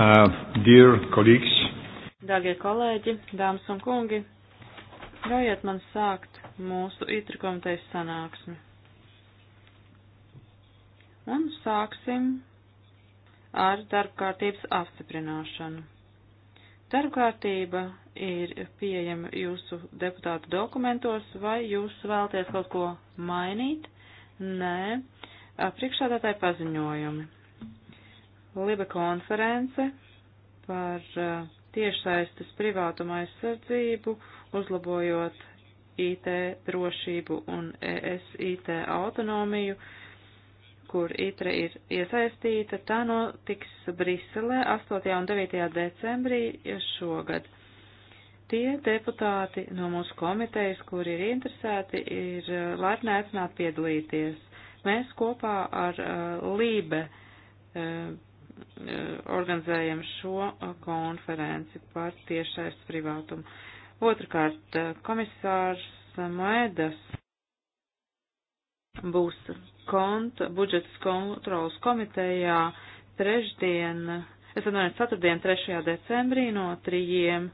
Uh, dear colleagues. Dārgie kolēģi, dāmas un kungi, ļaujiet man sākt mūsu itri komitejas sanāksmi. Un sāksim ar darbkārtības apstiprināšanu. Darbkārtība ir pieejama jūsu deputātu dokumentos, vai jūs vēlaties kaut ko mainīt? Nē, priekšādātāji paziņojumi. Liba konference par uh, tiešsaistes privātuma aizsardzību, uzlabojot IT drošību un ES IT autonomiju, kur ITRE ir iesaistīta, tā notiks Briselē 8. un 9. decembrī šogad. Tie deputāti no mūsu komitejas, kuri ir interesēti, ir uh, laipni aicināti piedalīties. Mēs kopā ar uh, Lībe uh, Eh, organizējam šo eh, konferenci par tiešais privātumu. Otrakārt, eh, komisārs Maedas būs konta, budžetas kontrolas komitejā trešdien, es atvainojos, ceturtdien, 3. decembrī no trījiem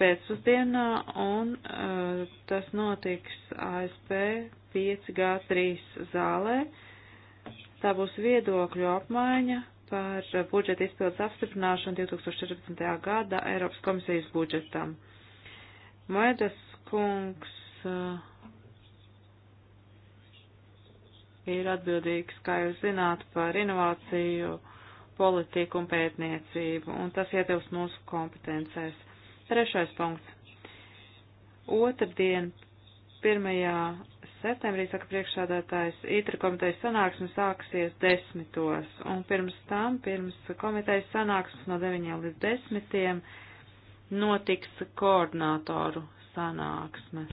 pēcpusdienā, un uh, tas notiks ASP 5G3 zālē. Tā būs viedokļu apmaiņa par budžeta izpildes apstiprināšanu 2014. gada Eiropas komisijas budžetam. Moedas kungs eh, ir atbildīgs, kā jūs zināt, par inovāciju, politiku un pētniecību, un tas ietilps mūsu kompetencēs. Trešais punkts. Otradien, 1 septembrī, saka priekšsādātājs, ītra komitejas sanāksme sāksies desmitos, un pirms tam, pirms komitejas sanāksmes no 9 līdz 10, notiks koordinātoru sanāksme.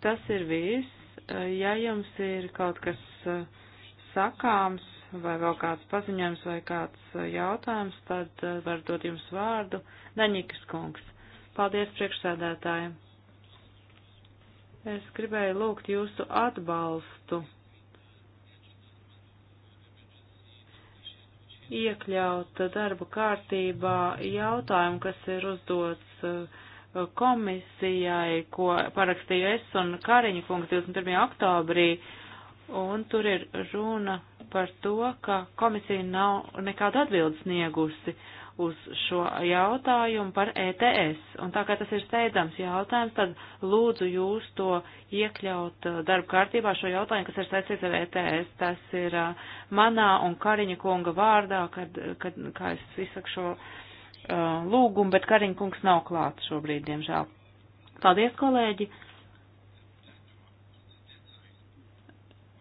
Tas ir viss. Ja jums ir kaut kas eh, sakāms vai vēl kāds paziņojums vai kāds eh, jautājums, tad eh, var dot jums vārdu Daņikas kungs. Paldies priekšsēdētāji. Es gribēju lūgt jūsu atbalstu. Iekļaut darba kārtībā jautājumu, kas ir uzdots uh, komisijai, ko parakstīju es un Kariņa kungs 21. oktobrī, un tur ir runa par to, ka komisija nav nekādu atbildes sniegusi uz šo jautājumu par ETS. Un tā kā tas ir steidzams jautājums, tad lūdzu jūs to iekļaut uh, darba kārtībā šo jautājumu, kas ir saistīts ar ETS. Tas ir uh, manā un Kariņa kunga vārdā, kad, kad kā es izsaku šo uh, lūgumu, bet Kariņa kungs nav klāts šobrīd, diemžēl. Paldies, kolēģi!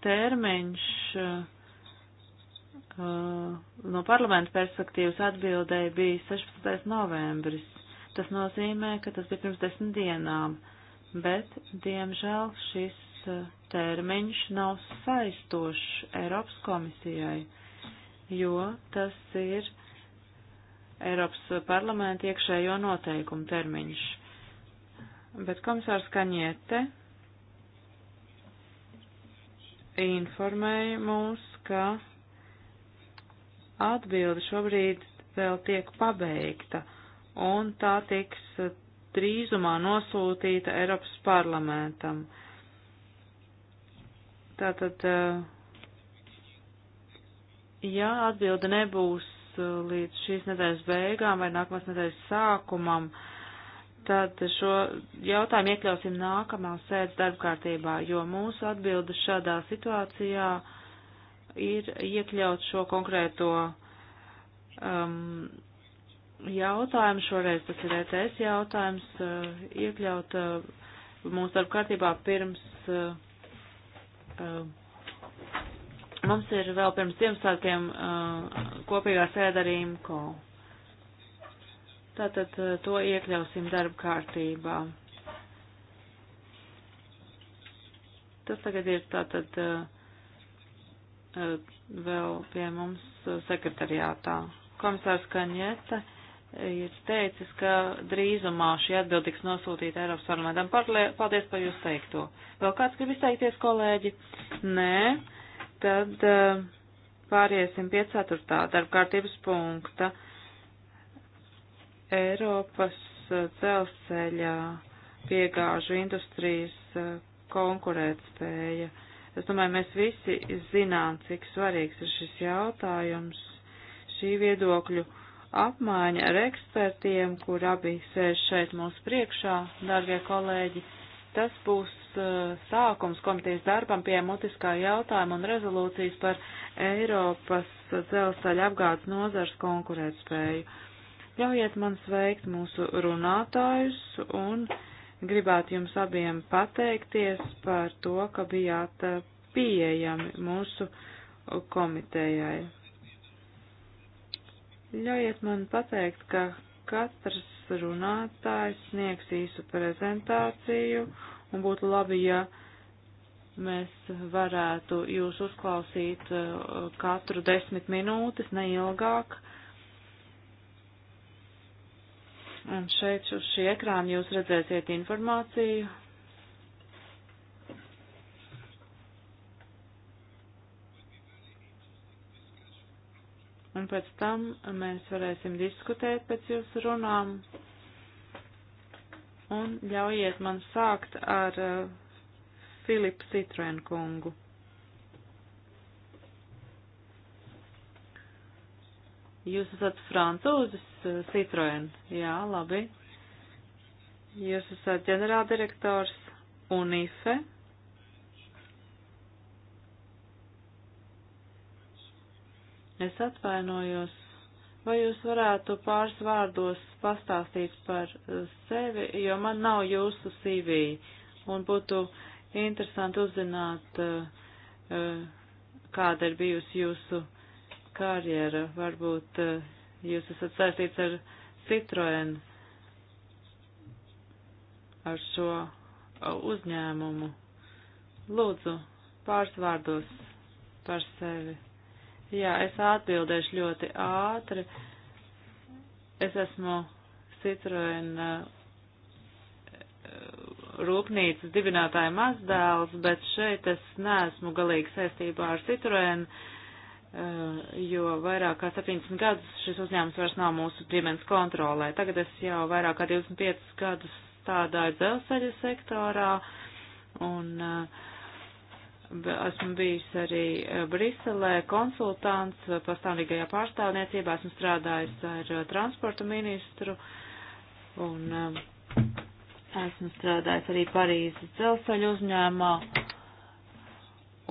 Termiņš. Uh, Uh, no parlamenta perspektīvas atbildēja bija 16. novembris. Tas nozīmē, ka tas bija pirms desmit dienām, bet, diemžēl, šis uh, termiņš nav saistošs Eiropas komisijai, jo tas ir Eiropas parlamenta iekšējo noteikumu termiņš. Bet komisārs Kaņiete informēja mūs, ka atbilde šobrīd vēl tiek pabeigta, un tā tiks eh, drīzumā nosūtīta Eiropas parlamentam. Tātad, eh, ja atbilde nebūs eh, līdz šīs nedēļas beigām vai nākamās nedēļas sākumam, tad šo jautājumu iekļausim nākamā sēdes darbkārtībā, jo mūsu atbilde šādā situācijā uh, ir iekļaut šo konkrēto um, jautājumu, šoreiz tas ir ETS jautājums, uh, iekļaut uh, mūsu darba kārtībā pirms, uh, uh, mums ir vēl pirms Ziemassvētkiem uh, kopīgā sēda ar IMCO. Tātad uh, to iekļausim darba kārtībā. Tas tagad ir tātad. Uh, Eh, vēl pie mums eh, sekretariātā. Komisārs Kaņete eh, ir teicis, ka drīzumā šī atbild tiks nosūtīta Eiropas parlamentam. Paldies par jūsu teikto. Vēl kāds grib izteikties, kolēģi? Nē. Tad pāriesim pie ceturtā darbkārtības punkta. Eiropas dzelzceļā piegāžu industrijas konkurētspēja. spēja Es domāju, mēs visi zinām, cik svarīgs ir šis jautājums, šī viedokļu apmaiņa ar ekspertiem, kur abi sēž šeit mūsu priekšā, darbie kolēģi. Tas būs uh, sākums komitejas darbam pie mutiskā jautājuma un rezolūcijas par Eiropas dzelzceļa apgādes nozars konkurētspēju. Ļaujiet man sveikt mūsu runātājus un uh, Gribētu jums abiem pateikties par to, ka bijāt eh, pieejami mūsu komitejai. Ļaujiet man pateikt, ka katrs runātājs sniegs īsu prezentāciju un būtu labi, ja mēs varētu jūs uzklausīt eh, katru desmit minūtes, neilgāk. ilgāk Un šeit uz šī ekrāna jūs redzēsiet informāciju. Un pēc tam mēs varēsim diskutēt pēc jūsu runām. Un ļaujiet man sākt ar uh, Filipu Citroenkungu. kungu. Jūs esat francūzis, eh, Citroen, jā, labi. Jūs esat ģenerāldirektors UNIFE. Es atvainojos, vai jūs varētu pāris vārdos pastāstīt par eh, sevi, jo man nav jūsu CV, un būtu interesanti uzzināt, eh, kāda ir bijusi jūsu karjera. Varbūt eh, jūs esat saistīts ar Citroen, ar šo eh, uzņēmumu. Lūdzu, pāris vārdos par sevi. Jā, es atbildēšu ļoti ātri. Es esmu Citroen eh, rūpnīcas dibinātāja mazdēls, bet šeit es neesmu galīgi saistībā ar Citroenu Eh, jo vairāk kā 70 gadus šis uzņēmums vairs nav mūsu ģimenes kontrolē. Tagad es jau vairāk kā 25 gadus strādāju dzelzceļa sektorā un eh, esmu bijis arī eh, Briselē konsultants pastāvīgajā pārstāvniecībā, esmu strādājis ar transportu ministru un esmu strādājis arī Parīzes dzelzceļa uzņēmumā.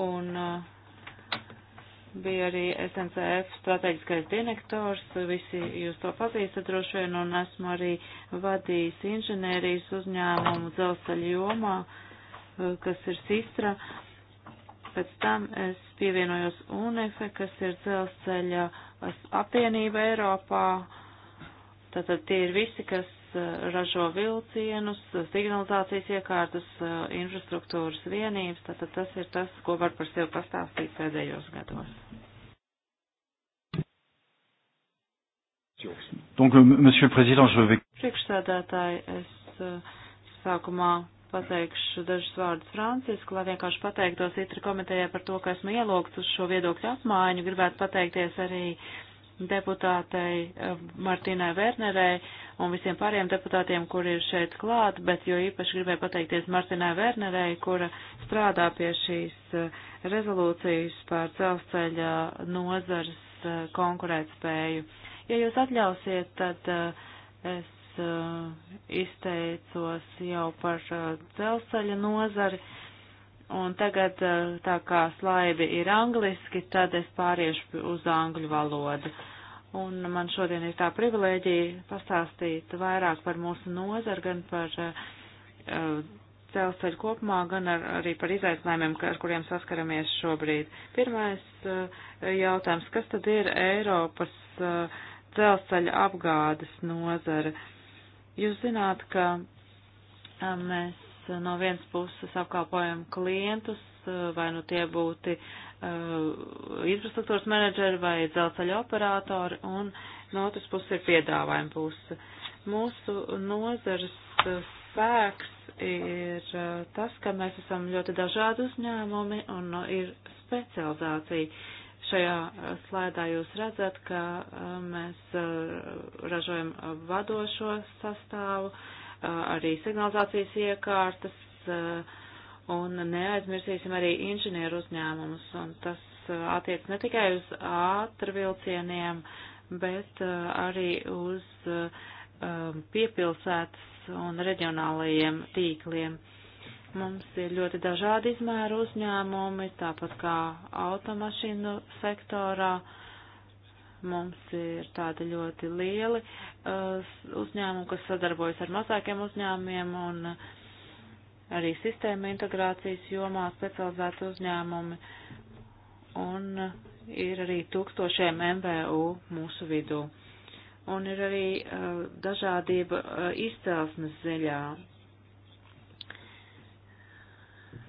Un uh, bija arī SNCF strateģiskais direktors, visi jūs to pazīstat droši vien, un esmu arī vadījis inženērijas uzņēmumu dzelzceļa jomā, eh, kas ir Sistra. Pēc tam es pievienojos UNEFE, kas ir dzelzceļa apvienība Eiropā. Tātad tie ir visi, kas Eh, ražo vilcienus, eh, signalizācijas iekārtas, eh, infrastruktūras vienības, tātad tas ir tas, ko var par sevi pastāstīt pēdējos gados. Donc, euh, monsieur le président, je vais... Priekšsēdētāji, es sākumā pateikšu dažus vārdus Francisku, lai vienkārši pateiktos Itra komitejai par to, ka esmu ielūgts uz šo viedokļu apmaiņu. Gribētu pateikties arī uh, deputātei eh, Martīnai Wernerei un visiem pārējiem deputātiem, kuri ir šeit klāt, bet jo īpaši gribēju pateikties Martīnai Wernerei, kura strādā pie šīs eh, rezolūcijas par dzelzceļa eh, nozares konkurētspēju. Ja jūs atļausiet, tad es izteicos jau par dzelzceļa nozari Un tagad, eh, tā kā slaidi ir angliski, tad es pāriešu uz angļu valodu. Un man šodien ir tā privilēģija pastāstīt vairāk par mūsu nozaru, gan par uh, dzelzceļu kopumā, gan ar, arī par izaicinājumiem, ar kuriem saskaramies šobrīd. Pirmais uh, jautājums, kas tad ir Eiropas uh, dzelzceļa apgādes nozara? Jūs zināt, ka mēs no vienas puses apkalpojam klientus, vai nu tie būtu uh, infrastruktūras menedžeri vai dzelceļa operatori, un no otras puses ir piedāvājuma puse. Mūsu nozares uh, spēks ir uh, tas, ka mēs esam ļoti dažādi uzņēmumi un uh, ir specializācija. Šajā slaidā jūs redzat, ka mēs ražojam vadošo sastāvu, uh, Eh, arī signalizācijas iekārtas, eh, un neaizmirsīsim arī inženieru uzņēmumus, un tas eh, attiec ne tikai uz ātrvilcieniem, bet arī uz piepilsētas un reģionālajiem tīkliem. Mums ir ļoti dažādi izmēru uzņēmumi, tāpat kā automašīnu sektorā. Uh, Mums ir tādi ļoti lieli uh, uzņēmumi, kas sadarbojas ar mazākiem uzņēmumiem un uh, arī sistēma integrācijas jomā specializēti uzņēmumi. Un uh, ir arī tūkstošiem MVU mūsu vidū. Un ir arī uh, dažādība uh, izcelsmes ziļā,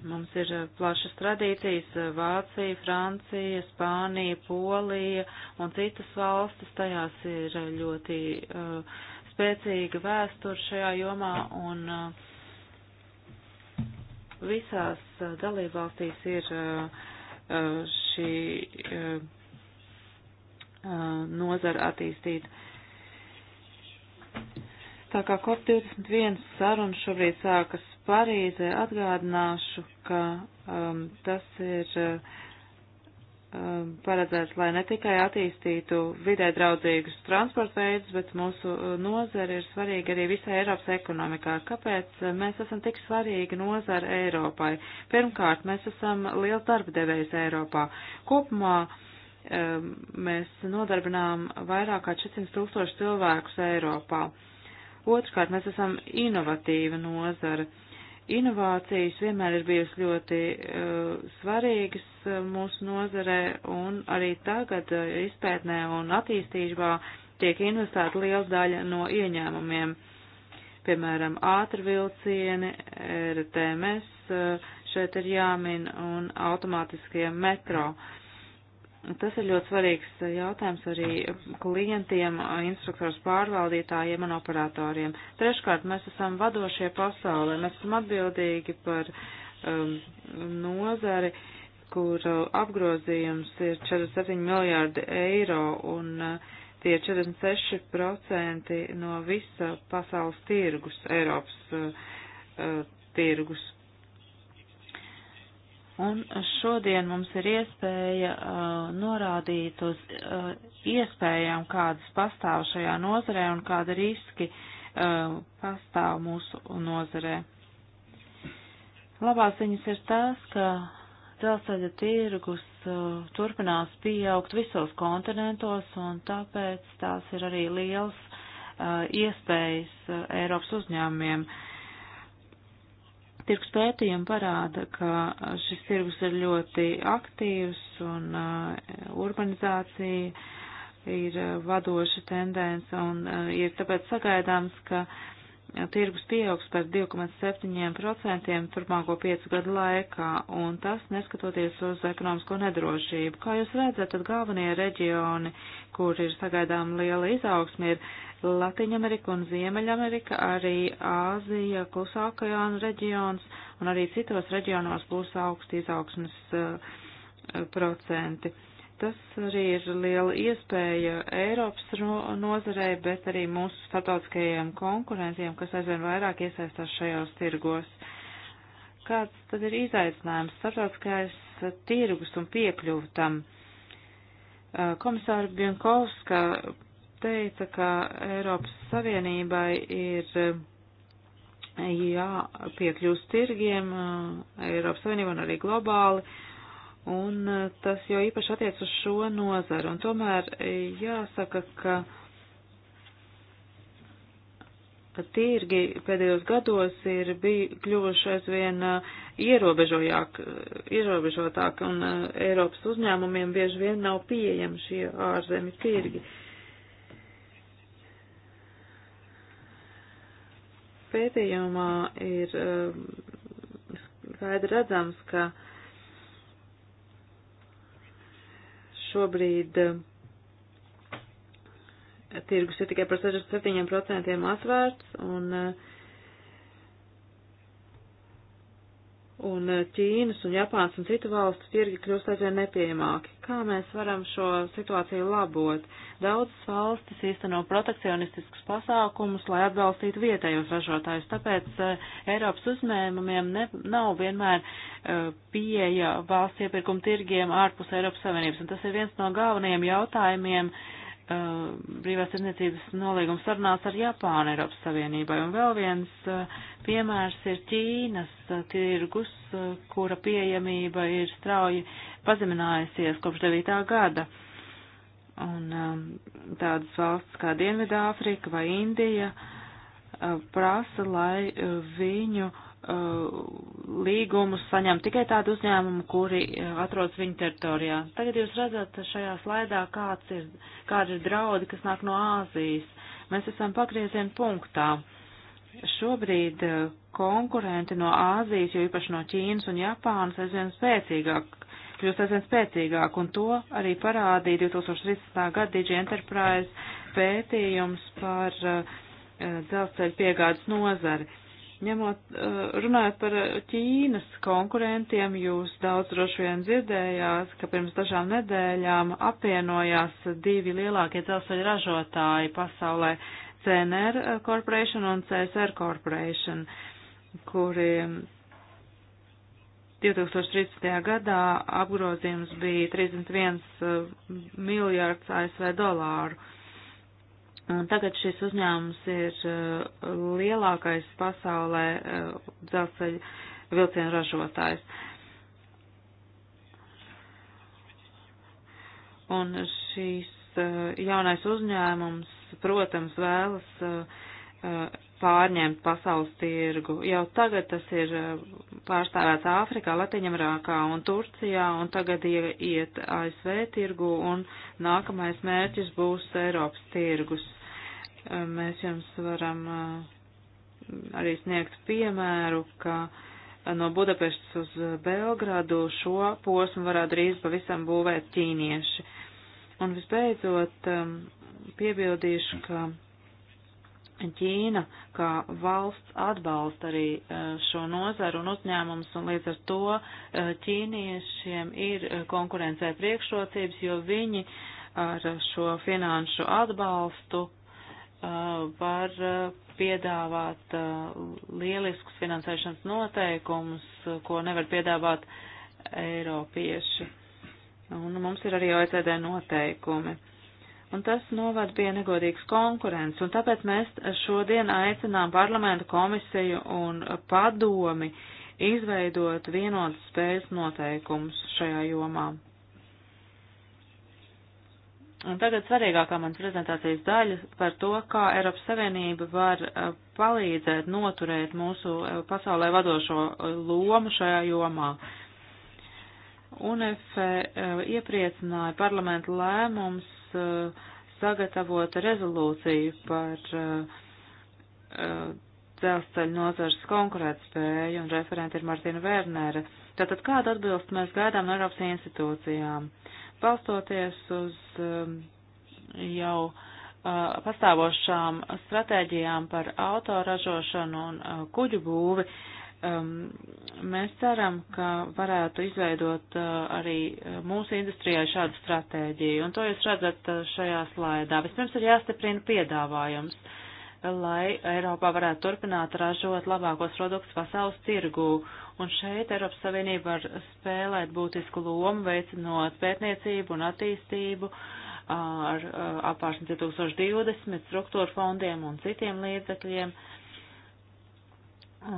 Mums ir eh, plašas tradīcijas eh, - Vācija, Francija, Spānija, Polija un citas valstis. Tajās ir eh, ļoti uh, spēcīga vēsture šajā jomā un uh, visās uh, dalībvalstīs ir šī nozara attīstīta. Tā kā COP21 saruna šobrīd sākas Parīzē atgādināšu, ka um, tas ir um, paredzēts, lai ne tikai attīstītu vidē draudzīgus transporta veidus, bet mūsu uh, nozara ir svarīga arī visai Eiropas ekonomikā. Kāpēc uh, mēs esam tik svarīgi nozara Eiropai? Pirmkārt, mēs esam liels darba devējs Eiropā. Kopumā um, mēs nodarbinām vairāk kā 400 tūkstoši cilvēkus Eiropā. Otrkārt, mēs esam inovatīva nozara. Uh, inovācijas vienmēr ir bijusi ļoti uh, svarīgas uh, mūsu nozarē un arī tagad uh, izpētnē un attīstībā tiek investēta liela daļa no ieņēmumiem. Piemēram, ātrvilcieni, RTMS uh, šeit ir jāmin un automātiskie metro. Uh, Tas ir ļoti svarīgs jautājums arī klientiem, instruktors pārvaldītājiem un operatoriem. Treškārt, mēs esam vadošie pasaulē, mēs esam atbildīgi par um, nozari, kur uh, apgrozījums ir 47 miljārdi eiro un uh, tie 46% no visa pasaules tirgus, Eiropas uh, uh tirgus. Un šodien mums ir iespēja uh, norādīt uz uh, iespējām, kādas pastāv šajā nozarē un kāda riski uh, pastāv mūsu nozarē. Labās ziņas ir tās, ka dzelzceļa tirgus uh, turpinās pieaugt visos kontinentos, un tāpēc tās ir arī liels uh, iespējas uh, Eiropas uzņēmumiem. Uh, Tirgus pētījumi parāda, ka uh, šis tirgus ir ļoti aktīvs un uh, urbanizācija ir uh, vadoša tendence un ir tāpēc sagaidāms, ka uh, tirgus pieaugs par 2,7% turpmāko piecu gadu laikā, un tas neskatoties uz ekonomisko nedrošību. Kā jūs redzat, tad galvenie reģioni, kur ir sagaidām liela izaugsme, ir Latviņamerika un Ziemeļamerika, arī Āzija, klusākajāna reģions, un arī citos reģionos būs augsti izaugsmes uh, procenti. Uh, tas arī ir liela iespēja Eiropas nozarei, bet arī mūsu starptautiskajiem konkurentiem, kas aizvien vairāk iesaistās šajos tirgos. Kāds tad ir izaicinājums starptautiskais tirgus un piekļuvu tam? Komisāra Bienkovska teica, ka Eiropas Savienībai ir jāpiekļūst tirgiem Eiropas Savienībā un arī globāli un eh, tas jau īpaši attiec uz šo nozaru. Un tomēr eh, jāsaka, ka tirgi pēdējos gados ir bija kļuvuši aizvien eh, ierobežotāki, un Eiropas uzņēmumiem bieži vien nav pieejami šie ārzemi tirgi. Pētījumā ir skaidri redzams, ka uh, Šobrīd eh, tirgus ir tikai par 67% atvērts, un uh, un eh, Ķīnas un Japānas un citu valstu tirgi kļūst aizvien nepieejamāki. Kā mēs varam šo situāciju labot? Daudzas valstis īsteno protekcionistiskus pasākumus, lai atbalstītu vietējos ražotājus, tāpēc eh, Eiropas uzņēmumiem ne, nav vienmēr eh, pieeja valsts iepirkuma tirgiem ārpus Eiropas Savienības, un tas ir viens no galvenajiem jautājumiem, uh, Uh, brīvās tirniecības nolīgums sarunās ar Japānu Eiropas Savienībai. Un vēl viens uh, piemērs ir Ķīnas uh, tirgus, kura pieejamība ir strauji pazeminājusies kopš 9. gada. Un um, tādas valsts kā Dienvidāfrika vai Indija prasa, lai viņu uh, Uh, līgumus saņem tikai tādu uzņēmumu, kuri uh, atrodas viņu teritorijā. Tagad jūs redzat šajā slaidā, kāds ir, kāda ir draudi, kas nāk no Āzijas. Mēs esam pagrieziena punktā. Šobrīd uh, konkurenti no Āzijas, jo īpaši no Ķīnas un Japānas, aizvien spēcīgāk, kļūst aizvien spēcīgāk, un to arī parādīja 2013. gada Digi Enterprise pētījums par dzelzceļa piegādes nozari. Uh, Ņemot, eh, runājot par eh, Ķīnas konkurentiem, jūs daudz droši vien dzirdējāt, ka pirms dažām nedēļām apvienojās divi lielākie dzelzceļa ražotāji pasaulē - CNR eh, Corporation un CSR Corporation, kuri 2013. gadā apgrozījums bija 31 miljārds ASV dolāru. Un tagad šis uzņēmums ir uh, lielākais pasaulē uh, dzelzceļa vilcienu ražotājs. Un šīs uh, jaunais uzņēmums, protams, vēlas pārņemt pasaules tirgu. Jau tagad tas ir pārstāvēts Āfrikā, Latviņamerākā un Turcijā, un tagad iet ASV tirgu, un nākamais mērķis būs Eiropas tirgus. Mēs jums varam eh, arī sniegt piemēru, ka no Budapestas uz Belgrādu šo posmu varētu drīz pavisam būvēt ķīnieši. Un visbeidzot, piebildīšu, ka Ķīna kā valsts atbalsta arī eh, šo nozaru un uzņēmumus, un līdz ar to eh, ķīniešiem ir konkurencē priekšrocības, jo viņi ar šo finanšu atbalstu Uh, var uh, piedāvāt uh, lieliskus finansēšanas noteikumus, ko nevar piedāvāt Eiropieši. Un mums ir arī OECD noteikumi. Un tas novad pie negodīgas konkurences, un tāpēc mēs šodien aicinām parlamentu komisiju un padomi izveidot vienotas spējas noteikumus šajā jomā. Un tagad svarīgākā manas prezentācijas daļa par to, kā Eiropas Savienība var uh, palīdzēt noturēt mūsu uh, pasaulē vadošo uh, lomu šajā jomā. UNF iepriecināja parlamentu lēmums sagatavot rezolūciju par dzelzceļa nozares konkurētspēju, un referenti ir Martina Vērnere. Tātad kādu atbilstu mēs gaidām no Eiropas institūcijām? Uh, Balstoties uz um, jau uh, pastāvošām stratēģijām par autoražošanu un uh, kuģu būvi, um, mēs ceram, ka varētu izveidot uh, arī uh, mūsu industrijai šādu stratēģiju, un to jūs redzat uh, šajā slaidā. Vispirms ir jāstiprina piedāvājums, lai Eiropā varētu turpināt ražot labākos produktus pasaules tirgū, Un šeit Eiropas Savienība var spēlēt būtisku lomu, veicinot pētniecību un attīstību ar apvārsni 2020 struktūra fondiem un citiem līdzekļiem.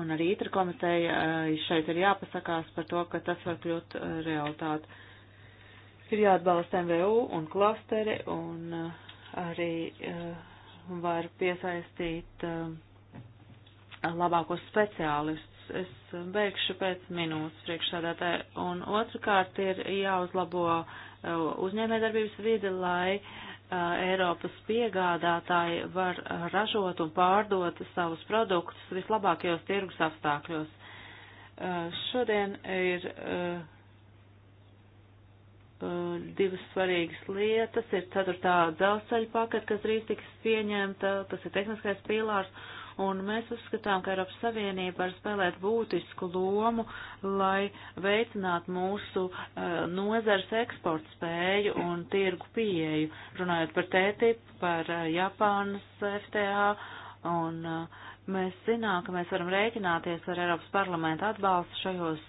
Un arī ITRA komiteja šeit ir jāpasakās par to, ka tas var kļūt realitāti. Ir jāatbalsta MVU un klasteri un arī var piesaistīt labākos speciālistus Es beigšu pēc minūtes priekšsādātāji. Un otrkārt ir jāuzlabo uh, uzņēmējdarbības vidi, lai uh, Eiropas piegādātāji var ražot un pārdot savus produktus vislabākajos tirgus apstākļos. Uh, šodien ir divas svarīgas lietas. Ir ceturtā dzelzceļa paketa, kas drīz tiks pieņemta, tas ir tehniskais pīlārs un mēs uzskatām, ka Eiropas Savienība var spēlēt būtisku lomu, lai veicinātu mūsu uh, nozars eksporta spēju un tirgu pieeju, runājot par TTIP, par uh, Japānas FTA un uh, Mēs zinām, ka mēs varam rēķināties ar Eiropas parlamentu atbalstu šajos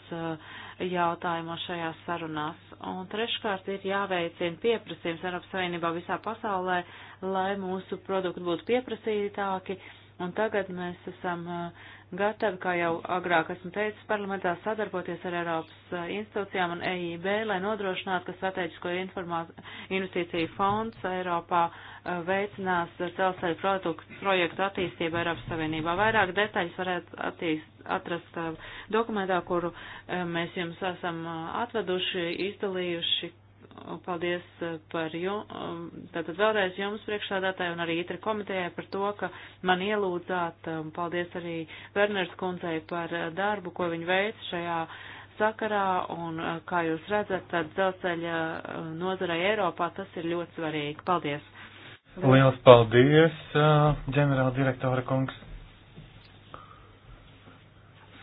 jautājumos, šajās sarunās. Un treškārt ir jāveicina pieprasījums Eiropas Savienībā visā pasaulē, lai mūsu produkti būtu pieprasītāki, uh, un tagad mēs esam uh, gatavi, kā jau agrāk esmu teicis, parlamentā sadarboties ar Eiropas uh, institūcijām un EIB, lai nodrošinātu, ka strateģisko investīciju fonds Eiropā uh, veicinās celsaļu produktu projektu attīstību Eiropas Savienībā. Vairāk detaļas varētu attīst, atrast dokumentā, kuru mēs jums esam atveduši, izdalījuši, paldies eh, par jums, eh, tātad vēlreiz jums priekšsādātāji un arī ITRA komitejai par to, ka man ielūdzāt, eh, un paldies arī Werners kundzei par darbu, ko viņa veic šajā sakarā, un kā jūs redzat, tad dzelzceļa nozarei Eiropā tas ir ļoti svarīgi. Paldies! Liels paldies, ģenerāldirektora kungs!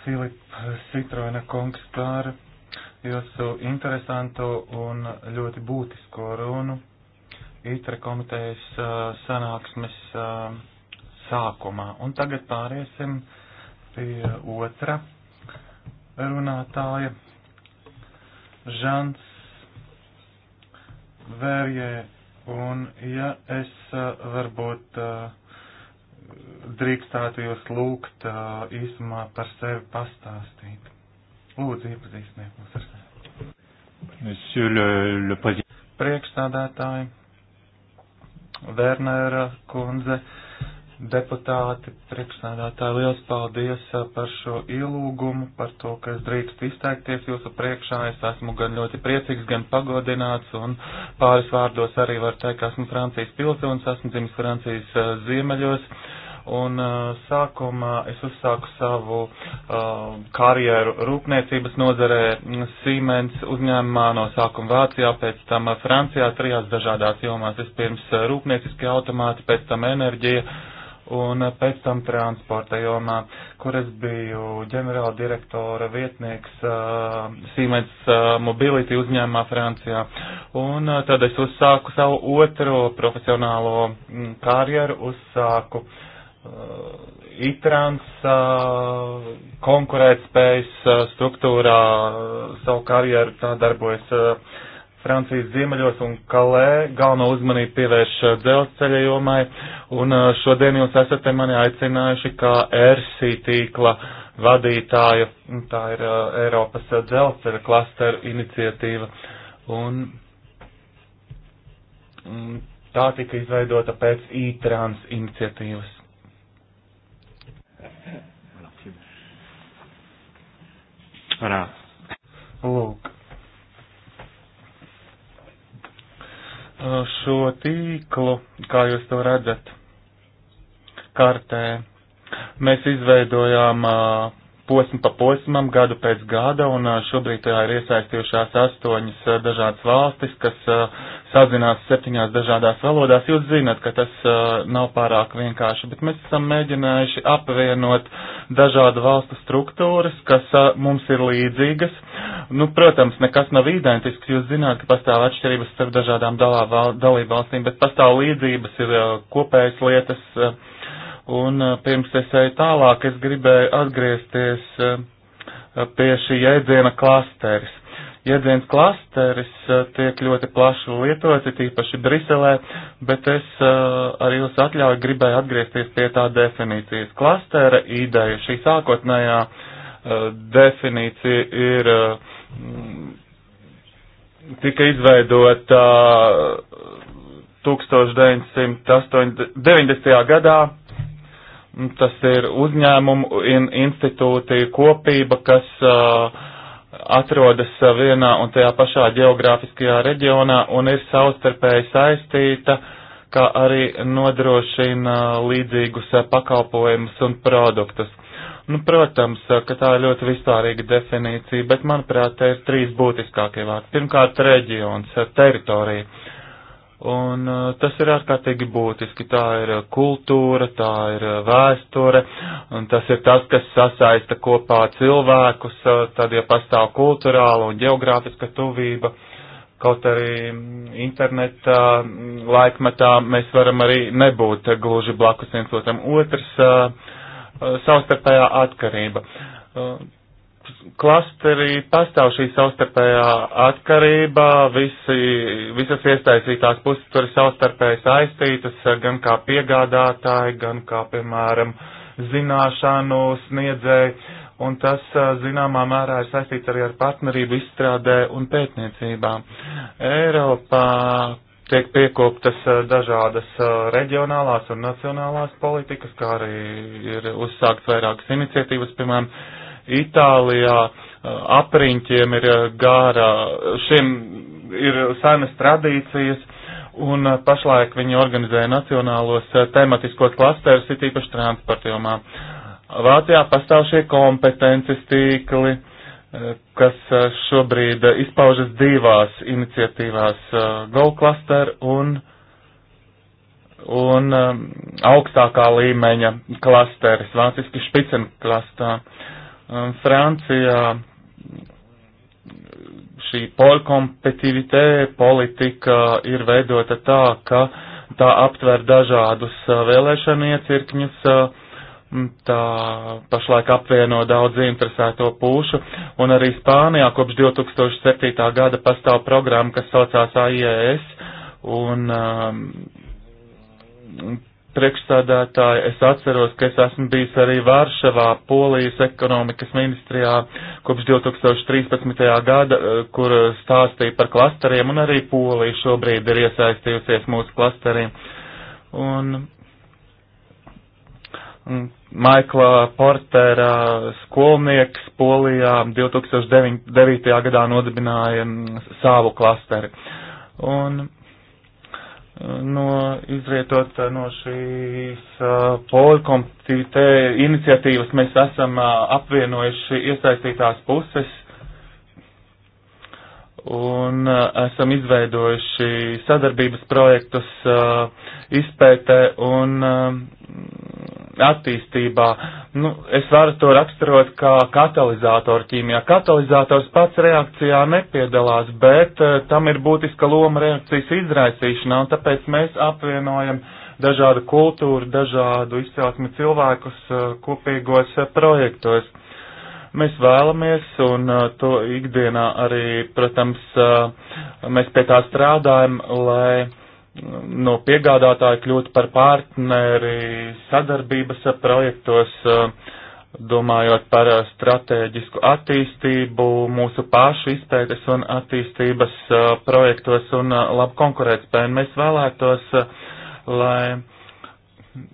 Filipa Citrona kungs par jūsu interesantu un ļoti būtisko runu ITRE komitejas uh, sanāksmes uh, sākumā. Un tagad pāriesim pie otra runātāja. Žants Vērjē, un ja es uh, varbūt drīkstātu jūs lūgt īsumā par sevi pastāstīt. Lūdzu, iepazīstiniet mūs ar Monsieur le, le Président. Priekšstādātāji, Vernera kundze, deputāti, priekšstādātāji, liels paldies par šo ielūgumu, par to, ka es drīkst izteikties jūsu priekšā. Es esmu gan ļoti priecīgs, gan pagodināts un pāris vārdos arī var teikt, ka esmu Francijas pilsonis, esmu dzimis Francijas eh, ziemeļos. Uh, un uh, sākumā es uzsāku savu uh, karjeru rūpniecības nozarē mm, Siemens uzņēmumā no sākuma Vācijā, pēc tam uh, Francijā trijās dažādās jomās. Vispirms uh, rūpnieciskie automāti, pēc tam enerģija un uh, pēc tam transporta jomā, kur es biju ģenerāla direktora vietnieks uh, Siemens uh, Mobility uzņēmumā Francijā. Un uh, tad es uzsāku savu otro profesionālo mm, karjeru, uzsāku uh, Uh, Itrans uh, konkurētspējas uh, struktūrā savu karjeru tā darbojas Francijas ziemeļos un Kalē. Galveno uzmanību pievērš dzelzceļa jomai un šodien jūs esat mani aicinājuši kā RC tīkla vadītāju. Tā ir Eiropas dzelzceļa klasteru iniciatīva. Un Tā tika izveidota pēc e-trans iniciatīvas. priekšsvarā. Lūk. Šo tīklu, kā jūs to redzat, kartē mēs izveidojām uh, posmu pa posmam, gadu pēc gada, un šobrīd tajā ir iesaistījušās astoņas dažādas valstis, kas sazinās septiņās dažādās valodās. Jūs zinat, ka tas nav pārāk vienkārši, bet mēs esam mēģinājuši apvienot dažādu valstu struktūras, kas mums ir līdzīgas. Nu, protams, nekas nav identisks, jūs zināt, ka pastāv atšķirības starp dažādām dalību valstīm, bet pastāv līdzības, ir kopējas lietas Un eh, pirms es eju tālāk, es gribēju atgriezties eh, pie šī jēdziena klasteris. Jēdziens klasteris eh, tiek ļoti plaši lietots, ir īpaši Briselē, bet es ar jūsu atļauju gribēju atgriezties pie tā definīcijas. Klastera ideja, šī sākotnējā definīcija ir tika izveidota 1990. gadā Tas ir uzņēmumu in, institūti, kopība, kas uh, atrodas uh, vienā un tajā pašā geogrāfiskajā reģionā un ir savstarpēji saistīta, kā arī nodrošina uh, līdzīgus uh, pakalpojumus un produktus. Nu, protams, ka tā ir ļoti vispārīga definīcija, bet manuprāt, te ir trīs būtiskākie vārdi. Pirmkārt, reģions, teritorija. Un uh, tas ir ārkārtīgi būtiski. Tā ir uh, kultūra, tā ir uh, vēsture, un tas ir tas, kas sasaista kopā cilvēkus, tad, ja pastāv kultūrāla un geogrāfiska tuvība. Kaut arī mm, interneta mm, laikmetā mēs varam arī nebūt gluži blakus viens otram. Otrs savstarpējā atkarība klasterī pastāv šī savstarpējā atkarība, visi, visas iestaisītās puses tur ir savstarpēji saistītas, gan kā piegādātāji, gan kā, piemēram, zināšanu sniedzēji, un tas, zināmā mērā, ir saistīts arī ar partnerību izstrādē un pētniecībā. Eiropā tiek piekoptas dažādas reģionālās un nacionālās politikas, kā arī ir uzsākts vairākas iniciatīvas, piemēram, Itālijā apriņķiem ir gārā, šiem ir senas tradīcijas, un pašlaik viņi organizē nacionālos tematiskos klasterus, it īpaši transporta jomā. Vācijā pastāv šie kompetences tīkli, kas šobrīd izpaužas divās iniciatīvās - Go cluster un, un augstākā līmeņa klasteris, vāciski špicen klastā. Uh, Francijā šī polkompetivitē politika ir veidota tā, ka tā aptver dažādus uh, vēlēšanu iecirkņus, uh, tā pašlaik apvieno daudz interesēto pušu, un arī Spānijā kopš 2007. gada pastāv programma, kas saucās AIES, un um, priekšsādātāji, es atceros, ka es esmu bijis arī Varšavā, Polijas ekonomikas ministrijā kopš 2013. gada, eh, kur stāstīja par klasteriem, un arī Polija šobrīd ir iesaistījusies mūsu klasteriem. Un Maikla Portera skolnieks Polijā 2009. gadā nodibināja mm, savu klasteri. Un no, izrietot eh, no šīs uh, eh, polkomptīte iniciatīvas mēs esam uh, apvienojuši iesaistītās puses un uh, esam izveidojuši sadarbības projektus uh, izpētē un uh, attīstībā. Nu, es varu to raksturot kā katalizātoru ķīmijā. Katalizators pats reakcijā nepiedalās, bet tam ir būtiska loma reakcijas izraisīšanā, un tāpēc mēs apvienojam dažādu kultūru, dažādu izcelsmi cilvēkus kopīgos projektos mēs vēlamies, un uh, to ikdienā arī, protams, uh, mēs pie tā strādājam, lai mm, no piegādātāja kļūtu par partneri sadarbības projektos, uh, domājot par stratēģisku attīstību, mūsu pašu izpētes un attīstības projektos un labu konkurētspēju. Mēs vēlētos, lai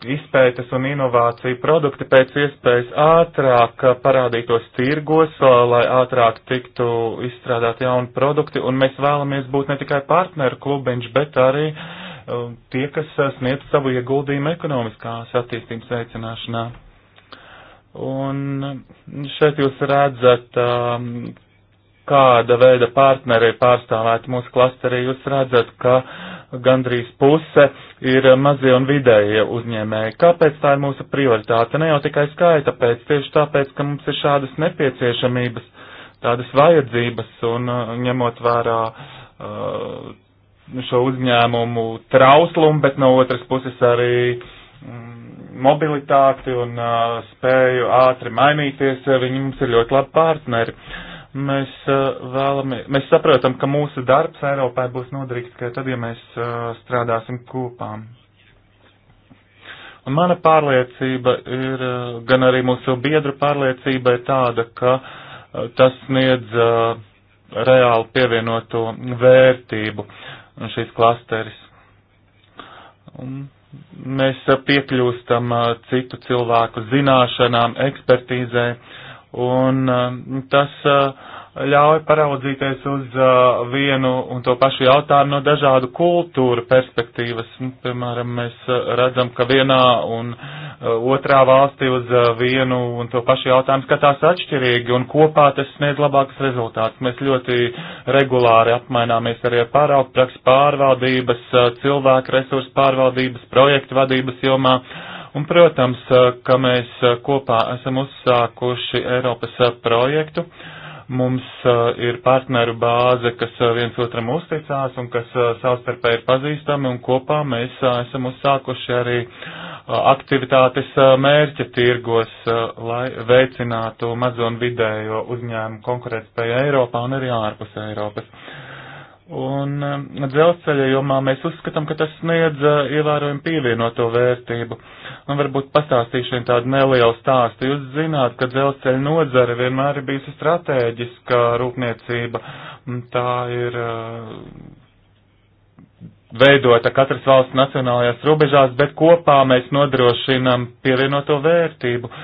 izpētes un inovāciju produkti pēc iespējas ātrāk parādītos tirgos, lai ātrāk tiktu izstrādāt jauni produkti, un mēs vēlamies būt ne tikai partneru klubiņš, bet arī tie, kas sniedz savu ieguldījumu ekonomiskās attīstības veicināšanā. Un šeit jūs redzat, um, kāda veida partneri ir pārstāvēti mūsu klasterī, jūs redzat, ka gandrīz puse ir mazie un vidējie uzņēmēji. Kāpēc tā ir mūsu prioritāte? Ne jau tikai skaita pēc, tieši tāpēc, ka mums ir šādas nepieciešamības, tādas vajadzības un uh, ņemot vērā uh, šo uzņēmumu trauslumu, bet no otras puses arī mm, mobilitāti un uh, spēju ātri mainīties, viņi mums ir ļoti labi partneri. Uh, Mēs, uh, vēlami, mēs saprotam, ka mūsu darbs Eiropai būs noderīgs tikai tad, ja mēs uh, strādāsim kopā. Un mana pārliecība ir, uh, gan arī mūsu biedru pārliecība ir tāda, ka tas sniedz reāli pievienoto vērtību šīs klasteris. Un mēs piekļūstam citu cilvēku zināšanām, ekspertīzē. Uh, un uh, tas uh, ļauj paraudzīties uz uh, vienu un to pašu jautājumu no dažādu kultūru perspektīvas. Nu, piemēram, mēs redzam, ka vienā un otrā valstī uz vienu un to pašu jautājumu skatās atšķirīgi, un kopā tas sniedz labākus rezultātus. Mēs ļoti regulāri apmaināmies arī ar pāraugpraks pārvaldības, cilvēku resursu pārvaldības, projektu vadības jomā. Uh, Un, protams, ka mēs kopā esam uzsākuši Eiropas projektu. Mums ir partneru bāze, kas viens otram uzticās un kas savstarpēji ir pazīstami, un kopā mēs esam uzsākuši arī aktivitātes mērķa tirgos, lai veicinātu mazo un vidējo uzņēmumu konkurētspēju Eiropā un arī ārpus Eiropas. Uh, Un um, dzelzceļa jomā mēs uzskatām, ka tas sniedz uh, ievērojami pievienoto vērtību. Un varbūt pastāstīšu vienu tādu nelielu stāstu. Jūs zināt, ka dzelzceļa nodzare vienmēr ir bijusi strateģiska rūpniecība. Tā ir uh, veidota katras valsts nacionālajās robežās, bet kopā mēs nodrošinam pievienoto vērtību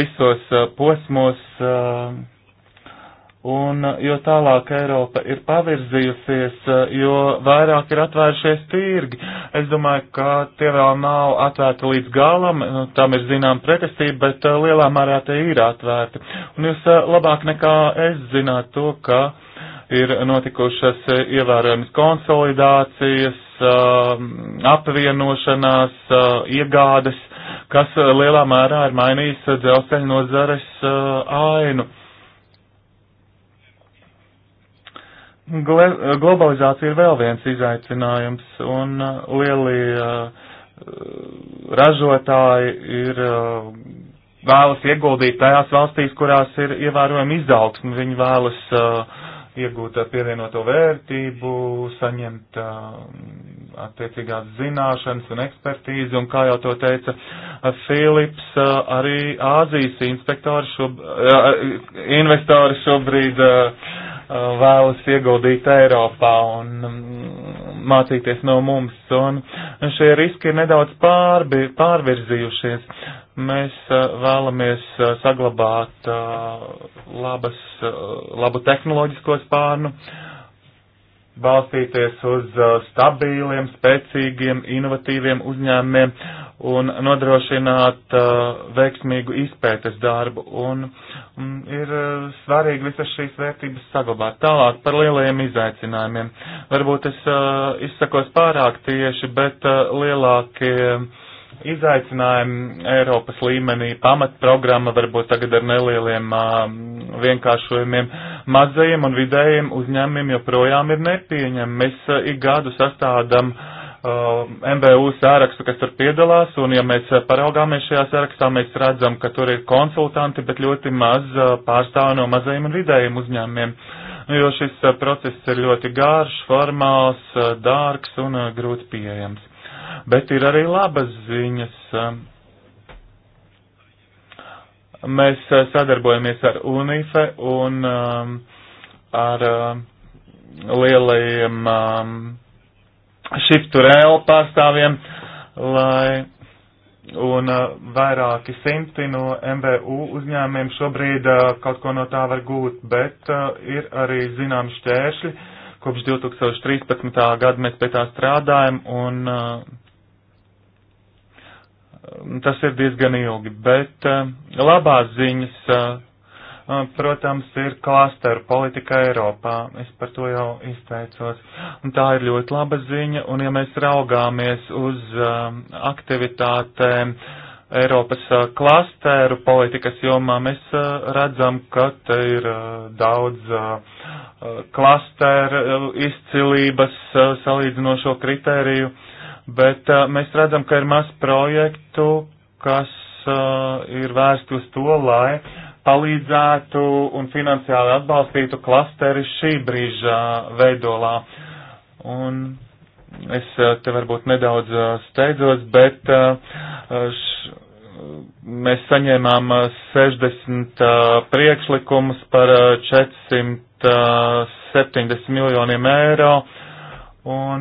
visos uh, posmos. Uh, Un uh, jo tālāk Eiropa ir pavirzījusies, uh, jo vairāk ir atvēršies tirgi. Es domāju, ka tie vēl nav atvērti līdz galam, nu, tam ir zinām pretestība, bet uh, lielā mērā tie ir atvērti. Un jūs labāk nekā es zināt to, ka ir notikušas ievērojamas konsolidācijas, um, apvienošanās, iegādes, kas lielā mērā ir mainījis dzelzceļa nozares ainu. Gle globalizācija ir vēl viens izaicinājums, un uh, lielie uh, ražotāji ir uh, vēlas ieguldīt tajās valstīs, kurās ir ievērojama izaugsme. Viņi vēlas uh, iegūt uh, pievienoto vērtību, saņemt uh, attiecīgās zināšanas un ekspertīzi, un kā jau to teica Filips, arī Āzijas inspektori šob, investori šobrīd Uh, vēlas ieguldīt Eiropā un um, mācīties no mums. Un šie riski ir nedaudz pārbi, pārvirzījušies. Mēs uh, vēlamies uh, saglabāt labas, labu tehnoloģisko spārnu. Uh, balstīties uz uh, stabiliem, spēcīgiem, inovatīviem uzņēmumiem un nodrošināt uh, veiksmīgu izpētes darbu. Un, un mm, ir uh, svarīgi visas šīs vērtības saglabāt. Tālāk par lielajiem izaicinājumiem. Varbūt es uh, izsakos pārāk tieši, bet uh, lielākie. Uh, izaicinājumi Eiropas līmenī, pamatprogramma varbūt tagad ar nelieliem vienkāršojumiem, mazajiem un vidējiem uzņēmumiem joprojām ir nepieņem. Mēs ik gadu sastādam MBU sārakstu, kas tur piedalās, un ja mēs paraugāmies šajā sārakstā, mēs redzam, ka tur ir konsultanti, bet ļoti maz pārstāv no mazajiem un vidējiem uzņēmumiem, nu, jo šis process ir ļoti gārš, formāls, dārgs un grūti pieejams bet ir arī labas ziņas. Mēs eh, sadarbojamies ar UNIFE un um, ar um, lielajiem šiftu um, rēlu pārstāvjiem, lai un uh, vairāki simti no MVU uzņēmiem šobrīd uh, kaut ko no tā var gūt, bet uh, ir arī zinām šķēršļi. Kopš 2013. gada mēs pie tā strādājam un uh, Ehm, tas ir diezgan ilgi, bet ehm, labās ziņas, ehm, protams, ir klāsteru politika Eiropā. Es par to jau izteicos. Un tā ir ļoti laba ziņa, un ja mēs raugāmies uz aktivitātēm Eiropas klāsteru politikas jomā, mēs redzam, ka te ir daudz klāsteru izcilības salīdzinošo kritēriju bet uh, mēs redzam, ka ir maz projektu, kas uh, ir vērsti uz to, lai palīdzētu un finansiāli atbalstītu klasteri šī brīža veidolā. Un es uh, te varbūt nedaudz uh, steidzos, bet uh, š, mēs saņēmām 60 priekšlikumus par 470 miljoniem eiro. Un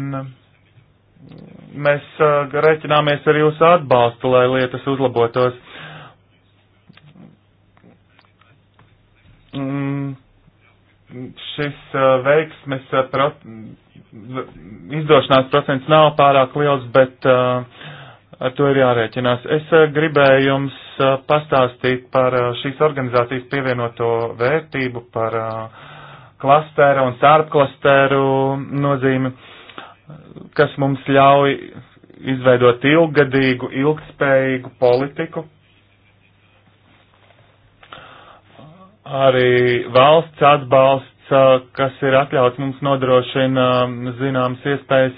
mēs uh, reiķināmies ar jūsu atbalstu, lai lietas uzlabotos. Mm, šis uh, veiksmes uh, pro, izdošanās procents nav pārāk liels, bet uh, ar to ir jārēķinās. Es gribēju jums pastāstīt par šīs organizācijas pievienoto vērtību, par klastēru un sārpklastēru nozīmi. Uh, kas mums ļauj izveidot ilggadīgu, ilgtspējīgu politiku. Arī valsts atbalsts, kas ir atļauts, mums nodrošina zināmas iespējas,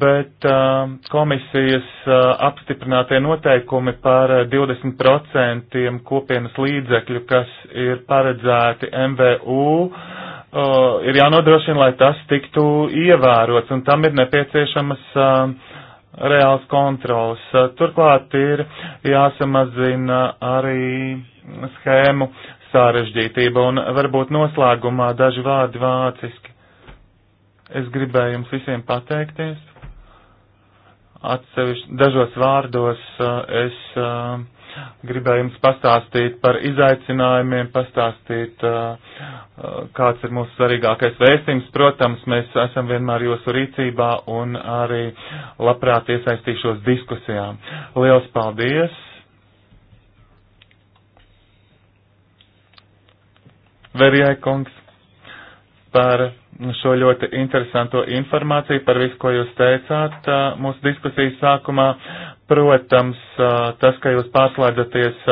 bet komisijas apstiprinātie noteikumi par 20% kopienas līdzekļu, kas ir paredzēti MVU, uh, ir jānodrošina, lai tas tiktu ievērots, un tam ir nepieciešamas uh, reāls kontrols. Uh, turklāt ir jāsamazina arī schēmu sārežģītība, un varbūt noslēgumā daži vārdi vāciski. Es gribēju jums visiem pateikties. Atsevišķi dažos vārdos uh, es. Uh, Gribēju jums pastāstīt par izaicinājumiem, pastāstīt, kāds ir mūsu svarīgākais vēstījums. Protams, mēs esam vienmēr jūsu rīcībā un arī labprāt iesaistīšos diskusijām. Liels paldies! Verijai kungs par šo ļoti interesanto informāciju, par visu, ko jūs teicāt mūsu diskusijas sākumā. Protams, tas, ka jūs pārslēdzaties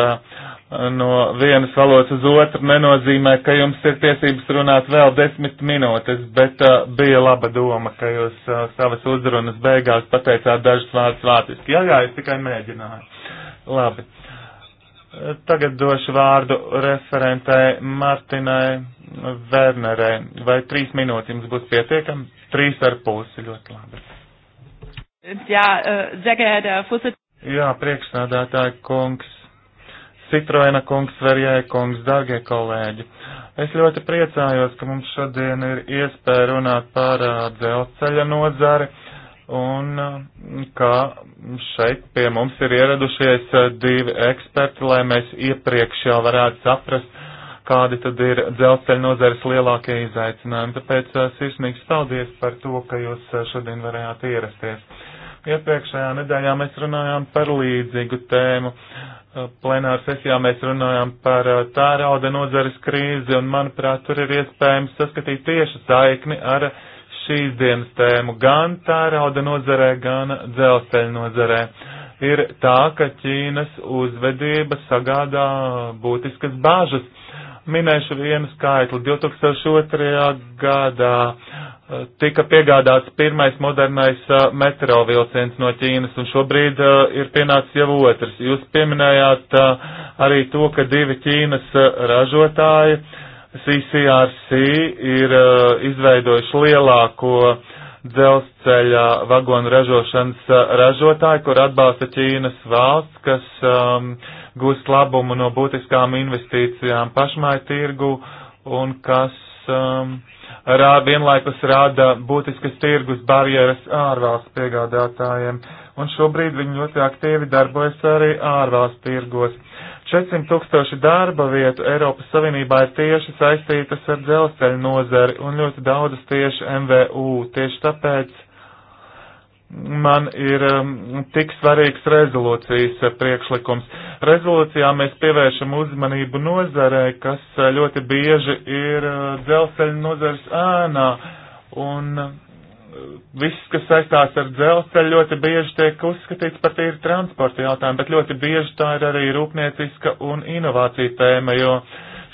no vienas valodas uz otru, nenozīmē, ka jums ir tiesības runāt vēl desmit minūtes, bet bija laba doma, ka jūs savas uzrunas beigās pateicāt dažus vārdus vāciski. Jā, jā, es tikai mēģināju. Labi. Tagad došu vārdu referentai Martinai Wernerei. Vai trīs minūtes jums būs pietiekami? Trīs ar pusi ļoti labi. Eh, Jā, zegēda fusit. Jā, priekšsādātāja kungs, Citroena kungs, Verjē kungs, dargie kolēģi. Es ļoti priecājos, ka mums šodien ir iespēja runāt par uh, dzelzceļa nozari un eh, ka šeit pie mums ir ieradušies divi eksperti, lai mēs iepriekš jau varētu saprast, kādi tad ir dzelzceļa nozares lielākie izaicinājumi. Tāpēc sirsnīgs paldies par to, ka jūs šodien varējāt ierasties. Iepriekšējā nedēļā mēs runājām par līdzīgu tēmu. Uh, plenāra sesijā mēs runājām par uh, tērauda nodzares krīzi, un, manuprāt, tur ir iespējams saskatīt tieši saikni ar šīs dienas tēmu gan tērauda nozarē, gan dzelzceļa nozarē. Ir tā, ka Ķīnas uzvedība sagādā būtiskas bāžas Minēšu vienu skaitli. 2002. gadā eh, tika piegādāts pirmais modernais eh, metro vilciens no Ķīnas, un šobrīd eh, ir pienācis jau otrs. Jūs pieminējāt arī to, ka divi Ķīnas ražotāji CCRC ir izveidojuši lielāko dzelzceļa vagonu ražošanas ražotāju, kur atbalsta Ķīnas valsts, kas um, uh, gūst labumu no būtiskām investīcijām pašmai tirgu un kas um, rā, vienlaikus rāda būtiskas tirgus barjeras ārvalstu piegādātājiem. Un šobrīd viņi ļoti aktīvi darbojas arī ārvalstu tirgos. 400 tūkstoši darba vietu Eiropas Savienībā ir tieši saistītas ar dzelzceļu nozari un ļoti daudzas tieši MVU. Tieši tāpēc man ir um, tik svarīgs rezolūcijas uh, priekšlikums. Rezolūcijā mēs pievēršam uzmanību nozarē, kas uh, ļoti bieži ir uh, dzelzceļa nozars ēnā. Un viss, kas saistās ar dzelzceļu, ļoti bieži tiek uzskatīts par tīru transporta jautājumu, bet ļoti bieži tā ir arī rūpnieciska un inovācija tēma, jo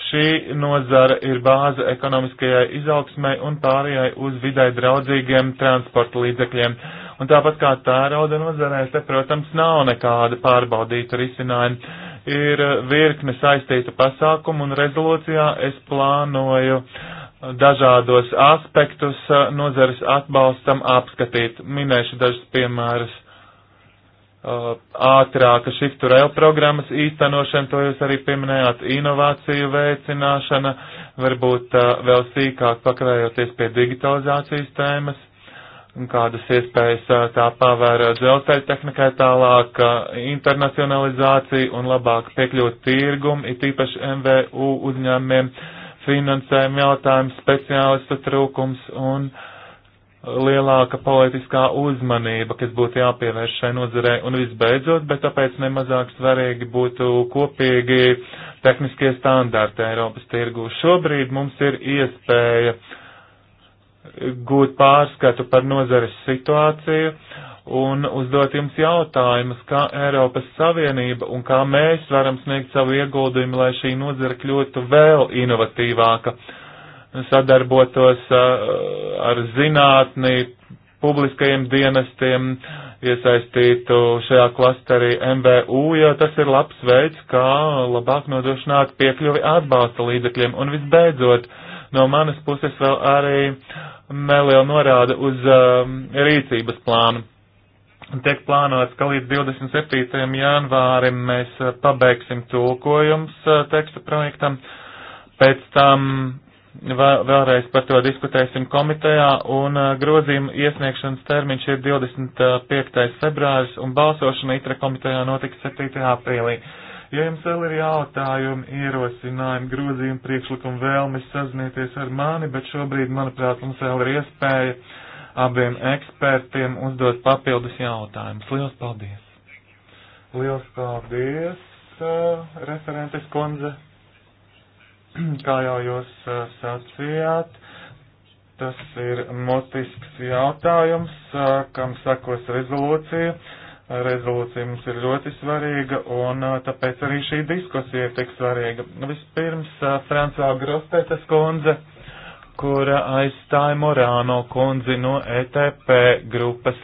šī nozara ir bāze ekonomiskajai izaugsmai un pārējai uz vidē draudzīgiem transporta līdzekļiem. Uh, Un tāpat kā tērauda nozarē, te, protams, nav nekāda pārbaudīta risinājuma. Ir virkne saistīta pasākumu un rezolūcijā es plānoju dažādos aspektus nozares atbalstam apskatīt. Minēšu dažus piemērus uh, ātrāka šiftu rail programmas īstenošana, to jūs arī pieminējāt, inovāciju veicināšana, varbūt uh, vēl sīkāk pakavējoties pie digitalizācijas tēmas, kādas iespējas tā pavēr dzelzceļa tehnikai tālāk, internacionalizācija un labāk piekļūt tirgumu, it īpaši MVU uzņēmumiem, finansējuma jautājums, speciālistu trūkums un lielāka politiskā uzmanība, kas būtu jāpievērš šai nozarei. Un visbeidzot, bet tāpēc nemazāk svarīgi būtu kopīgi tehniskie standarti Eiropas tirgū. Šobrīd mums ir iespēja uh, gūt pārskatu par nozares situāciju un uzdot jums jautājumus, kā Eiropas Savienība un kā mēs varam sniegt savu ieguldījumu, lai šī nozara kļūtu vēl inovatīvāka, sadarbotos uh, ar zinātni, publiskajiem dienestiem, iesaistītu šajā klasterī MVU, jo tas ir labs veids, kā labāk nodrošināt piekļuvi atbalsta līdzekļiem. Un visbeidzot, no manas puses vēl arī uh, neliela norāda uz um, rīcības plānu. Tiek plānots, ka līdz 27. janvārim mēs uh, pabeigsim tulkojums uh, teksta projektam, pēc tam vēlreiz par to diskutēsim komitejā, un uh, grozījuma iesniegšanas termiņš ir 25. februāris, un balsošana itra komitejā notiks 7. aprīlī. Uh, Ja jums vēl ir jautājumi, ierosinājumi, grozījumi, priekšlikumi, vēlmes sazināties ar mani, bet šobrīd, manuprāt, mums vēl ir iespēja abiem ekspertiem uzdot papildus jautājumus. Lielas paldies! Lielas paldies, uh, referentes kundze! Kā jau jūs uh, sacījāt, tas ir motisks jautājums, uh, kam sakos rezolūcija rezolūcija mums ir ļoti svarīga, un tāpēc arī šī diskusija ir tik svarīga. Vispirms Francā Grostetes kundze, kura aizstāja Morāno kundzi no ETP grupas.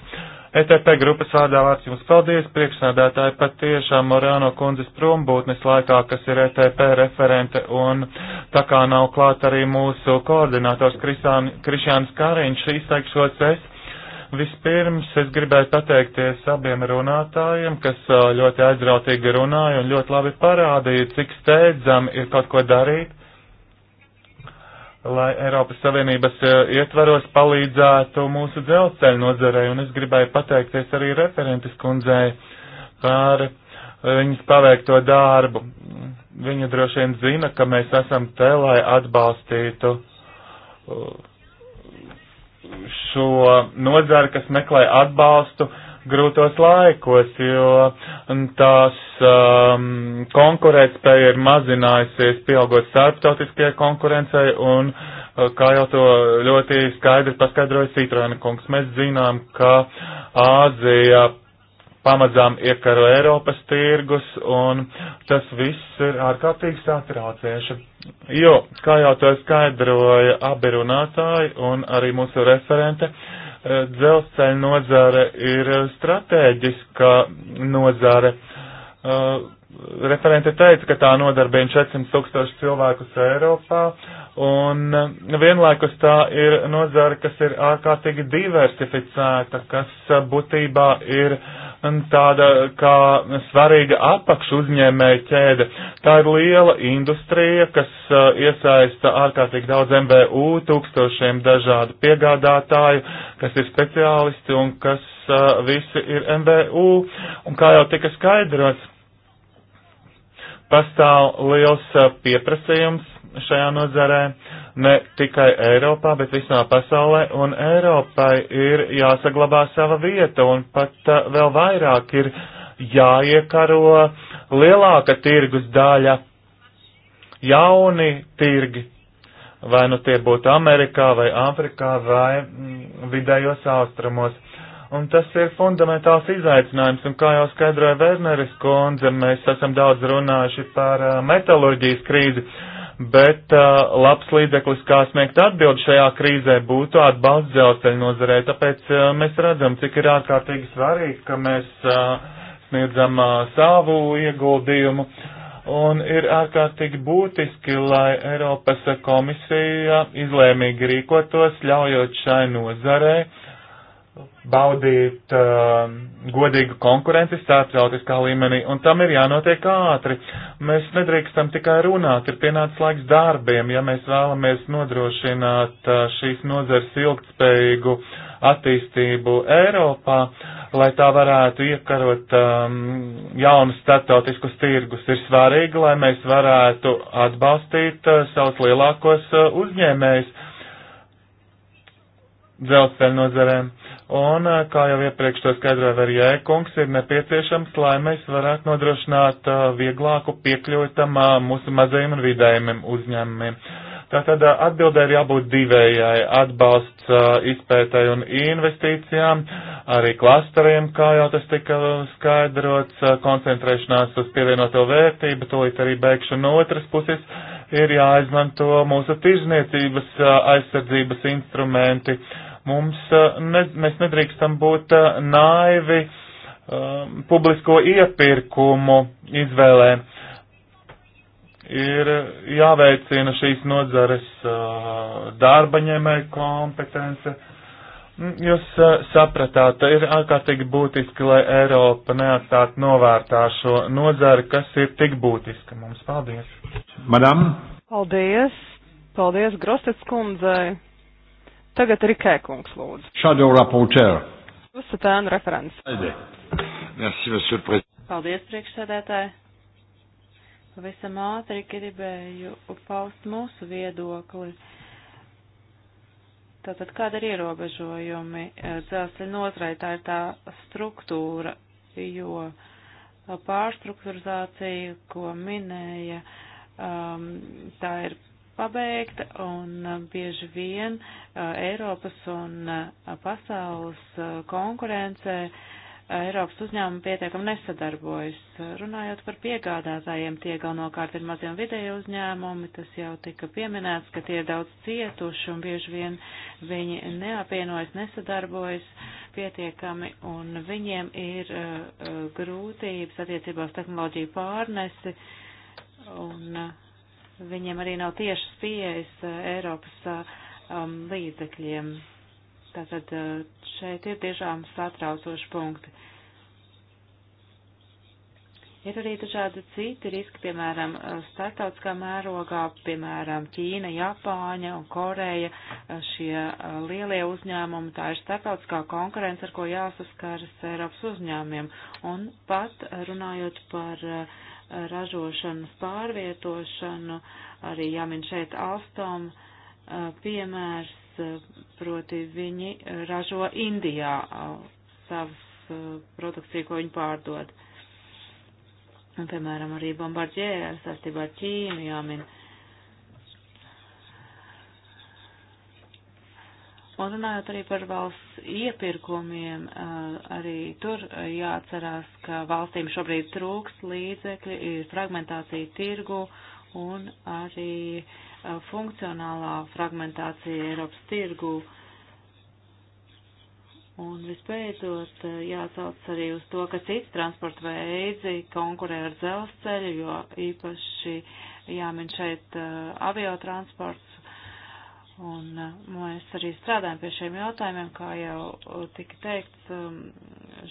ETP grupas vārdā vārds jums paldies, priekšsādātāji, pat tiešām Morāno kundzes prombūtnes laikā, kas ir ETP referente, un tā kā nav klāt arī mūsu koordinators Krišāns Kariņš, izteikšos es Vispirms es gribēju pateikties abiem runātājiem, kas ļoti aizrautīgi runāja un ļoti labi parādīja, cik steidzami ir kaut ko darīt, lai Eiropas Savienības ietvaros palīdzētu mūsu dzelzceļu nozarei. Un es gribēju pateikties arī referentes kundzei par viņas paveikto darbu. Viņa droši vien zina, ka mēs esam te, lai atbalstītu. Uh, šo nodzaru, kas meklē atbalstu grūtos laikos, jo tās um, konkurētspēja ir mazinājusies, pieaugot starptautiskajai konkurencei, un, uh, kā jau to ļoti skaidri paskaidroja Citrona kungs, mēs zinām, ka Āzija pamazām iekaro Eiropas tirgus, un tas viss ir ārkārtīgi satraucieši. Jo, kā jau to skaidroja abi runātāji un arī mūsu referente, eh, dzelzceļa nozare ir strateģiska nozare. Eh, referente teica, ka tā nodarbina 400 tūkstoši cilvēkus Eiropā, un vienlaikus tā ir nozara, kas ir ārkārtīgi diversificēta, kas eh, būtībā ir uh, tāda kā svarīga apakšu uzņēmēja ķēde. Tā ir liela industrija, kas uh, iesaista ārkārtīgi daudz MBU, tūkstošiem dažādu piegādātāju, kas ir speciālisti un kas uh, visi ir MBU. Un kā jau tika skaidrots, pastāv liels uh, pieprasījums šajā nozarē ne tikai Eiropā, bet visā pasaulē, un Eiropai ir jāsaglabā sava vieta, un pat uh, vēl vairāk ir jāiekaro lielāka tirgus daļa, jauni tirgi, vai nu tie būtu Amerikā, vai Āfrikā, vai mm, vidējos austrumos. Un tas ir fundamentāls izaicinājums, un kā jau skaidroja Werneris kundze, mēs esam daudz runājuši par uh, metalurģijas krīzi. Uh, bet uh, labs līdzeklis, kā sniegt atbildi šajā krīzē, būtu atbalsts dzelzceļa nozarē. Tāpēc uh, mēs redzam, cik ir ārkārtīgi svarīgi, ka mēs uh, sniedzam uh, savu ieguldījumu. Un ir ārkārtīgi būtiski, lai Eiropas komisija izlēmīgi rīkotos, ļaujot šai nozarei baudīt uh, godīgu konkurenci starptautiskā līmenī, un tam ir jānotiek ātri. Mēs nedrīkstam tikai runāt, ir pienācis laiks darbiem, ja mēs vēlamies nodrošināt uh, šīs nozars ilgtspējīgu attīstību Eiropā, lai tā varētu iekarot um, jaunus starptautiskus tirgus. Ir svarīgi, lai mēs varētu atbalstīt uh, savus lielākos uh, uzņēmējus dzelzceļa nozarēm. Uh, Un, eh, kā jau iepriekš to skaidroja arī ēkungs, ir nepieciešams, lai mēs varētu nodrošināt eh, vieglāku piekļuvi tam eh, mūsu mazajiem un vidējiem uzņēmumiem. Tātad atbildē ir jābūt divējai - atbalsts izpētai un investīcijām, arī klasteriem, kā jau tas tika skaidrots, koncentrēšanās uz pievienoto vērtību, tolīt arī beigšu no otras puses ir jāizmanto mūsu tirzniecības aizsardzības instrumenti Mums, eh, ne, mēs nedrīkstam būt eh, naivi um, publisko iepirkumu izvēlē. Ir jāveicina šīs nodzares uh, darba ņēmēja kompetence. Mm, jūs uh, sapratāt, ir ārkārtīgi būtiski, lai Eiropa neatstātu novērtā šo nodzari, kas ir tik būtiska mums. Paldies! Madam! Paldies! Paldies Grostets kundzei! Tagad Rikē kungs lūdzu. Shadow rapporteur. Jūs esat ēnu referents. Merci, monsieur le président. Paldies, priekšsēdētāji. Visam ātri gribēju paust mūsu viedokli. Tātad, kāda ir ierobežojumi dzelzceļa nozarei? Tā ir tā struktūra, jo pārstruktūrizācija, ko minēja, um, tā ir pabeigta, un uh, bieži vien uh, Eiropas un uh, pasaules konkurencē Eiropas uzņēmumi pietiekami nesadarbojas. Runājot par piegādātājiem, tie galvenokārt ir mazie un vidēji uzņēmumi, tas jau tika pieminēts, ka tie ir daudz cietuši un bieži vien viņi neapvienojas, nesadarbojas pietiekami, un viņiem ir uh, grūtības attiecībā uz tehnoloģiju pārnesi. Un, uh, viņiem arī nav tiešas pieejas uh, Eiropas uh, um, līdzekļiem. Tātad uh, šeit ir tiešām satraucoši punkti. Ir arī dažādi citi riski, piemēram, startautiskā mērogā, piemēram, Ķīna, Japāņa un Koreja, šie lielie uzņēmumi, tā ir startautiskā konkurence, ar ko jāsaskaras Eiropas uzņēmiem. Un pat runājot par uh, ražošanas pārvietošanu, arī jāmin šeit Alstom piemērs, proti viņi ražo Indijā savas produkciju, ko viņi pārdod. Un, piemēram, arī bombardē saistībā ar Ķīnu jāmin. Un runājot arī par valsts iepirkumiem, eh, arī tur eh, jāatcerās, ka valstīm šobrīd trūkst līdzekļi, ir fragmentācija tirgu un arī eh, funkcionālā fragmentācija Eiropas tirgu. Un visbeidzot jāatsauc arī uz to, ka cits transporta veidi konkurē ar dzelzceļu, jo īpaši jāmin šeit aviotransports Un uh, mēs arī strādājam pie šiem jautājumiem, kā jau tika teikts, um,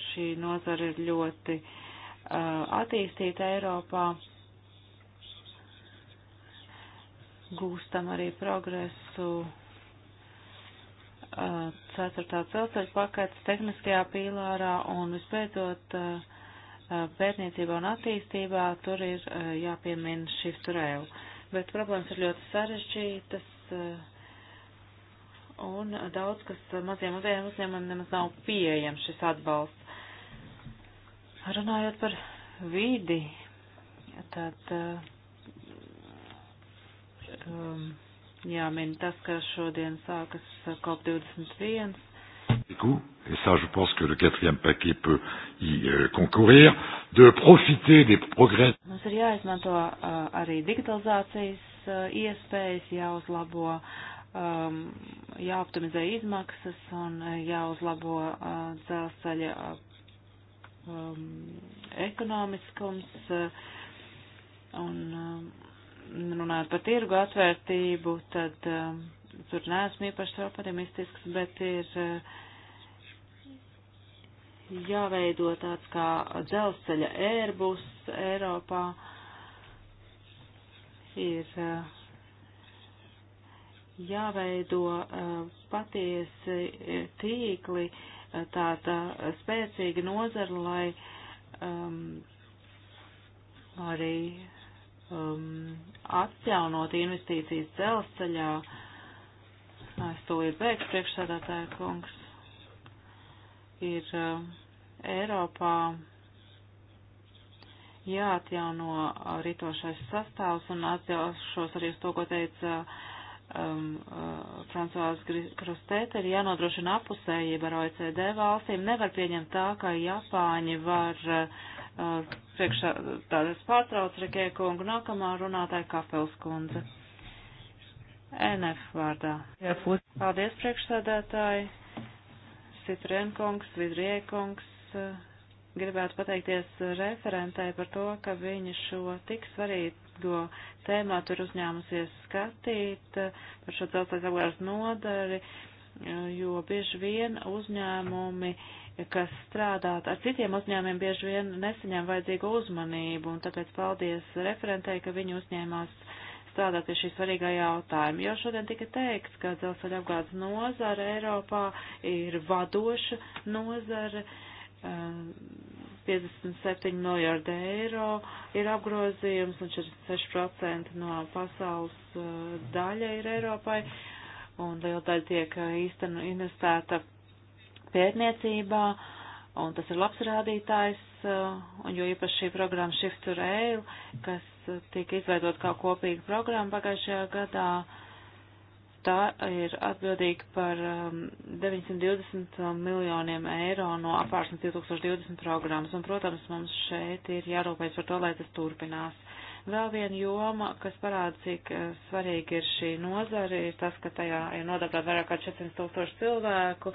šī nozara ir ļoti uh, attīstīta Eiropā. Gūstam arī progresu uh, ceturtā celceļa paketes tehniskajā pīlārā un visbeidzot pētniecībā un attīstībā tur ir jāpiemina šifturēlu. Bet problēmas ir ļoti sarežģītas un daudz, kas maziem mazajiem uzņēmumiem nemaz nav pieejams šis atbalsts. Runājot par vidi, tad eh, um, jāmin tas, ka šodien sākas COP21. Et ça, je pense que le quatrième paquet peut y euh, concourir, de profiter des progrès. Mums ir jāizmanto uh, arī digitalizācijas uh, iespējas, jāuzlabo uh, um, jāoptimizē izmaksas un jāuzlabo uh, dzelzceļa um, ekonomiskums. Uh, un um, runājot par tirgu atvērtību, tad um, tur neesmu īpaši vēl optimistisks, bet ir uh, jāveido tāds kā dzelzceļa Airbus Eiropā. Ir uh, jāveido eh, patiesi eh, tīkli, eh, tāda spēcīga nozara, lai um, arī um, atjaunot investīcijas dzelzceļā. Es to ir beigts priekšsādātāja kungs. Ir uh, Eiropā jāatjauno rītošais sastāvs un atjaušos arī uz to, ko teica uh, um, uh, Francoāzes Krustēta ir jānodrošina apusējība ar OECD valstīm. Nevar pieņemt tā, ka Japāņi var uh, priekšā tādas pārtrauc Rikē kungu nākamā runātāja Kapels kundze. NF vārdā. Jā, put. Paldies priekšsēdētāji. Citrien kungs, Vidrie kungs. Uh, gribētu pateikties referentē par to, ka viņa šo tik svarīgu svarīgo tēmā tur uzņēmusies skatīt eh, par šo dzelzceļa apgādes nodari, eh, jo bieži vien uzņēmumi, kas strādā ar citiem uzņēmumiem, bieži vien nesaņem vajadzīgo uzmanību, un tāpēc paldies referentei, ka viņi uzņēmās strādāt pie šī svarīgā jautājuma, jo šodien tika teikts, ka dzelzceļa apgādes nozara Eiropā ir vadoša nozara eh, 57 miljārdi eiro ir apgrozījums un 46% no pasaules eh, daļa ir Eiropai un liela daļa tiek eh, īstenu investēta pētniecībā un tas ir labs rādītājs eh, un jo īpaši šī programma Shift to Rail, kas tika izveidot kā kopīga programma pagājušajā gadā tā ir atbildīga par 920 um, miljoniem eiro no apvārsnes 2020 programmas, un, protams, mums šeit ir jārūpējas par to, lai tas turpinās. Vēl viena joma, kas parāda, cik eh, svarīga ir šī nozara, ir tas, ka tajā ir nodarbināta vairāk kā 400 tūkstoši cilvēku,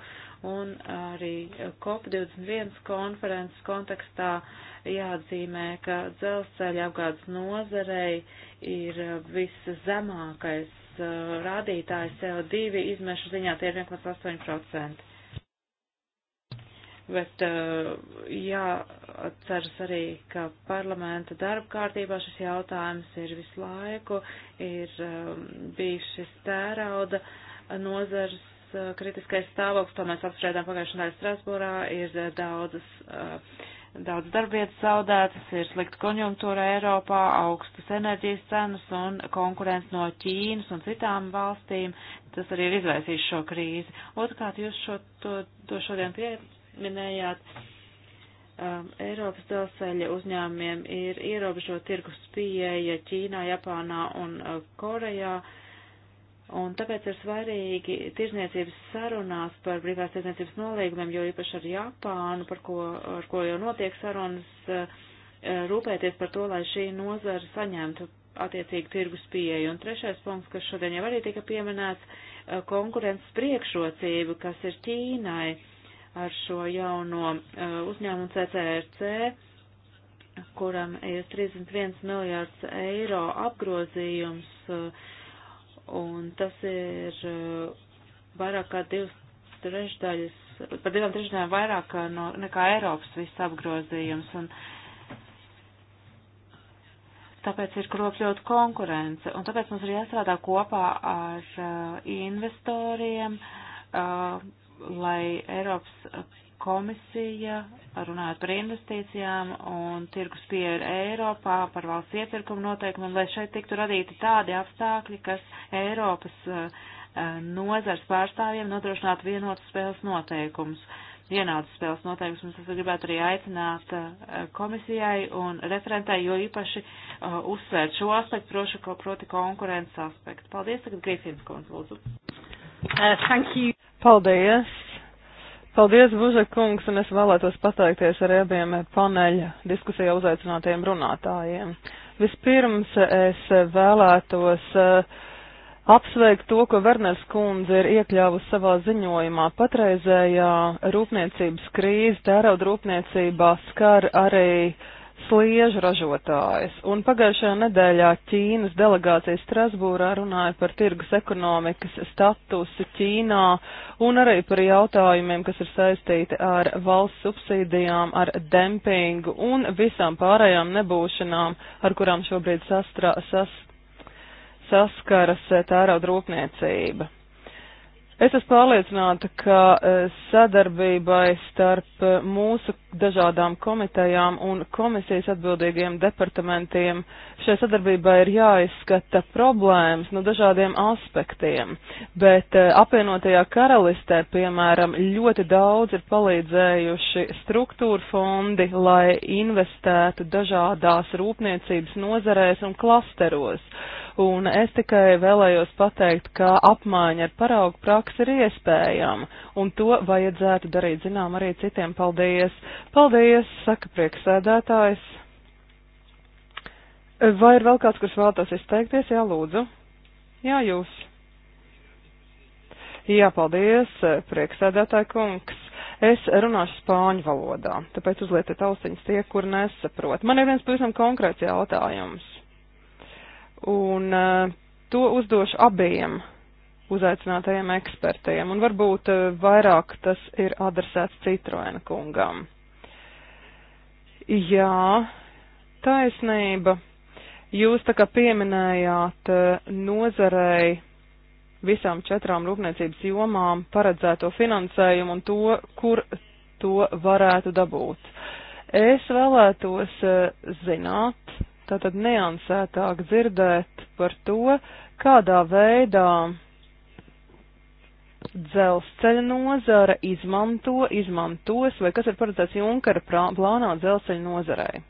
un arī COP21 konferences kontekstā jāatzīmē, ka dzelzceļa apgādes nozarei ir eh, viszemākais Uh, rādītājs CO2 izmešu ziņā tie ir 1,8%. Bet uh, jāceras arī, ka parlamenta darba kārtībā šis jautājums ir visu laiku, ir um, bijis šis tērauda nozars uh, kritiskais stāvoklis, to mēs apspriedām pagājušajā nedēļā Strasbūrā, ir daudzas uh, daudz darbvietas zaudētas, ir slikta konjunktūra Eiropā, augstas enerģijas cenas un konkurence no Ķīnas un citām valstīm. Tas arī ir izraisījis šo krīzi. Otrkārt, jūs šo, to, to šodien pieminējāt. Um, Eiropas dzelzceļa uzņēmumiem ir ierobežota tirgus pieeja Ķīnā, Japānā un uh, Korejā. Uh, Un tāpēc ir svarīgi tirzniecības sarunās par brīvās tirzniecības nolīgumiem, jo īpaši ar Japānu, par ko, ar ko jau notiek sarunas, eh, rūpēties par to, lai šī nozara saņemtu attiecīgu tirgus pieeju. Un trešais punkts, kas šodien jau arī tika pieminēts, eh, konkurences priekšrocība, kas ir Ķīnai ar šo jauno eh, uzņēmumu CCRC, kuram ir 31 miljārds eiro apgrozījums Un tas ir eh, vairāk kā divas trešdaļas, par divām trešdaļām vairāk eh, no, nekā Eiropas viss apgrozījums. Un tāpēc ir kropļot konkurence. Un tāpēc mums ir jāstrādā kopā ar uh, investoriem, uh, lai Eiropas komisija, runājot par investīcijām un tirgus pieeja Eiropā, par valsts iepirkumu noteikumiem, lai šeit tiktu radīti tādi apstākļi, kas Eiropas eh, eh, nozars pārstāvjiem nodrošinātu vienotas spēles noteikumus. Vienādas spēles noteikumus mums es gribētu arī aicināt eh, komisijai un referentai, jo īpaši uzsvērt šo aspektu, proši, proti konkurences aspektu. Paldies, tagad Grīsīnas kundze, lūdzu. Uh, thank you. Paldies Paldies, Bužekungs, un es vēlētos pateikties ar abiem paneļa diskusijā uzaicinātajiem runātājiem. Vispirms es vēlētos eh, apsveikt to, ko Werners kundze ir iekļāvusi savā ziņojumā. Patreizējā rūpniecības krīze tērauda rūpniecībā skar arī uh, sliežu ražotājs. Un pagājušajā nedēļā Ķīnas delegācija Strasbūrā runāja par tirgus ekonomikas statusu Ķīnā un arī par jautājumiem, kas ir saistīti ar valsts subsīdijām, ar dempingu un visām pārējām nebūšanām, ar kurām šobrīd sastra, sas, saskaras tērauda rūpniecība. Es esmu pārliecināta, ka eh, sadarbībai starp eh, mūsu dažādām komitejām un komisijas atbildīgiem departamentiem. Šai sadarbībai ir jāizskata problēmas no dažādiem aspektiem, bet eh, apvienotajā karalistē, piemēram, ļoti daudz ir palīdzējuši struktūra fondi, lai investētu dažādās rūpniecības nozarēs un klasteros. Un es tikai vēlējos pateikt, ka apmaiņa ar paraugu praksi ir iespējama, un to vajadzētu darīt zinām arī citiem. Paldies! Paldies, saka prieksēdētājs. Vai ir vēl kāds, kurš vēlētos izteikties? Jā, lūdzu. Jā, jūs. Jā, paldies, prieksēdētāja kungs. Es runāšu spāņu valodā, tāpēc uzlietiet austiņas tie, kur nesaprot. Man ir viens pavisam konkrēts jautājums. Un uh, to uzdošu abiem uzaicinātajiem ekspertiem, un varbūt uh, vairāk tas ir adresēts Citroena kungam. Jā, taisnība. Jūs tā kā pieminējāt eh, nozarei visām četrām rūpniecības jomām paredzēto finansējumu un to, kur to varētu dabūt. Es vēlētos eh, zināt, tātad neansētāk dzirdēt par to, kādā veidā dzelzceļa nozara izmanto, izmantos, vai kas ir paredzēts Junkara plānā dzelzceļa nozarei?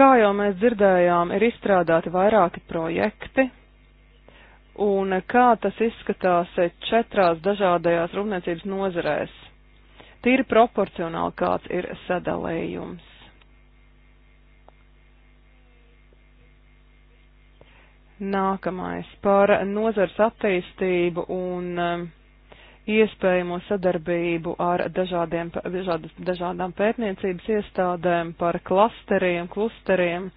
Kā jau mēs dzirdējām, ir izstrādāti vairāki projekti, un kā tas izskatās četrās dažādajās rūpniecības nozarēs. Tīri proporcionāli kāds ir sadalījums. Nākamais par nozars attīstību un um, iespējamo sadarbību ar dažādiem, dažādas, dažādām pētniecības iestādēm, par klasteriem, klusteriem.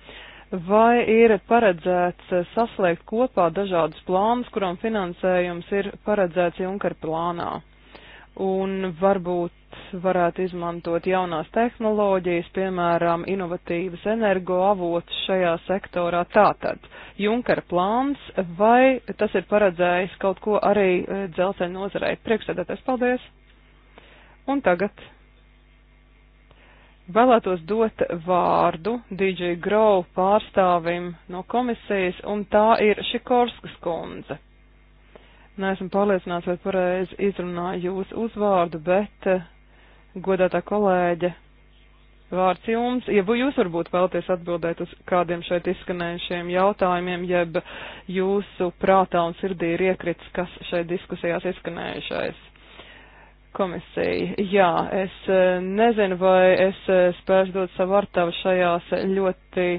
Vai ir paredzēts uh, saslēgt kopā dažādus plānus, kuram finansējums ir paredzēts Junker plānā? un varbūt varētu izmantot jaunās tehnoloģijas, piemēram, inovatīvas energoavots šajā sektorā. Tātad, Junkara plāns, vai tas ir paredzējis kaut ko arī e, dzelceļa nozarei? Priekšsēdētājs, paldies! Un tagad vēlētos dot vārdu DJ Grau pārstāvim no komisijas, un tā ir Šikorskas kundze. Neesmu pārliecināts, vai pareizi izrunāju jūsu uzvārdu, bet eh, godātā kolēģe, vārds jums. Ja jūs varbūt vēlaties atbildēt uz kādiem šeit izskanējušiem jautājumiem, jeb jūsu prātā un sirdī ir iekrits, kas šeit diskusijās izskanējušais komisija. Jā, es eh, nezinu, vai es eh, spēšu dot savu artavu šajās ļoti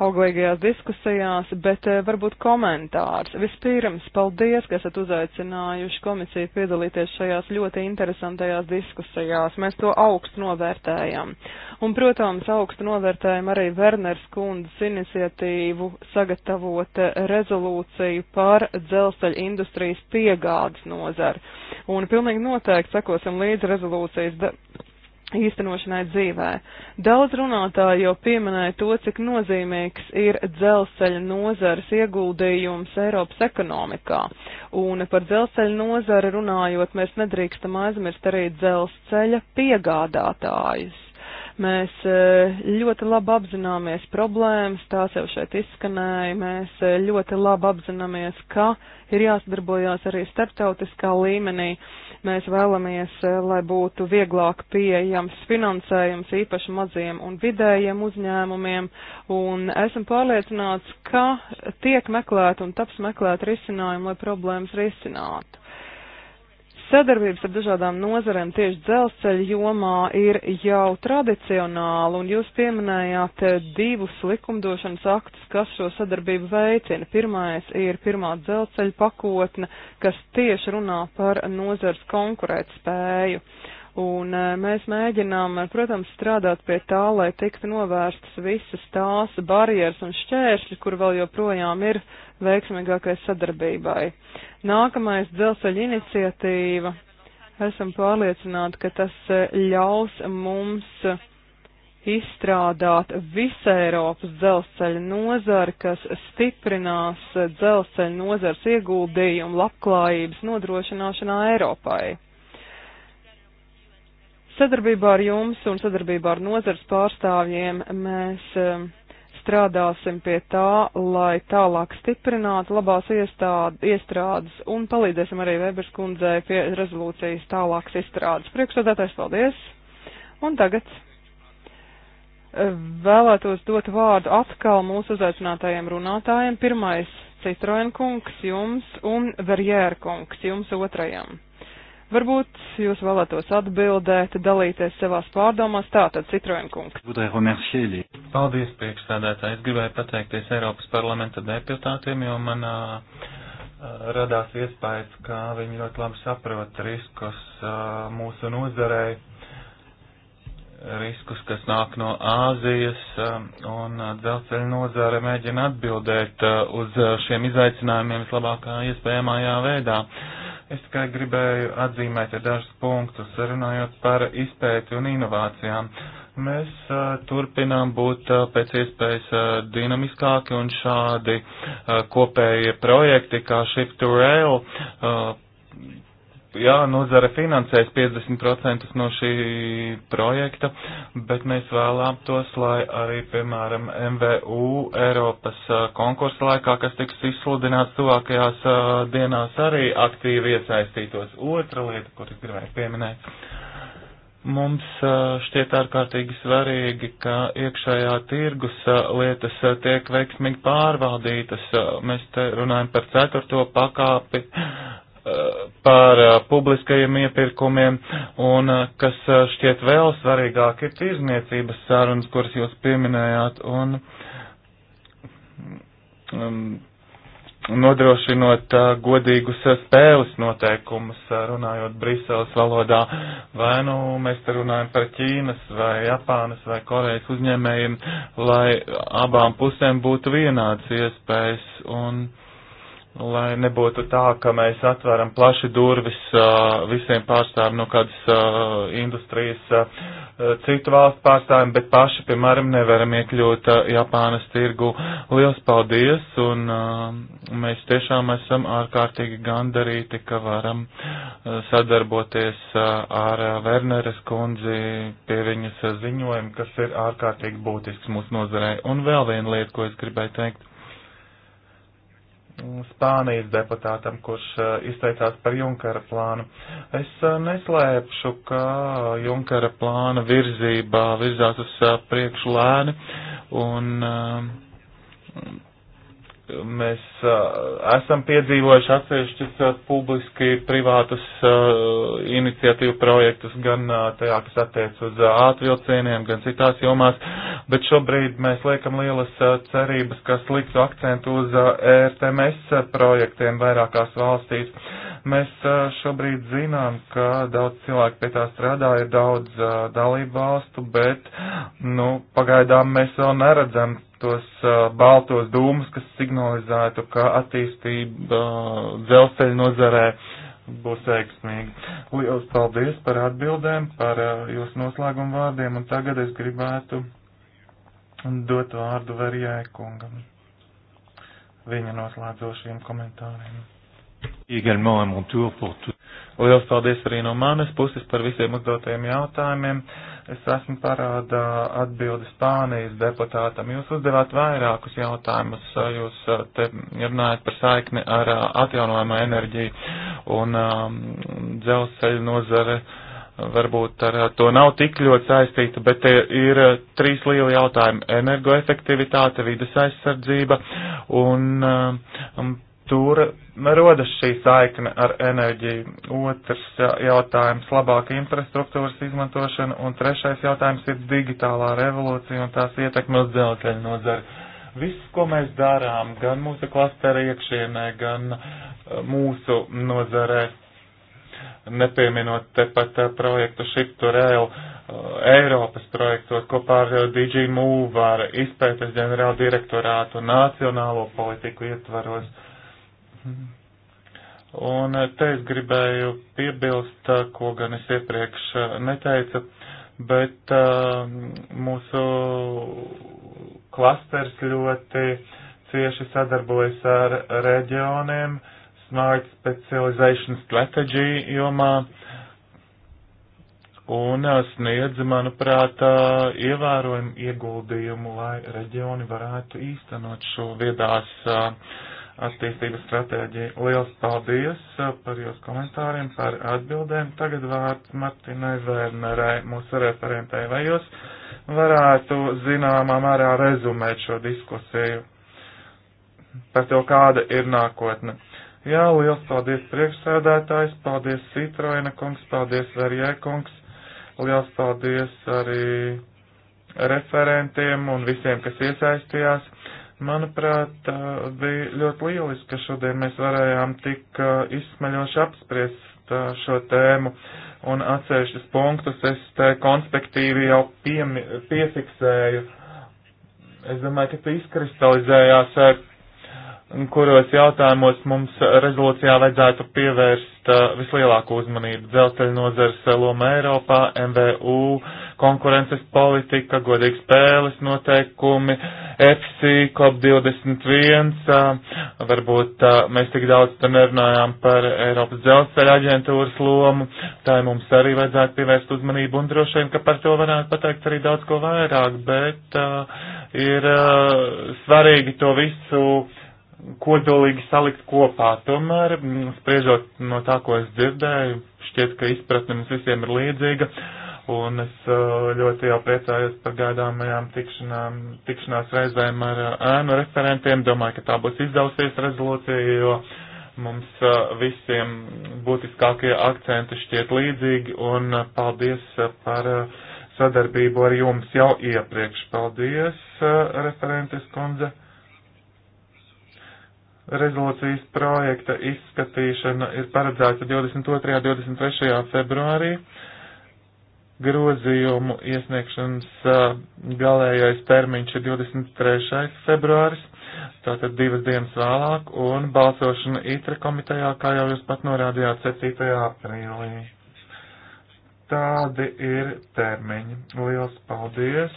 auglīgajās diskusijās, bet eh, varbūt komentārs. Vispirms, paldies, ka esat uzaicinājuši komisiju piedalīties šajās ļoti interesantajās diskusijās. Mēs to augstu novērtējam. Un, protams, augstu novērtējam arī Werners kundzes iniciatīvu sagatavot eh, rezolūciju par dzelzceļa industrijas piegādes nozaru. Un pilnīgi noteikti sakosim līdz rezolūcijas īstenošanai dzīvē. Daudz runātāji jau pieminēja to, cik nozīmīgs ir dzelzceļa nozares ieguldījums Eiropas ekonomikā. Un par dzelzceļa nozari runājot, mēs nedrīkstam aizmirst arī dzelzceļa piegādātājus. Mēs e, ļoti labi apzināmies problēmas, tās jau šeit izskanēja. Mēs e, ļoti labi apzināmies, ka ir jāsadarbojās arī starptautiskā līmenī. Mēs vēlamies, e, lai būtu vieglāk pieejams finansējums īpaši maziem un vidējiem uzņēmumiem. Un esam pārliecināts, ka tiek meklēt un taps meklēt risinājumu, lai problēmas risinātu. Sadarbības ar dažādām nozarēm tieši dzelzceļa jomā ir jau tradicionāla, un jūs pieminējāt divus likumdošanas aktus, kas šo sadarbību veicina. Pirmais ir pirmā dzelzceļa pakotne, kas tieši runā par nozars konkurētspēju. spēju. Un eh, mēs mēģinām, eh, protams, strādāt pie tā, lai tiktu novērstas visas tās barjeras un šķēršļi, kur vēl joprojām ir veiksmīgākai sadarbībai. Nākamais dzelzceļa iniciatīva. Esam pārliecināti, ka tas eh, ļaus mums izstrādāt visai Eiropas dzelzceļa nozari, kas stiprinās dzelzceļa nozars ieguldījumu labklājības nodrošināšanā Eiropai. Sadarbībā ar jums un sadarbībā ar nozars pārstāvjiem mēs um, strādāsim pie tā, lai tālāk stiprinātu labās iestād, iestrādes un palīdzēsim arī Vēbers kundzei pie rezolūcijas tālākas izstrādes. Priekšsādātājs, paldies! Un tagad eh, vēlētos dot vārdu atkal mūsu uzaicinātajiem runātājiem. Pirmais Citroen kungs jums un Verjēra kungs jums otrajam. Varbūt jūs vēlētos atbildēt, dalīties savās pārdomās. Tātad, Citroenkungs. Paldies, priekšstādātāji. Es gribēju pateikties Eiropas parlamenta deputātiem, jo man uh, radās iespējas, ka viņi ļoti labi saprot riskus uh, mūsu nozarei riskus, kas nāk no Āzijas, um, un uh, dzelzceļa nozare mēģina atbildēt uh, uz uh, šiem izaicinājumiem vislabākā iespējamajā veidā. Es tikai gribēju atzīmēt dažus punktus, runājot par izpēti un inovācijām. Mēs turpinām būt pēc iespējas dinamiskāki un šādi kopējie projekti kā Shift to Rail jā, nozara finansēs 50% no šī projekta, bet mēs vēlētos, lai arī, piemēram, MVU Eiropas konkursa laikā, kas tiks izsludināts tuvākajās dienās, arī aktīvi iesaistītos. Otra lieta, kur es gribēju pieminēt. Mums šķiet ārkārtīgi svarīgi, ka iekšējā tirgus lietas tiek veiksmīgi pārvaldītas. Mēs te runājam par ceturto pakāpi, Eh, par eh, publiskajiem iepirkumiem, un eh, kas šķiet vēl svarīgāk ir tirzniecības sarunas, kuras jūs pieminējāt, un um, nodrošinot uh, godīgus spēles noteikumus, runājot Briseles valodā, vai nu mēs te runājam par Ķīnas vai Japānas vai Korejas uzņēmējiem, lai abām pusēm būtu vienāds iespējas. Un, uh, lai nebūtu tā, ka mēs atveram plaši durvis uh, visiem pārstāvjiem no kādas uh, industrijas, uh, citu valstu pārstāvjiem, bet paši, piemēram, nevaram iekļūt uh, Japānas tirgu. Liels paldies, un uh, mēs tiešām esam ārkārtīgi gandarīti, ka varam uh, sadarboties uh, ar uh, Werneres kundzi pie viņas uh, ziņojuma, kas ir ārkārtīgi būtisks mūsu nozarei. Un vēl viena lieta, ko es gribēju teikt Mm, Spānijas deputātam, kurš eh, izteicās par Junkara plānu. Es eh, neslēpšu, ka Junkara plāna virzībā virzās uz eh, priekšu lēni un mēs uh, esam piedzīvojuši atsevišķus uh, publiski privātus uh, iniciatīvu projektus gan uh, tajā, kas attiec uz uh, atvilcieniem, gan citās jomās, bet šobrīd mēs liekam lielas uh, cerības, kas liktu akcentu uz uh, e RTMS projektiem vairākās valstīs. Mēs uh, šobrīd zinām, ka daudz cilvēku pie tā strādā, ir daudz uh, dalību valstu, bet, nu, pagaidām mēs vēl neredzam tos uh, baltos dūmus, kas signalizētu, ka attīstība uh, dzelzceļa nozarē būs veiksmīga. Lielas paldies par atbildēm, par uh, jūsu noslēgumu vārdiem, un tagad es gribētu dot vārdu Verijai kungam viņa noslēdzošiem komentāriem. Lielas paldies arī no manas puses par visiem uzdotajiem jautājumiem. Uh, Es esmu parādā atbildi Spānijas deputātam. Jūs uzdevāt vairākus jautājumus. Jūs te runājat par saikni ar atjaunojamo enerģiju un um, dzelzceļu nozare. Varbūt ar to nav tik ļoti saistīta, bet te ir trīs lieli jautājumi - energoefektivitāte, vides aizsardzība un um, tur rodas šī saikne ar enerģiju. Otrs jautājums - labāka infrastruktūras izmantošana, un trešais jautājums ir digitālā revolūcija un tās ietekme uz dzelzceļa nozari. Viss, ko mēs darām, gan mūsu klastera iekšienē, gan eh, mūsu nozarē, nepieminot tepat eh, projektu Ship to Rail, eh, Eiropas projektos kopā ar DG Move, ar izpētes ģenerāldirektorātu, nacionālo politiku ietvaros. Uh, Un te es gribēju piebilst, ko gan es iepriekš neteicu, bet mūsu klasters ļoti cieši sadarbojas ar reģioniem Smart Specialization Strategy jomā un sniedz, manuprāt, ievērojumu ieguldījumu, lai reģioni varētu īstenot šo viedās uh, attīstības stratēģiju. Liels paldies uh, par jūsu komentāriem, par atbildēm. Tagad vārds Martinai Vērnerai, mūsu referentai. Vai jūs varētu zināmā mērā rezumēt šo diskusiju par to, kāda ir nākotne? Jā, liels paldies priekšsēdētājs, paldies Citroina kungs, paldies Verjē kungs, liels paldies arī referentiem un visiem, kas iesaistījās Manuprāt, bija ļoti lieliski, ka šodien mēs varējām tik izsmeļoši apspriest šo tēmu un atsevišķus punktus es te konspektīvi jau piemi, piefiksēju. Es domāju, ka tu izkristalizējās ar kuros jautājumos mums rezolūcijā vajadzētu pievērst uh, vislielāko uzmanību - dzelzceļa nozars uh, loma Eiropā, MVU, konkurences politika, godīgs spēles noteikumi, EFSI, COP21, uh, varbūt uh, mēs tik daudz te nerunājām par Eiropas dzelzceļa aģentūras lomu, tā mums arī vajadzētu pievērst uzmanību un droši vien, ka par to varētu pateikt arī daudz ko vairāk, bet uh, ir uh, svarīgi to visu kodolīgi salikt kopā. Tomēr, mm, spriežot no tā, ko es dzirdēju, šķiet, ka izpratne mums visiem ir līdzīga, un es uh, ļoti jau priecājos par gaidāmajām tikšanām, tikšanās reizēm ar uh, ēnu referentiem. Domāju, ka tā būs izdevusies rezolūcija, jo mums uh, visiem būtiskākie akcenti šķiet līdzīgi, un paldies par sadarbību ar jums jau iepriekš. Paldies, referentes kundze rezolūcijas projekta izskatīšana ir paredzēta 22. un 23. februārī. Grozījumu iesniegšanas galējais termiņš ir 23. februāris, tātad divas dienas vēlāk, un balsošana ITRA komitejā, kā jau jūs pat norādījāt, 7. aprīlī. Tādi ir termiņi. Liels paldies!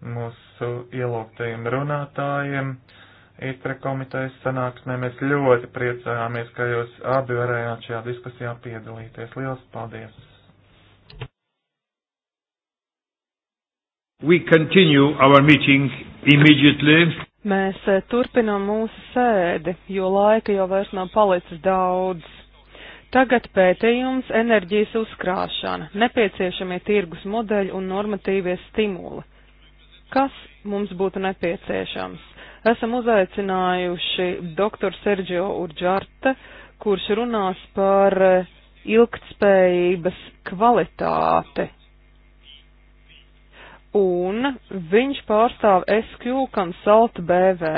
Mūsu mūsu ielūgtajiem runātājiem. Īstre komitejas sanāksmē mēs ļoti priecājāmies, ka jūs abi varējāt šajā diskusijā piedalīties. Lielas paldies! We continue our meeting immediately. Mēs eh, turpinām mūsu sēdi, jo laika jau vairs nav palicis daudz. Tagad pētījums enerģijas uzkrāšana, nepieciešamie tirgus modeļi un normatīvie stimuli. Kas mums būtu nepieciešams? Esam uzaicinājuši doktoru Sergio Urģarte, kurš runās par eh, ilgtspējības kvalitāti. Un viņš pārstāv SQ Consult BV.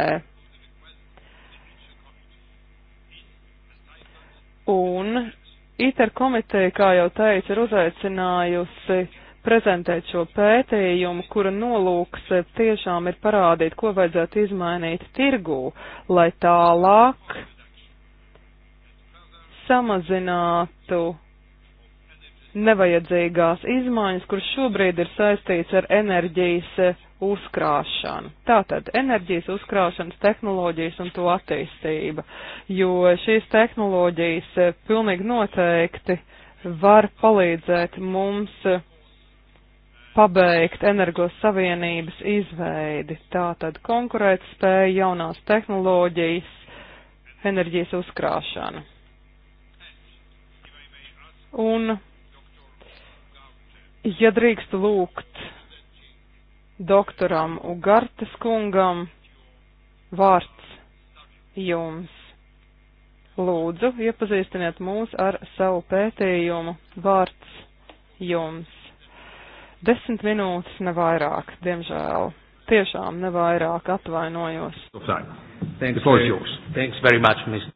Un ITER komiteja, kā jau teicu, ir uzaicinājusi prezentēt šo pētījumu, kura nolūks eh, tiešām ir parādīt, ko vajadzētu izmainīt tirgū, lai tālāk samazinātu nevajadzīgās izmaiņas, kuras šobrīd ir saistīts ar enerģijas eh, uzkrāšanu. Tātad enerģijas uzkrāšanas tehnoloģijas un to attīstība, jo šīs tehnoloģijas eh, pilnīgi noteikti var palīdzēt mums uh, pabeigt energos savienības izveidi, tātad konkurētspēja, jaunās tehnoloģijas, enerģijas uzkrāšana. Un, ja drīkstu lūgt doktoram Ugartes kungam, vārds jums. Lūdzu, iepazīstiniet mūs ar savu pētījumu, vārds jums. Desmit minūtes ne vairāk, diemžēl. Tiešām ne vairāk atvainojos. Thanks, Thanks very much, Mr.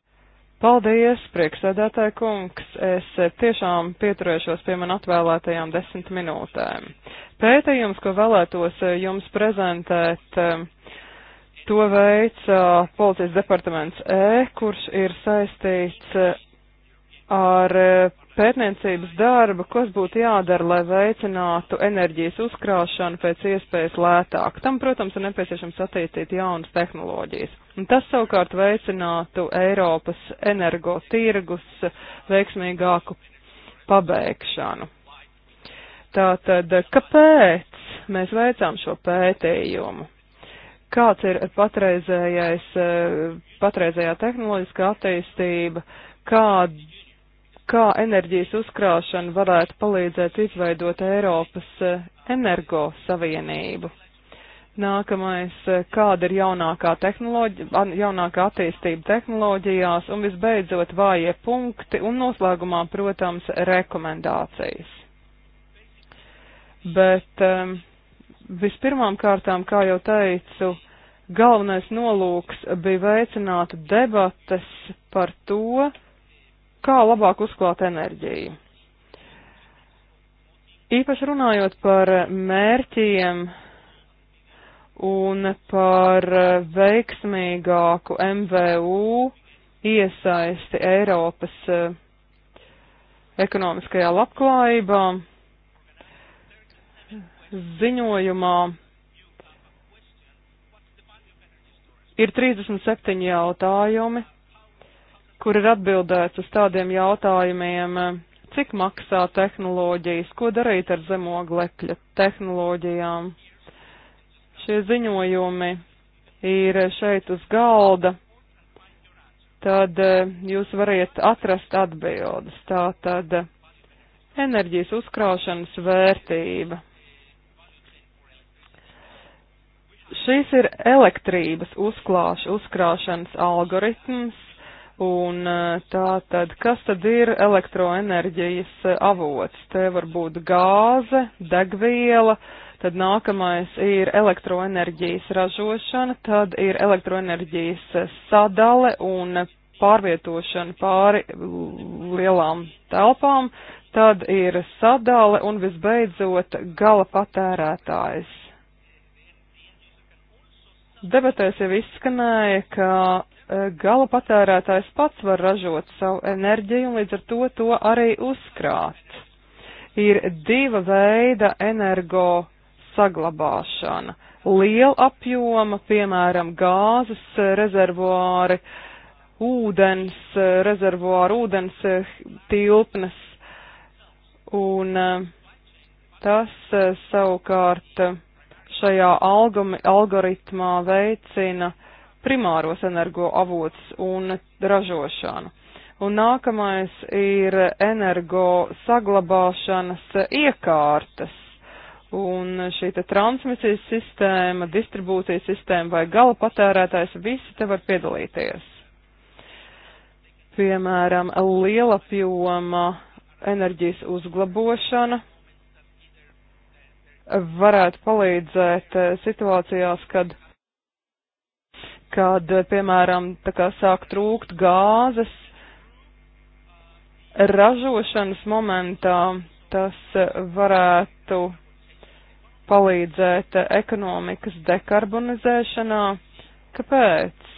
Paldies, prieksēdētāja kungs. Es eh, tiešām pieturēšos pie man atvēlētajām desmit minūtēm. Pētījums, ko vēlētos eh, jums prezentēt, eh, to veica policijas departaments E, kurš ir saistīts ar pētniecības darba, kas būtu jādara, lai veicinātu enerģijas uzkrāšanu pēc iespējas lētāk. Tam, protams, ir nepieciešams attīstīt jaunas tehnoloģijas. Un tas savukārt veicinātu Eiropas energo tirgus veiksmīgāku pabeigšanu. Tātad, kāpēc mēs veicām šo pētījumu? Kāds ir patreizējais, patreizējā tehnoloģiskā attīstība? Kāda kā enerģijas uzkrāšana varētu palīdzēt izveidot Eiropas e, energo savienību. Nākamais, e, kāda ir jaunākā, jaunākā attīstība tehnoloģijās un visbeidzot vājie punkti un noslēgumā, protams, rekomendācijas. Bet um, vispirmām kārtām, kā jau teicu, galvenais nolūks bija veicināt debates par to, uh, kā labāk uzklāt enerģiju. Īpaši runājot par mērķiem un par veiksmīgāku MVU iesaisti Eiropas eh, ekonomiskajā labklājībā, ziņojumā ir 37 jautājumi kur ir atbildēts uz tādiem jautājumiem, cik maksā tehnoloģijas, ko darīt ar zemoglekļa tehnoloģijām. Šie ziņojumi ir šeit uz galda, tad eh, jūs variet atrast atbildes. Tā tad enerģijas uzkraušanas vērtība. Šis ir elektrības uzklāš, uzkrāšanas algoritms, Un eh, tā tad, kas tad ir elektroenerģijas eh, avots? Te var būt gāze, degviela, tad nākamais ir elektroenerģijas ražošana, tad ir elektroenerģijas eh, sadale un pārvietošana pāri lielām telpām, tad ir sadale un visbeidzot gala patērētājs. Debatēs jau izskanēja, ka e, gala patērētājs pats var ražot savu enerģiju un līdz ar to to arī uzkrāt. Ir diva veida energo saglabāšana. Liela apjoma, piemēram, gāzes rezervuāri, ūdens rezervuāri, ūdens e, tilpnes un e, tas savukārt šajā algumi, algoritmā veicina primāros energoavots un ražošanu. Un nākamais ir energo saglabāšanas iekārtas. Un šī te transmisijas sistēma, distribūcijas sistēma vai gala patērētājs, visi te var piedalīties. Piemēram, lielapjoma enerģijas uzglabošana, varētu palīdzēt eh, situācijās, kad, kad eh, piemēram, tā kā sāk trūkt gāzes, ražošanas momentā tas eh, varētu palīdzēt ekonomikas dekarbonizēšanā. Kāpēc?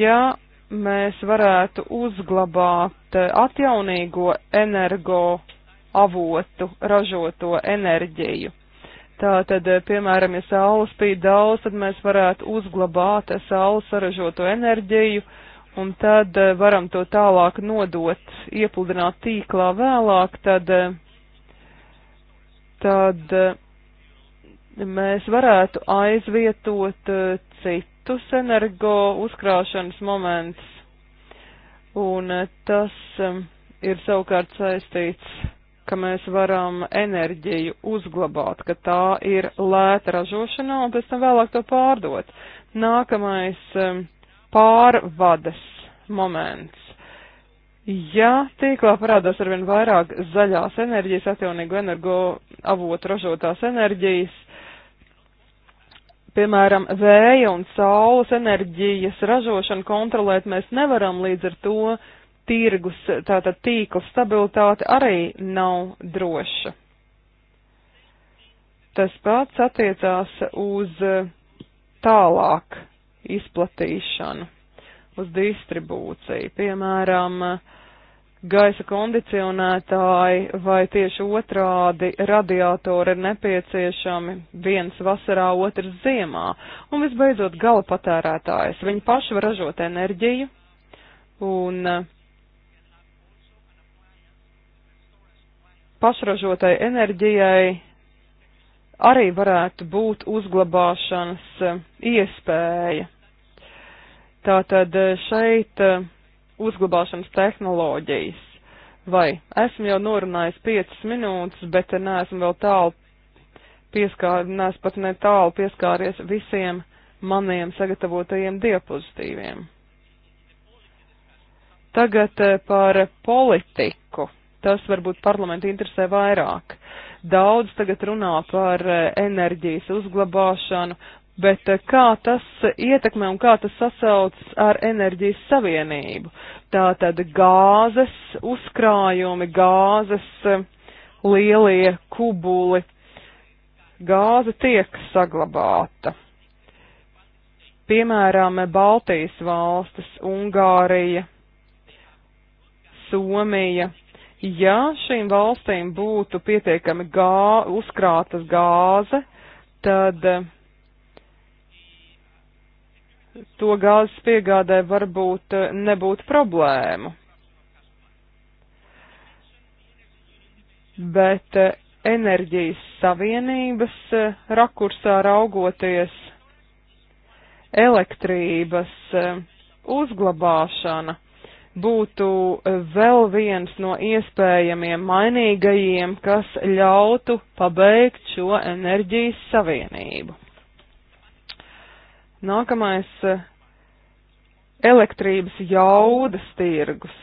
Ja mēs varētu uzglabāt atjaunīgo energo avotu ražoto enerģiju. Tātad, eh, piemēram, ja saules bija daudz, tad mēs varētu uzglabāt saules saražoto enerģiju, un tad eh, varam to tālāk nodot, iepludināt tīklā vēlāk, tad, eh, tad mēs varētu aizvietot citus energo uzkrāšanas moments, un tas ir savukārt saistīts ka mēs varam enerģiju uzglabāt, ka tā ir lēta ražošanā un pēc tam vēlāk to pārdot. Nākamais um, pārvades moments. Ja tīklā parādās arvien vairāk zaļās enerģijas, atjaunīgu energo avotu ražotās enerģijas, piemēram, vēja un saules enerģijas ražošanu kontrolēt mēs nevaram līdz ar to tirgus, tātad tīkla stabilitāte arī nav droša. Tas pats attiecās uz eh, tālāk izplatīšanu, uz distribūciju, piemēram, gaisa kondicionētāji vai tieši otrādi radiatori ir nepieciešami viens vasarā, otrs ziemā. Un visbeidzot gala patērētājs. Viņi paši var ražot enerģiju un uh, pašražotai enerģijai arī varētu būt uzglabāšanas eh, iespēja. Tātad eh, šeit eh, uzglabāšanas tehnoloģijas. Vai esmu jau norunājis 5 minūtes, bet neesmu vēl tālu pieskār, neesmu pat ne tālu pieskāries visiem maniem sagatavotajiem diapozitīviem. Tagad par politiku tas varbūt parlamentu interesē vairāk. Daudz tagad runā par eh, enerģijas uzglabāšanu, bet eh, kā tas ietekmē un kā tas sasauc ar enerģijas savienību? Tātad gāzes uzkrājumi, gāzes eh, lielie kubuli, gāze tiek saglabāta. Piemēram, Baltijas valstis, Ungārija, Somija, Ja šīm valstīm būtu pietiekami gā, uzkrātas gāze, tad eh, to gāzes piegādē varbūt eh, nebūtu problēmu. Bet eh, enerģijas savienības rakursā raugoties elektrības uzglabāšana būtu eh, vēl viens no iespējamiem mainīgajiem, kas ļautu pabeigt šo enerģijas savienību. Nākamais eh, - elektrības jaudas tirgus.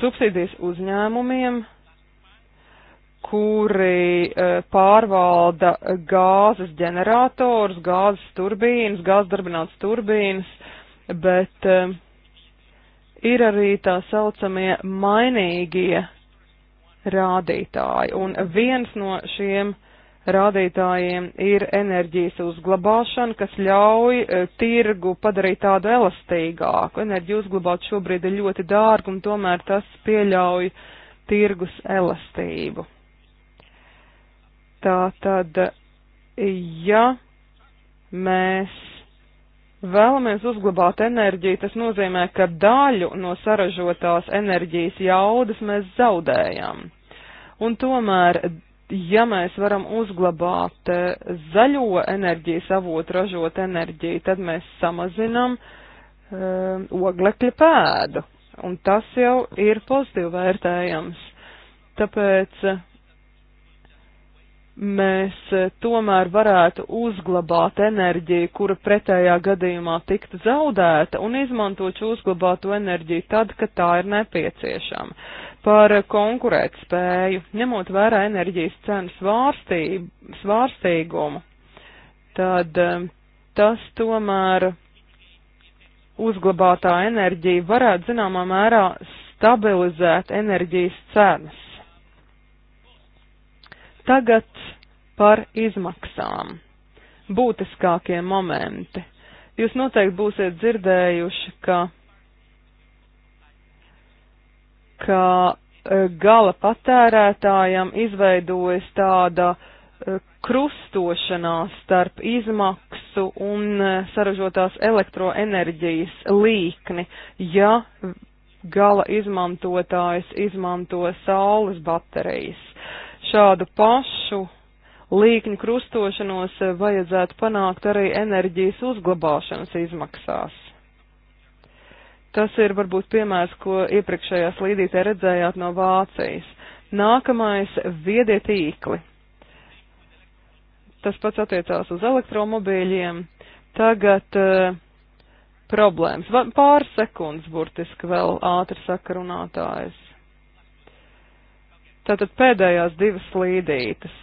Subsīdijas uzņēmumiem kuri e, pārvalda gāzes ģenerators, gāzes turbīnas, gāzdarbināts turbīnas, bet e, ir arī tā saucamie mainīgie rādītāji. Un viens no šiem rādītājiem ir enerģijas uzglabāšana, kas ļauj e, tirgu padarīt tādu elastīgāku. Enerģiju uzglabāt šobrīd ir ļoti dārgi, un tomēr tas pieļauj tirgus elastību. Tā tad, ja mēs vēlamies uzglabāt enerģiju, tas nozīmē, ka daļu no saražotās enerģijas jaudas mēs zaudējam. Un tomēr, ja mēs varam uzglabāt eh, zaļo enerģijas avotu ražot enerģiju, tad mēs samazinam uh, oglekļa pēdu. Un tas jau ir pozitīvi vērtējams. Tāpēc mēs e, tomēr varētu uzglabāt enerģiju, kura pretējā gadījumā tiktu zaudēta, un izmantot šo uzglabāto enerģiju tad, kad tā ir nepieciešama. Par konkurētspēju, ņemot vērā enerģijas cenu svārstību, svārstīgumu, tad e, tas tomēr uzglabātā enerģija varētu zināmā mērā stabilizēt enerģijas cenas. Tagad par izmaksām. Būtiskākie momenti. Jūs noteikti būsiet dzirdējuši, ka, ka e, gala patērētājam izveidojas tāda e, krustošanās starp izmaksu un e, saražotās elektroenerģijas līkni, ja gala izmantotājs izmanto saules baterijas. Šādu pašu līkņu krustošanos eh, vajadzētu panākt arī enerģijas uzglabāšanas izmaksās. Tas ir varbūt piemērs, ko iepriekšējā slīdītē redzējāt no Vācijas. Nākamais - viedie tīkli. Tas pats attiecās uz elektromobīļiem. Tagad uh, problēmas. Pāris sekundes burtiski vēl ātri saka runātājs. Tātad pēdējās divas slīdītes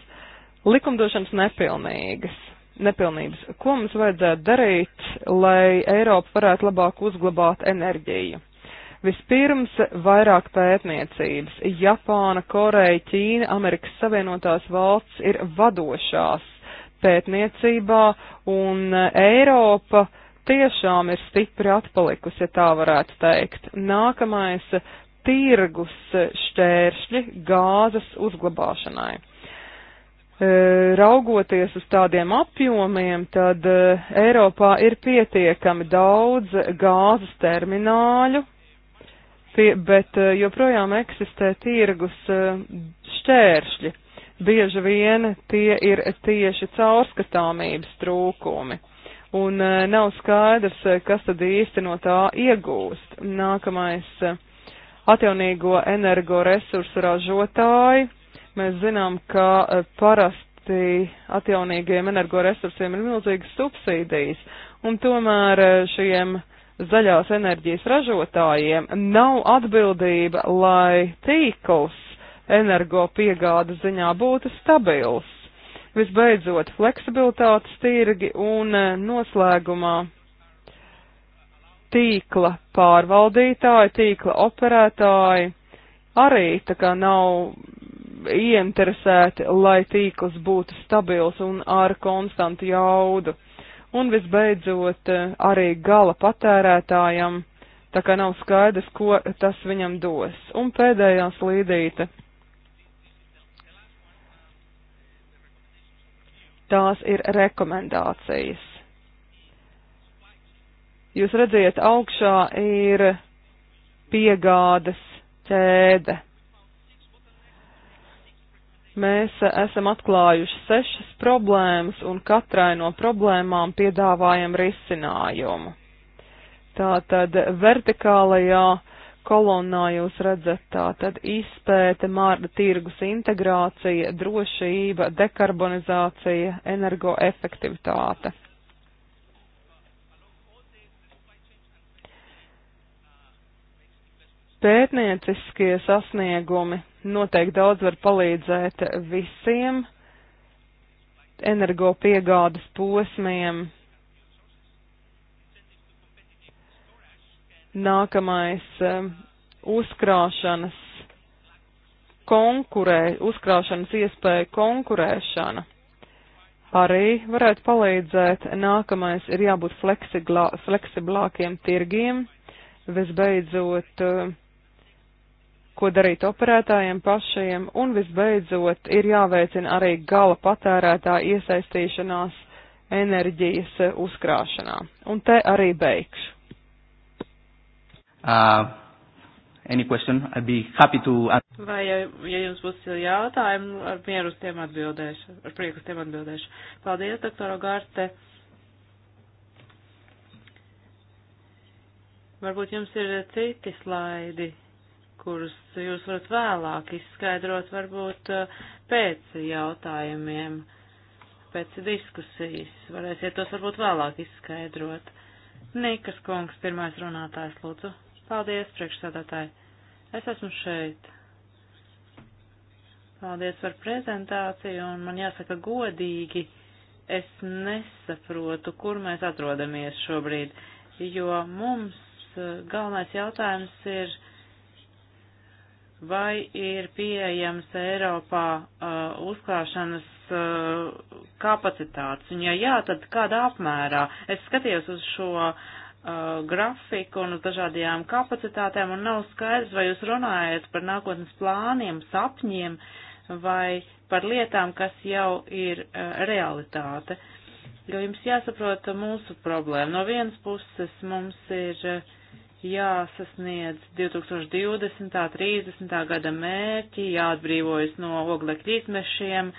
likumdošanas nepilnīgas. Nepilnības. Ko mums vajadzētu darīt, lai Eiropa varētu labāk uzglabāt enerģiju? Vispirms vairāk pētniecības. Japāna, Koreja, Ķīna, Amerikas Savienotās valsts ir vadošās pētniecībā, un Eiropa tiešām ir stipri atpalikusi, ja tā varētu teikt. Nākamais - tirgus šķēršļi gāzes uzglabāšanai. E, raugoties uz tādiem apjomiem, tad e, Eiropā ir pietiekami daudz gāzes termināļu, bet e, joprojām eksistē tirgus šķēršļi. Bieži vien tie ir tieši caurskatāmības trūkumi. Un nav skaidrs, kas tad īsti no tā iegūst. Nākamais atjaunīgo energoresursu ražotāji Mēs zinām, ka e, parasti atjaunīgiem energoresursiem ir milzīgas subsīdijas, un tomēr e, šiem zaļās enerģijas ražotājiem nav atbildība, lai tīkls energo piegādes ziņā būtu stabils. Visbeidzot, fleksibilitātes tirgi un e, noslēgumā tīkla pārvaldītāji, tīkla operētāji arī tā kā nav ieinteresēti, lai tīkls būtu stabils un ar konstantu jaudu. Un visbeidzot, eh, arī gala patērētājam, tā kā nav skaidrs, ko tas viņam dos. Un pēdējā slīdīte. Tās ir rekomendācijas. Jūs redziet, augšā ir piegādes ķēde Mēs esam atklājuši sešas problēmas un katrai no problēmām piedāvājam risinājumu. Tātad vertikālajā kolonnā jūs redzat tātad izpēte, mārda tirgus integrācija, drošība, dekarbonizācija, energoefektivitāte. Pētnieciskie sasniegumi noteikti daudz var palīdzēt visiem energopiegādes posmiem. Nākamais um, uzkrāšanas konkurē, uzkrāšanas iespēja konkurēšana. Arī varētu palīdzēt. Nākamais ir jābūt fleksiblākiem tirgiem. Visbeidzot, uh, ko darīt operētājiem pašiem, un visbeidzot ir jāveicina arī gala patērētāja iesaistīšanās enerģijas eh, uzkrāšanā. Un te arī beigšu. Uh, any question? I'd be happy to answer. Vai, ja, ja jums būs jautājumi, ar mieru uz tiem atbildēšu, ar prieku uz tiem atbildēšu. Paldies, doktora Gārte. Varbūt jums ir citi slaidi kurus jūs varat vēlāk izskaidrot varbūt eh, pēc jautājumiem, pēc diskusijas. Varēsiet tos varbūt vēlāk izskaidrot. Nīkas kungs, pirmais runātājs, lūdzu. Paldies, priekšsādātāji. Es esmu šeit. Paldies par prezentāciju, un man jāsaka godīgi, es nesaprotu, kur mēs atrodamies šobrīd, jo mums eh, galvenais jautājums ir, vai ir pieejams Eiropā uh, uzklāšanas uh, kapacitātes, un ja jā, tad kādā apmērā. Es skatījos uz šo uh, grafiku un uz dažādajām kapacitātēm, un nav skaidrs, vai jūs runājat par nākotnes plāniem, sapņiem, vai par lietām, kas jau ir uh, realitāte. Jo jums jāsaprot mūsu problēma. No vienas puses mums ir uh, jāsasniedz 2020. 30. gada mērķi, jāatbrīvojas no oglekļa izmešiem,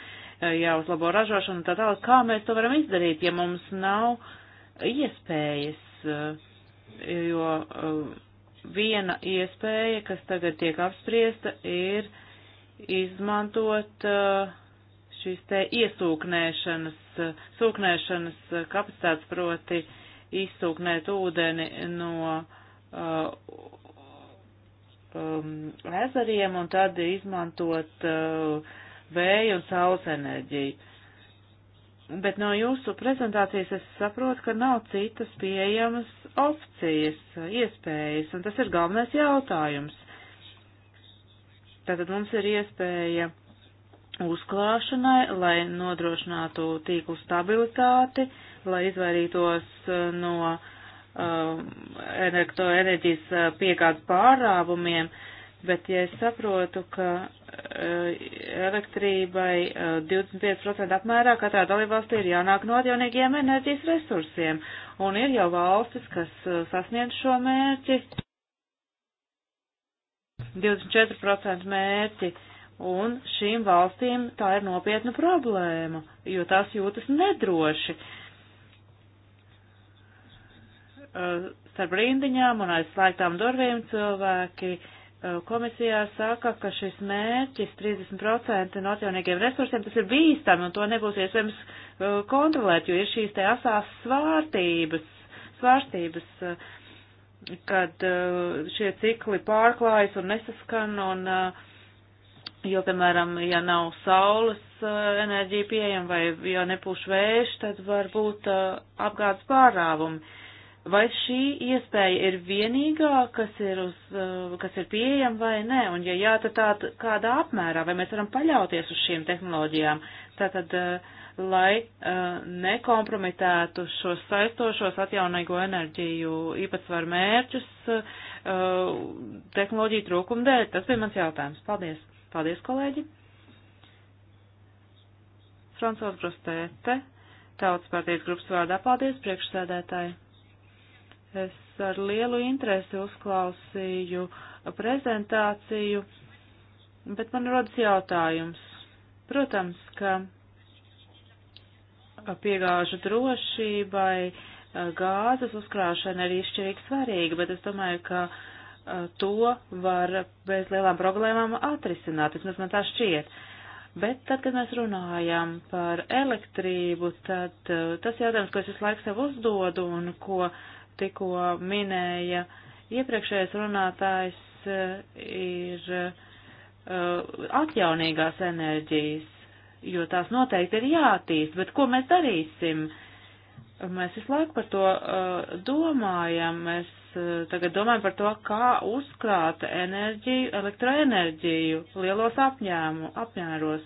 jāuzlabo ražošanu un tā tālāk. Kā mēs to varam izdarīt, ja mums nav iespējas, jo uh, viena iespēja, kas tagad tiek apspriesta, ir izmantot uh, šīs te iesūknēšanas, sūknēšanas kapacitātes proti izsūknēt ūdeni no uh, Uh, um, ezeriem un tad izmantot uh, vēju un saules enerģiju. Bet no jūsu prezentācijas es saprotu, ka nav citas pieejamas opcijas, iespējas, un tas ir galvenais jautājums. Tātad mums ir iespēja uzklāšanai, lai nodrošinātu tīklu stabilitāti, lai izvairītos uh, no uh, Um, elektroenerģijas uh, piegādes pārāvumiem, bet ja es saprotu, ka uh, elektrībai 25% uh, apmērā katrā dalībvalstī ir jānāk no atjaunīgiem enerģijas resursiem, un ir jau valstis, kas sasniedz šo mērķi, 24% mērķi, un šīm valstīm tā ir nopietna problēma, jo tās jūtas nedroši. Uh, Uh, starp rindiņām un aizslēgtām durvīm cilvēki uh, komisijā saka, ka šis mērķis 30% no atjaunīgiem resursiem tas ir bīstami un to nebūs iespējams uh, kontrolēt, jo ir šīs te asās svārstības, svārstības, kad šie cikli pārklājas un nesaskan un Jo, piemēram, ja nav saules enerģija pieejama vai ja nepūš vējš, tad var būt apgādes pārāvumi vai šī iespēja ir vienīgā, kas ir, uz, uh, kas ir pieejama vai nē, un ja jā, tad tāda kādā apmērā, vai mēs varam paļauties uz šīm tehnoloģijām, tātad, uh, lai uh, nekompromitētu šos saistošos atjaunīgo enerģiju īpatsvaru mērķus tehnoloģiju trūkumu dēļ, tas bija mans jautājums. Paldies. Paldies, kolēģi. Francos Grostēte, Tautas partijas grupas vārdā, paldies priekšsēdētāji. Es ar lielu interesi uzklausīju prezentāciju, bet man rodas jautājums. Protams, ka piegāžu drošībai gāzes uzkrāšana ir izšķirīgi svarīga, bet es domāju, ka to var bez lielām problēmām atrisināt, vismaz man tā šķiet. Bet tad, kad mēs runājam par elektrību, tad tas jautājums, ko es visu laiku sev uzdodu un ko uh, tikko minēja iepriekšējais runātājs, eh, ir eh, atjaunīgās enerģijas, jo tās noteikti ir jātīst, bet ko mēs darīsim? Mēs visu laiku par to eh, domājam, mēs tagad domājam par to, kā uzkrāt enerģiju, elektroenerģiju lielos apņēmu, apmēros.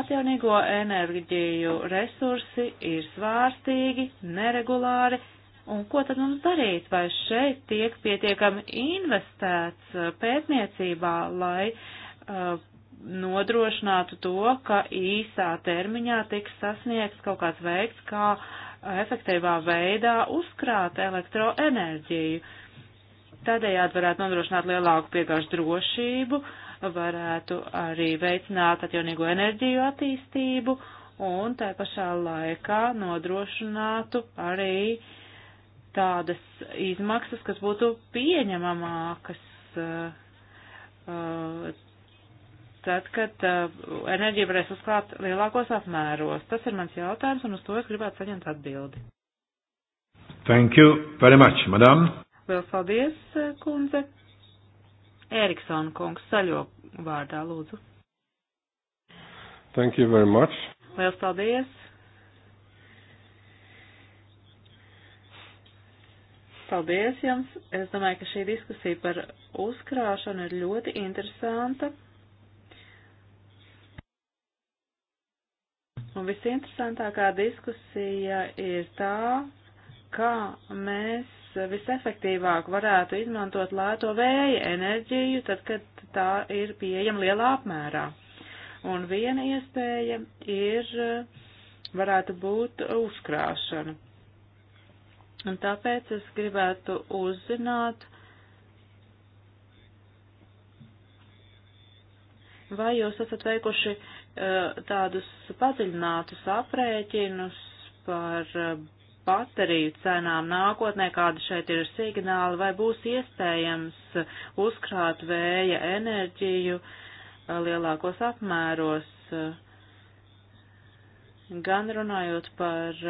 Atjaunīgo enerģiju resursi ir svārstīgi, neregulāri, Un ko tad mums darīt? Vai šeit tiek pietiekami investēts uh, pētniecībā, lai uh, nodrošinātu to, ka īsā termiņā tiks sasniegts kaut kāds veids, kā efektīvā veidā uzkrāt elektroenerģiju. Tādējādi varētu nodrošināt lielāku piegāžu drošību, varētu arī veicināt atjaunīgo enerģiju attīstību un tā pašā laikā nodrošinātu arī uh, tādas izmaksas, kas būtu pieņemamākas. Uh, uh, tad, kad uh, enerģija varēs uzklāt lielākos apmēros, tas ir mans jautājums, un uz to es gribētu saņemt atbildi. Thank you very much, madam. Vēl paldies, kundze. Eriksona kungs, saļo vārdā, lūdzu. Thank you very much. Liels paldies. Paldies jums! Es domāju, ka šī diskusija par uzkrāšanu ir ļoti interesanta. Un visinteresantākā diskusija ir tā, kā mēs visefektīvāk varētu izmantot lēto vēja enerģiju, tad, kad tā ir pieejama lielā apmērā. Un viena iespēja ir varētu būt uzkrāšana. Un tāpēc es gribētu uzzināt, vai jūs esat veikuši uh, tādus padziļinātus aprēķinus par uh, bateriju cenām nākotnē, kādi šeit ir signāli, vai būs iespējams uzkrāt vēja enerģiju eh, lielākos apmēros, gan runājot par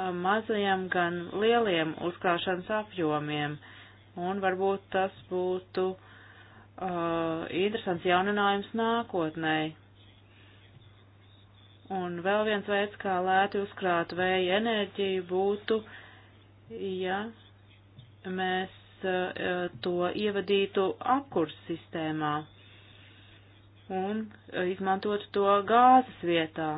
Um, mazajiem, gan lieliem uzkrāšanas apjomiem. Un varbūt tas būtu uh, interesants jauninājums nākotnē. Un vēl viens veids, kā lēti uzkrāt vēja enerģiju, būtu, ja mēs uh, to ievadītu apkurs sistēmā un izmantotu to gāzes vietā.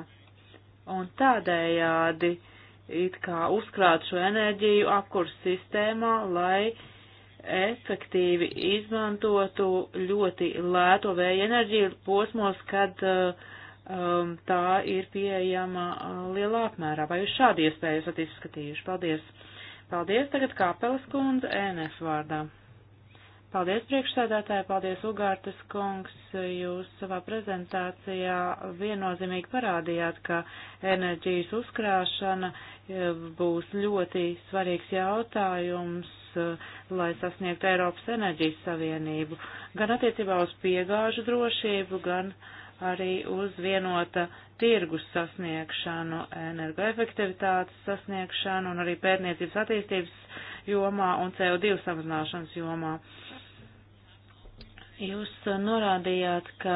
Un tādējādi uh, it kā uzkrāt šo enerģiju apkurs sistēmā, lai efektīvi izmantotu ļoti lēto vēja enerģiju posmos, kad uh, um, tā ir pieejama uh, lielā apmērā. Vai jūs šādu iespēju esat izskatījuši? Paldies! Paldies tagad Kāpeles kundze NF vārdā. Paldies priekšsēdētāji, paldies Ugārtas kungs, jūs savā prezentācijā viennozīmīgi parādījāt, ka enerģijas uzkrāšana e, būs ļoti svarīgs jautājums, e, lai sasniegtu Eiropas enerģijas savienību, gan attiecībā uz piegāžu drošību, gan arī uz vienota tirgus sasniegšanu, energoefektivitātes sasniegšanu un arī pērniecības attīstības jomā un CO2 samazināšanas jomā. Uh, Jūs norādījāt, ka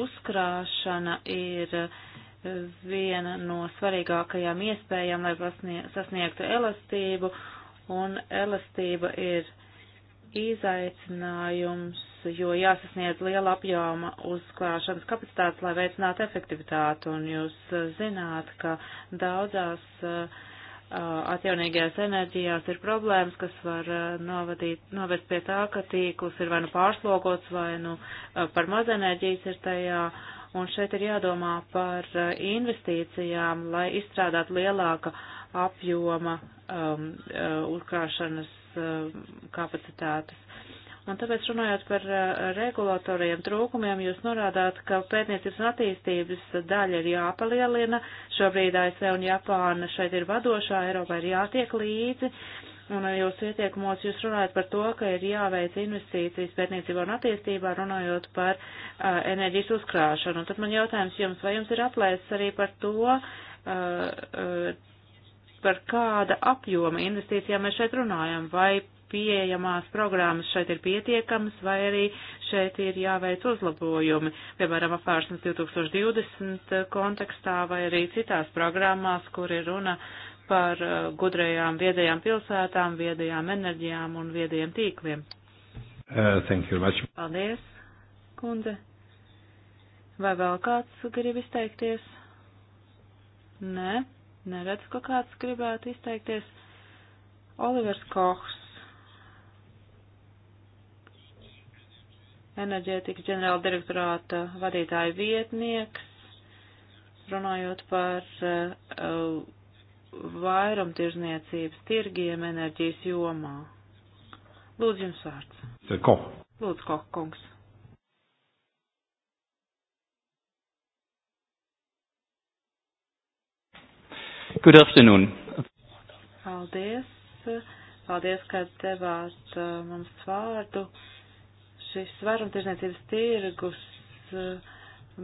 uzkrāšana ir viena no svarīgākajām iespējām, lai sasniegtu elastību, un elastība ir izaicinājums, jo jāsasniedz liela apjoma uzklāšanas kapacitātes, lai veicinātu efektivitātu, un jūs zināt, ka daudzās uh, atjaunīgajās enerģijās ir problēmas, kas var novadīt, novest pie tā, ka tīkls ir vai nu pārslogots, vai nu par maz enerģijas ir tajā. Un šeit ir jādomā par investīcijām, lai izstrādātu lielāka apjoma um, uzkrāšanas um, kapacitātes. Un tāpēc runājot par eh, regulatoriem trūkumiem, jūs norādāt, ka pētniecības un attīstības daļa ir jāpalielina. Šobrīd ASV un Japāna šeit ir vadošā, Eiropā ir jātiek līdzi. Un jūsu ietiekumos jūs runājat par to, ka ir jāveic investīcijas pētniecībā un attīstībā, runājot par uh, enerģijas uzkrāšanu. Un tad man jautājums jums, vai jums ir aplēsts arī par to, uh, uh, par kāda apjoma investīcijām mēs šeit runājam, vai pieejamās programmas šeit ir pietiekamas, vai arī šeit ir jāveic uzlabojumi, piemēram, apvārsnes 2020 kontekstā vai arī citās programmās, kur ir runa par uh, gudrajām viedajām pilsētām, viedajām enerģijām un viedajiem tīkliem. Uh, thank you much. Paldies, kundze. Vai vēl kāds grib izteikties? Nē, neredz, ka kāds gribētu izteikties. Olivers Kochs. enerģētikas ģenerāla direktorāta vadītāja vietnieks, runājot par uh, eh, vairumtirzniecības tirgiem enerģijas jomā. Lūdzu, jums vārds. Ko? Lūdzu, Koh, kungs. Good afternoon. Paldies. Paldies, ka devāt uh, mums vārdu. Uh, šis varumtirdzniecības tirgus eh,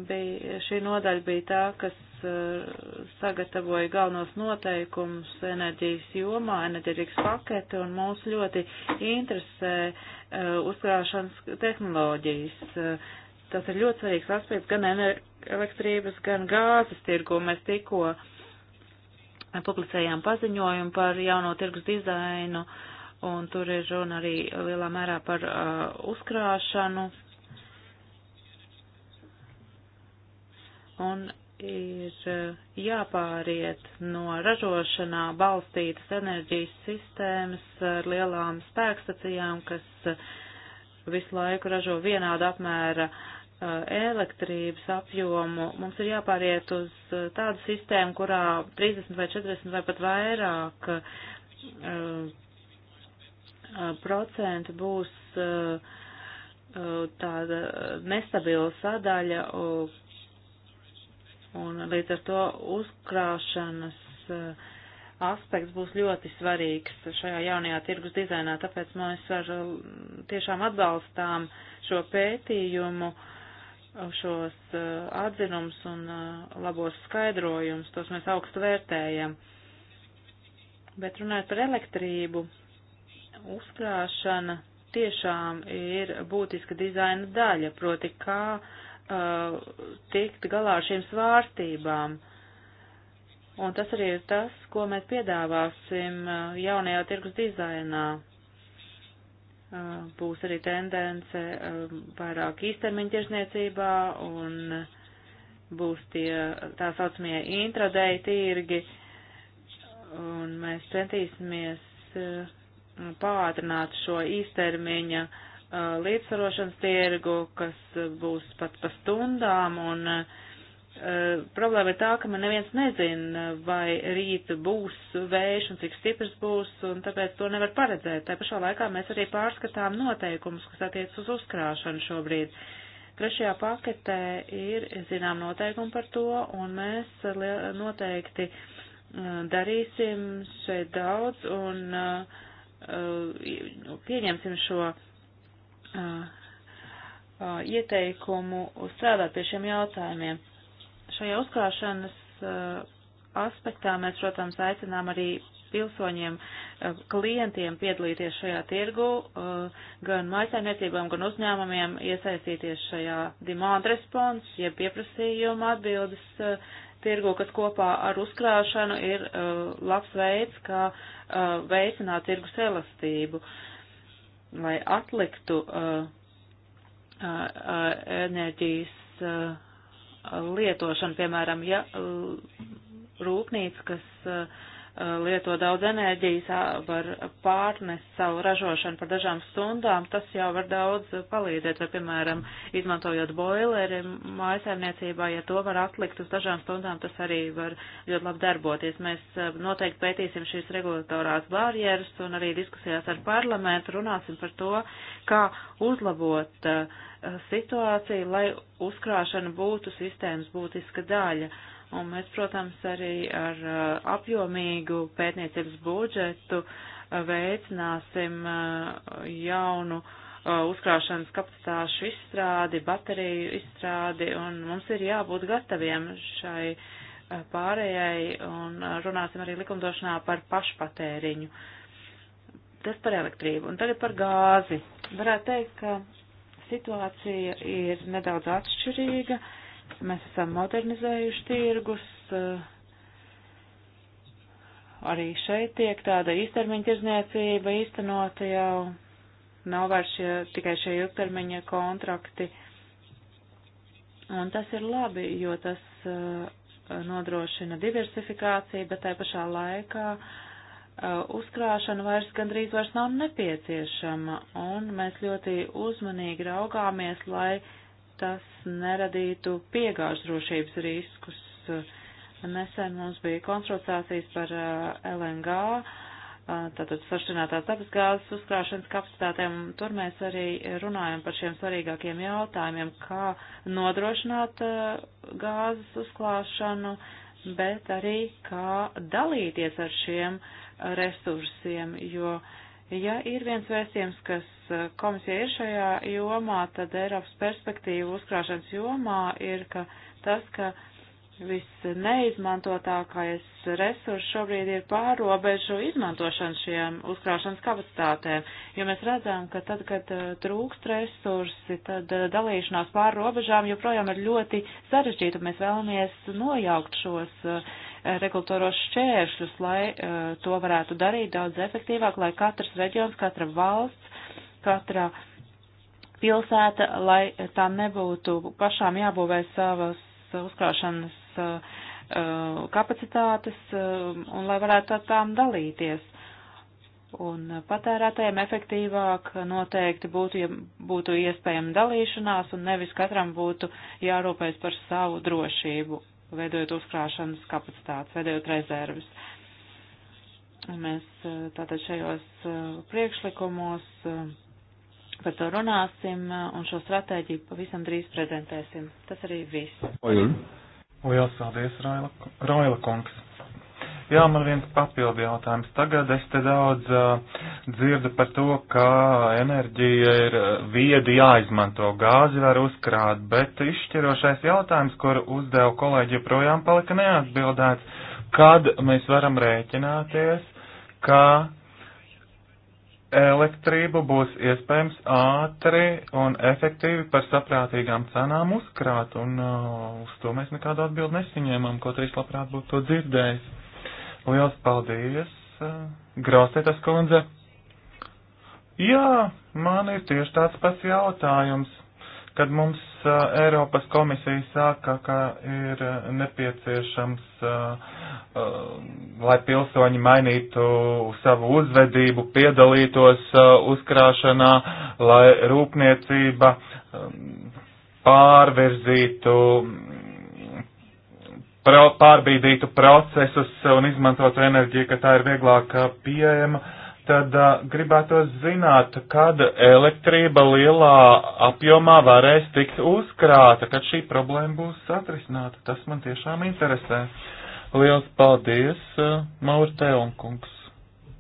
bija, šī nodaļa bija tā, kas eh, sagatavoja galvenos noteikumus enerģijas jomā, enerģētikas paketi, un mūs ļoti interesē eh, uzkrāšanas tehnoloģijas. Tas ir ļoti svarīgs aspekts gan elektrības, gan gāzes tirgu. Mēs tikko publicējām paziņojumu par jauno tirgus dizainu uh, un tur ir runa arī lielā mērā par uh, uzkrāšanu. Un ir uh, jāpāriet no ražošanā balstītas enerģijas sistēmas ar lielām spēkstacijām, kas uh, visu laiku ražo vienādu apmēra uh, elektrības apjomu. Mums ir jāpāriet uz uh, tādu sistēmu, kurā 30 vai 40 vai pat vairāk uh, procentu būs eh, eh, tāda nestabila sadaļa, un līdz ar to uzkrāšanas eh, aspekts būs ļoti svarīgs šajā jaunajā tirgus dizainā, tāpēc mēs ar tiešām atbalstām šo pētījumu, šos atzinums un labos skaidrojumus, tos mēs augstu vērtējam. Bet runājot par elektrību, uzkrāšana tiešām ir būtiska dizaina daļa, proti kā uh, tikt galā ar šīm svārstībām. Un tas arī ir tas, ko mēs piedāvāsim uh, jaunajā tirgus dizainā. Uh, būs arī tendence uh, vairāk īstermiņa tiešniecībā un būs tie tā saucamie intradēji tirgi. Un mēs centīsimies uh, pātrināt šo īstermiņa līdzsvarošanas tirgu, kas būs pat pa stundām, un problēma ir tā, ka man neviens nezina, vai rīt būs vējš un cik stiprs būs, un tāpēc to nevar paredzēt. Tā pašā laikā mēs arī pārskatām noteikumus, kas attiec uz uzkrāšanu šobrīd. Trešajā paketē ir zinām noteikumi par to, un mēs noteikti darīsim šeit daudz, un uh, Uh, pieņemsim šo uh, uh, ieteikumu strādāt pie šiem jautājumiem. Šajā uzkrāšanas aspektā mēs, protams, aicinām arī pilsoņiem, klientiem piedalīties šajā tirgu, gan mājasēmniecībām, gan uzņēmumiem iesaistīties šajā demand response, jeb pieprasījuma atbildes tirgu, kas kopā ar uzkrāšanu ir uh, labs veids, kā uh, veicināt tirgus elastību, lai atliktu uh, uh, enerģijas uh, lietošanu, piemēram, ja uh, rūpnīca, kas uh, Uh, lieto daudz enerģijas, var pārnest savu ražošanu par dažām stundām, tas jau var daudz palīdzēt, vai, piemēram, izmantojot boileri mājasēmniecībā, ja to var atlikt uz dažām stundām, tas arī var ļoti labi darboties. Mēs uh, noteikti pētīsim šīs regulatorās barjeras un arī diskusijās ar parlamentu runāsim par to, kā uzlabot uh, situāciju, lai uzkrāšana būtu sistēmas būtiska daļa. Uh, Un mēs, protams, arī ar uh, apjomīgu pētniecības budžetu uh, veicināsim uh, jaunu uzkrāšanas kapacitāšu izstrādi, bateriju izstrādi, un mums ir jābūt gataviem šai pārējai, un runāsim arī likumdošanā par pašpatēriņu. Tas par elektrību. Un tagad par gāzi. Varētu teikt, ka situācija ir nedaudz atšķirīga. Uh, Mēs esam modernizējuši tirgus. Eh, arī šeit tiek tāda īstermiņa tirzniecība īstenota jau. Nav vairs šie, tikai šie ilgtermiņa kontrakti. Un tas ir labi, jo tas eh, nodrošina diversifikāciju, bet tai pašā laikā uh, uzkrāšana vairs gandrīz vairs nav nepieciešama, un mēs ļoti uzmanīgi raugāmies, lai tas neradītu piegāžu drošības riskus. Nesen mums bija konsultācijas par LNG, tātad sašķinātās dabasgāzes uzkrāšanas kapacitātēm. Tur mēs arī runājam par šiem svarīgākiem jautājumiem, kā nodrošināt gāzes uzklāšanu, bet arī kā dalīties ar šiem resursiem, jo uh, Ja ir viens vēstījums, kas eh, komisija ir šajā jomā, tad Eiropas perspektīva uzkrāšanas jomā ir ka tas, ka visneizmantotākais resurs šobrīd ir pārobežu izmantošana šiem uzkrāšanas kapacitātēm, jo mēs redzam, ka tad, kad eh, trūkst resursi, tad eh, dalīšanās pārrobežām joprojām ir ļoti sarežģīta, un mēs vēlamies nojaukt šos uh, regulatoros šķēršļus, lai e, to varētu darīt daudz efektīvāk, lai katrs reģions, katra valsts, katra pilsēta, lai tā nebūtu pašām jābūvē savas uzkrāšanas e, e, kapacitātes un lai varētu ar tām dalīties. Un patērētājiem efektīvāk noteikti būtu, ja būtu iespējama dalīšanās un nevis katram būtu jārūpējas par savu drošību veidojot uzkrāšanas kapacitātes, veidojot rezervis. Mēs tātad šajos eh, priekšlikumos eh, par to runāsim eh, un šo stratēģiju pavisam drīz prezentēsim. Tas arī viss. Oil. Lielas paldies, Raila, Raila kungs. Jā, man viens papildu jautājums. Tagad es te daudz uh, dzirdu par to, ka enerģija ir viedi jāizmanto, gāzi var uzkrāt, bet izšķirošais jautājums, kur uzdeva kolēģi, joprojām palika neatbildēts. Kad mēs varam rēķināties, ka elektrību būs iespējams ātri un efektīvi par saprātīgām cenām uzkrāt, un uh, uz to mēs nekādu atbildi nesaņēmām, kaut arī es labprāt būtu to dzirdējis. Lielas paldies, eh, Grāstētas kundze. Jā, man ir tieši tāds pats jautājums. Kad mums eh, Eiropas komisija saka, ka ir eh, nepieciešams, lai pilsoņi mainītu savu uzvedību, piedalītos uzkrāšanā, lai rūpniecība pārvirzītu pārbīdītu procesus un izmantotu enerģiju, ka tā ir vieglāk pieejama, tad uh, gribētu zināt, kad elektrība lielā apjomā varēs tikt uzkrāta, kad šī problēma būs atrisināta. Tas man tiešām interesē. Liels paldies, uh, Maurte un kungs.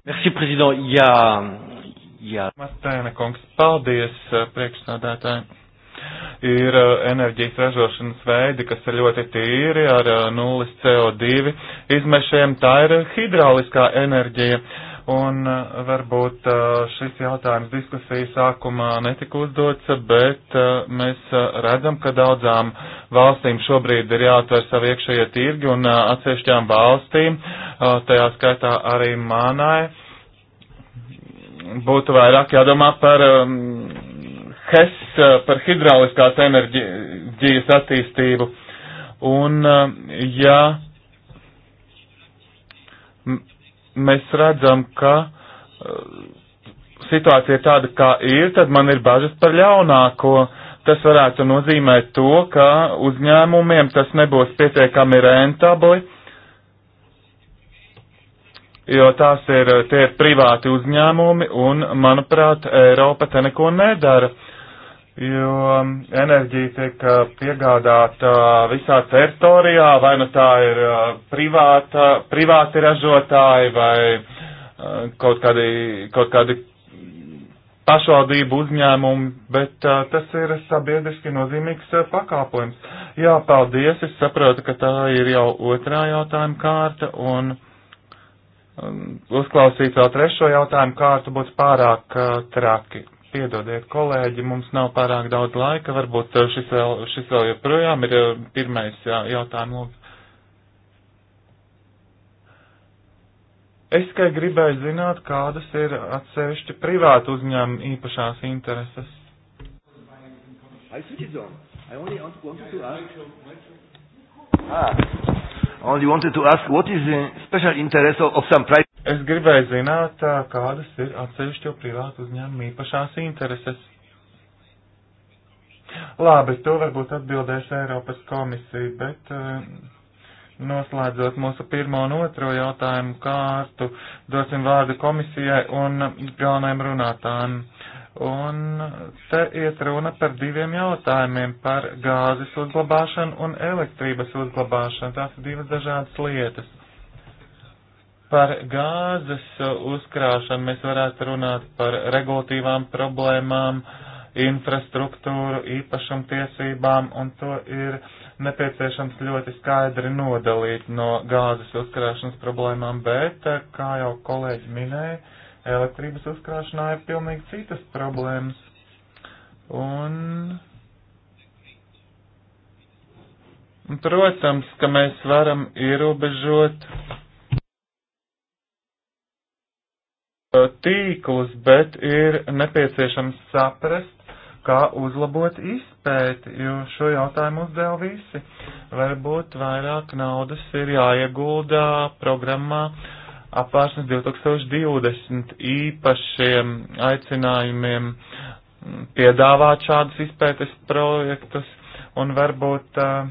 Merci, prezident. Jā, jā. Martēna kungs, paldies, uh, priekšsādātāji ir uh, enerģijas ražošanas veidi, kas ir ļoti tīri ar uh, nulles CO2 izmešiem. Tā ir hidrauliskā enerģija. Un uh, varbūt šis jautājums diskusijas sākumā netika uzdots, bet mēs redzam, ka daudzām valstīm šobrīd ir jāatver savu iekšējie tirgi un atsevišķām valstīm, tajā skaitā arī manai, būtu vairāk jādomā par um, HES eh, par hidrauliskās enerģijas attīstību. Un, eh, ja mēs redzam, ka eh, situācija ir tāda, kā ir, tad man ir bažas par ļaunāko. Tas varētu nozīmēt to, ka uzņēmumiem tas nebūs pietiekami rentabli, jo tās ir, tie ir privāti uzņēmumi, un, manuprāt, Eiropa te neko nedara. Uh, jo enerģija tiek piegādāta visā teritorijā, vai nu tā ir privāta, privāti ražotāji vai kaut kādi, kaut kādi pašvaldību uzņēmumi, bet tas ir sabiedriski nozīmīgs pakāpojums. Jā, paldies, es saprotu, ka tā ir jau otrā jautājuma kārta un um, uzklausīt vēl trešo jautājumu kārtu būs pārāk traki. Piedodiet, kolēģi, mums nav pārāk daudz laika, varbūt eh, šis vēl, šis vēl joprojām ir eh, pirmais jautājums. Es tikai gribēju zināt, kādas ir atsevišķi privātu uzņēmumu īpašās intereses. Ah, only wanted to ask what is the special interest of, of some private Es gribēju zināt, kādas ir atsevišķo privātu uzņēmumu īpašās intereses. Labi, to varbūt atbildēs Eiropas komisija, bet noslēdzot mūsu pirmo un otro jautājumu kārtu, dosim vārdu komisijai un galvenajiem runātājiem. Un te iet runa par diviem jautājumiem - par gāzes uzglabāšanu un elektrības uzglabāšanu. Tās ir divas dažādas lietas Par gāzes uh, uzkrāšanu mēs varētu runāt par regulatīvām problēmām, infrastruktūru, īpašumtiesībām, un to ir nepieciešams ļoti skaidri nodalīt no gāzes uzkrāšanas problēmām, bet, uh, kā jau kolēģi minēja, elektrības uzkrāšanā ir pilnīgi citas problēmas. Un, protams, ka mēs varam ierobežot tīklus, bet ir nepieciešams saprast, kā uzlabot izpēti, jo šo jautājumu uzdev visi. Varbūt vairāk naudas ir jāiegulda programmā apvāršanas 2020 īpašiem aicinājumiem piedāvāt šādus izpētes projektus un varbūt uh,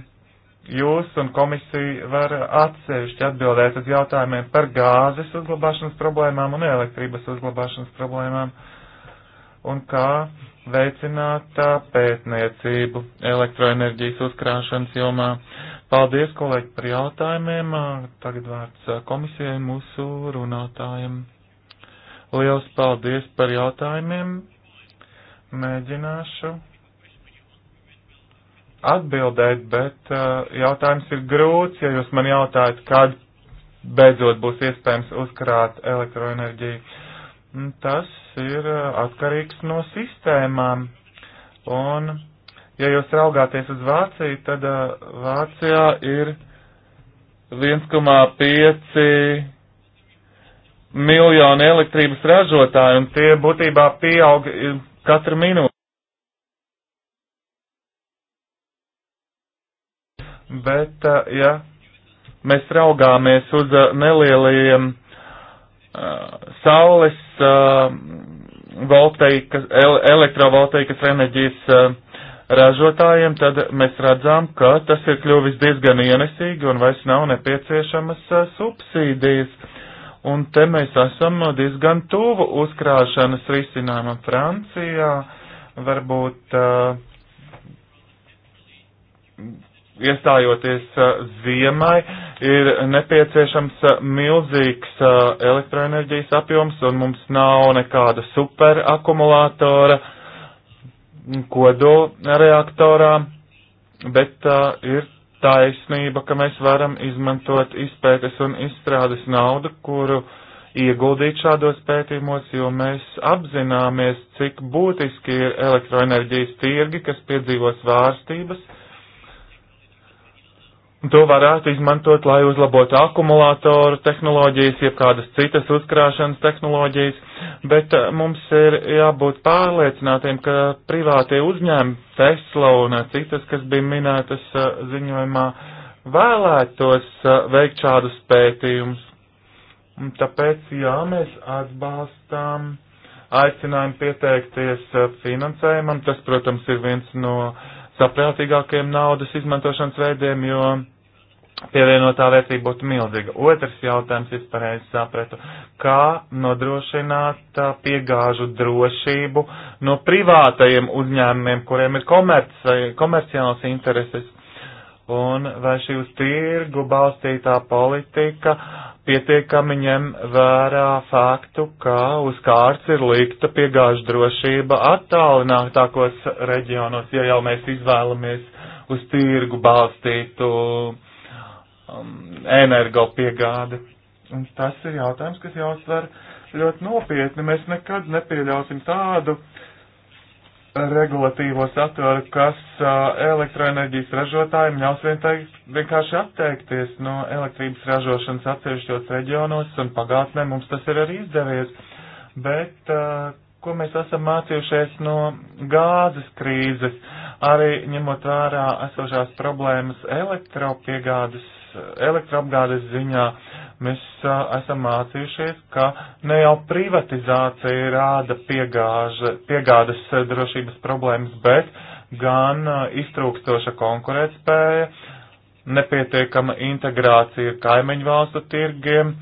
jūs un komisija var atsevišķi atbildēt uz jautājumiem par gāzes uzglabāšanas problēmām un elektrības uzglabāšanas problēmām un kā veicināt pētniecību elektroenerģijas uzkrāšanas jomā. Paldies, kolēģi, par jautājumiem. Tagad vārds komisijai mūsu runātājiem. Liels paldies par jautājumiem. Mēģināšu atbildēt, bet uh, jautājums ir grūts, ja jūs man jautājat, kad beidzot būs iespējams uzkrāt elektroenerģiju. Tas ir uh, atkarīgs no sistēmām. Un, ja jūs raugāties uz Vāciju, tad uh, Vācijā ir 1,5 miljoni elektrības ražotāji, un tie būtībā pieaug katru minūti. bet eh, ja mēs raugāmies uz eh, nelieliem eh, saules volteikas, elektrovolteikas enerģijas ražotājiem, tad mēs redzam, ka tas ir kļuvis diezgan ienesīgi un vairs nav nepieciešamas subsīdijas. Un te mēs esam diezgan tuvu uzkrāšanas risinājumam Francijā, varbūt uh, iestājoties uh, ziemai, ir nepieciešams uh, milzīgs uh, elektroenerģijas apjoms, un mums nav nekāda superakumulātora kodolreaktorā, bet uh, ir taisnība, ka mēs varam izmantot izpētes un izstrādes naudu, kuru ieguldīt šādos pētījumos, jo mēs apzināmies, cik būtiski ir elektroenerģijas tirgi, kas piedzīvo svārstības to varētu izmantot, lai uzlabotu akumulātoru tehnoloģijas, jeb kādas citas uzkrāšanas tehnoloģijas, bet eh, mums ir jābūt pārliecinātiem, ka privātie uzņēmumi Tesla un eh, citas, kas bija minētas eh, ziņojumā, vēlētos veikt šādus pētījumus. Tāpēc, jā, mēs atbalstām aicinājumu pieteikties finansējumam. Tas, protams, ir viens no uh, saprātīgākiem naudas izmantošanas veidiem, jo pievienotā vērtība būtu milzīga. Otrs jautājums, es pareizi sapratu, kā nodrošināt piegāžu drošību no privātajiem uzņēmumiem, kuriem ir komerci, komerciāls intereses, un vai šī uz tirgu balstītā politika pietiekami ņem vērā faktu, ka uz kārts ir likta piegāžu drošība attālinātākos reģionos, ja jau mēs izvēlamies uz tirgu balstītu um, energo piegādi. Un tas ir jautājums, kas jāuzsver ļoti nopietni. Mēs nekad nepieļausim tādu regulatīvo saturu, kas elektroenerģijas ražotājiem ļaus vienkārši atteikties no elektrības ražošanas atsevišķos reģionos, un pagātnē mums tas ir arī izdevies. Bet ko mēs esam mācījušies no gāzes krīzes, arī ņemot vērā esošās problēmas elektropiegādes elektroapgādes ziņā, mēs a, esam mācījušies, ka ne jau privatizācija rāda piegāža, piegādes drošības problēmas, bet gan a, iztrūkstoša konkurētspēja, nepietiekama integrācija kaimiņu valstu tirgiem,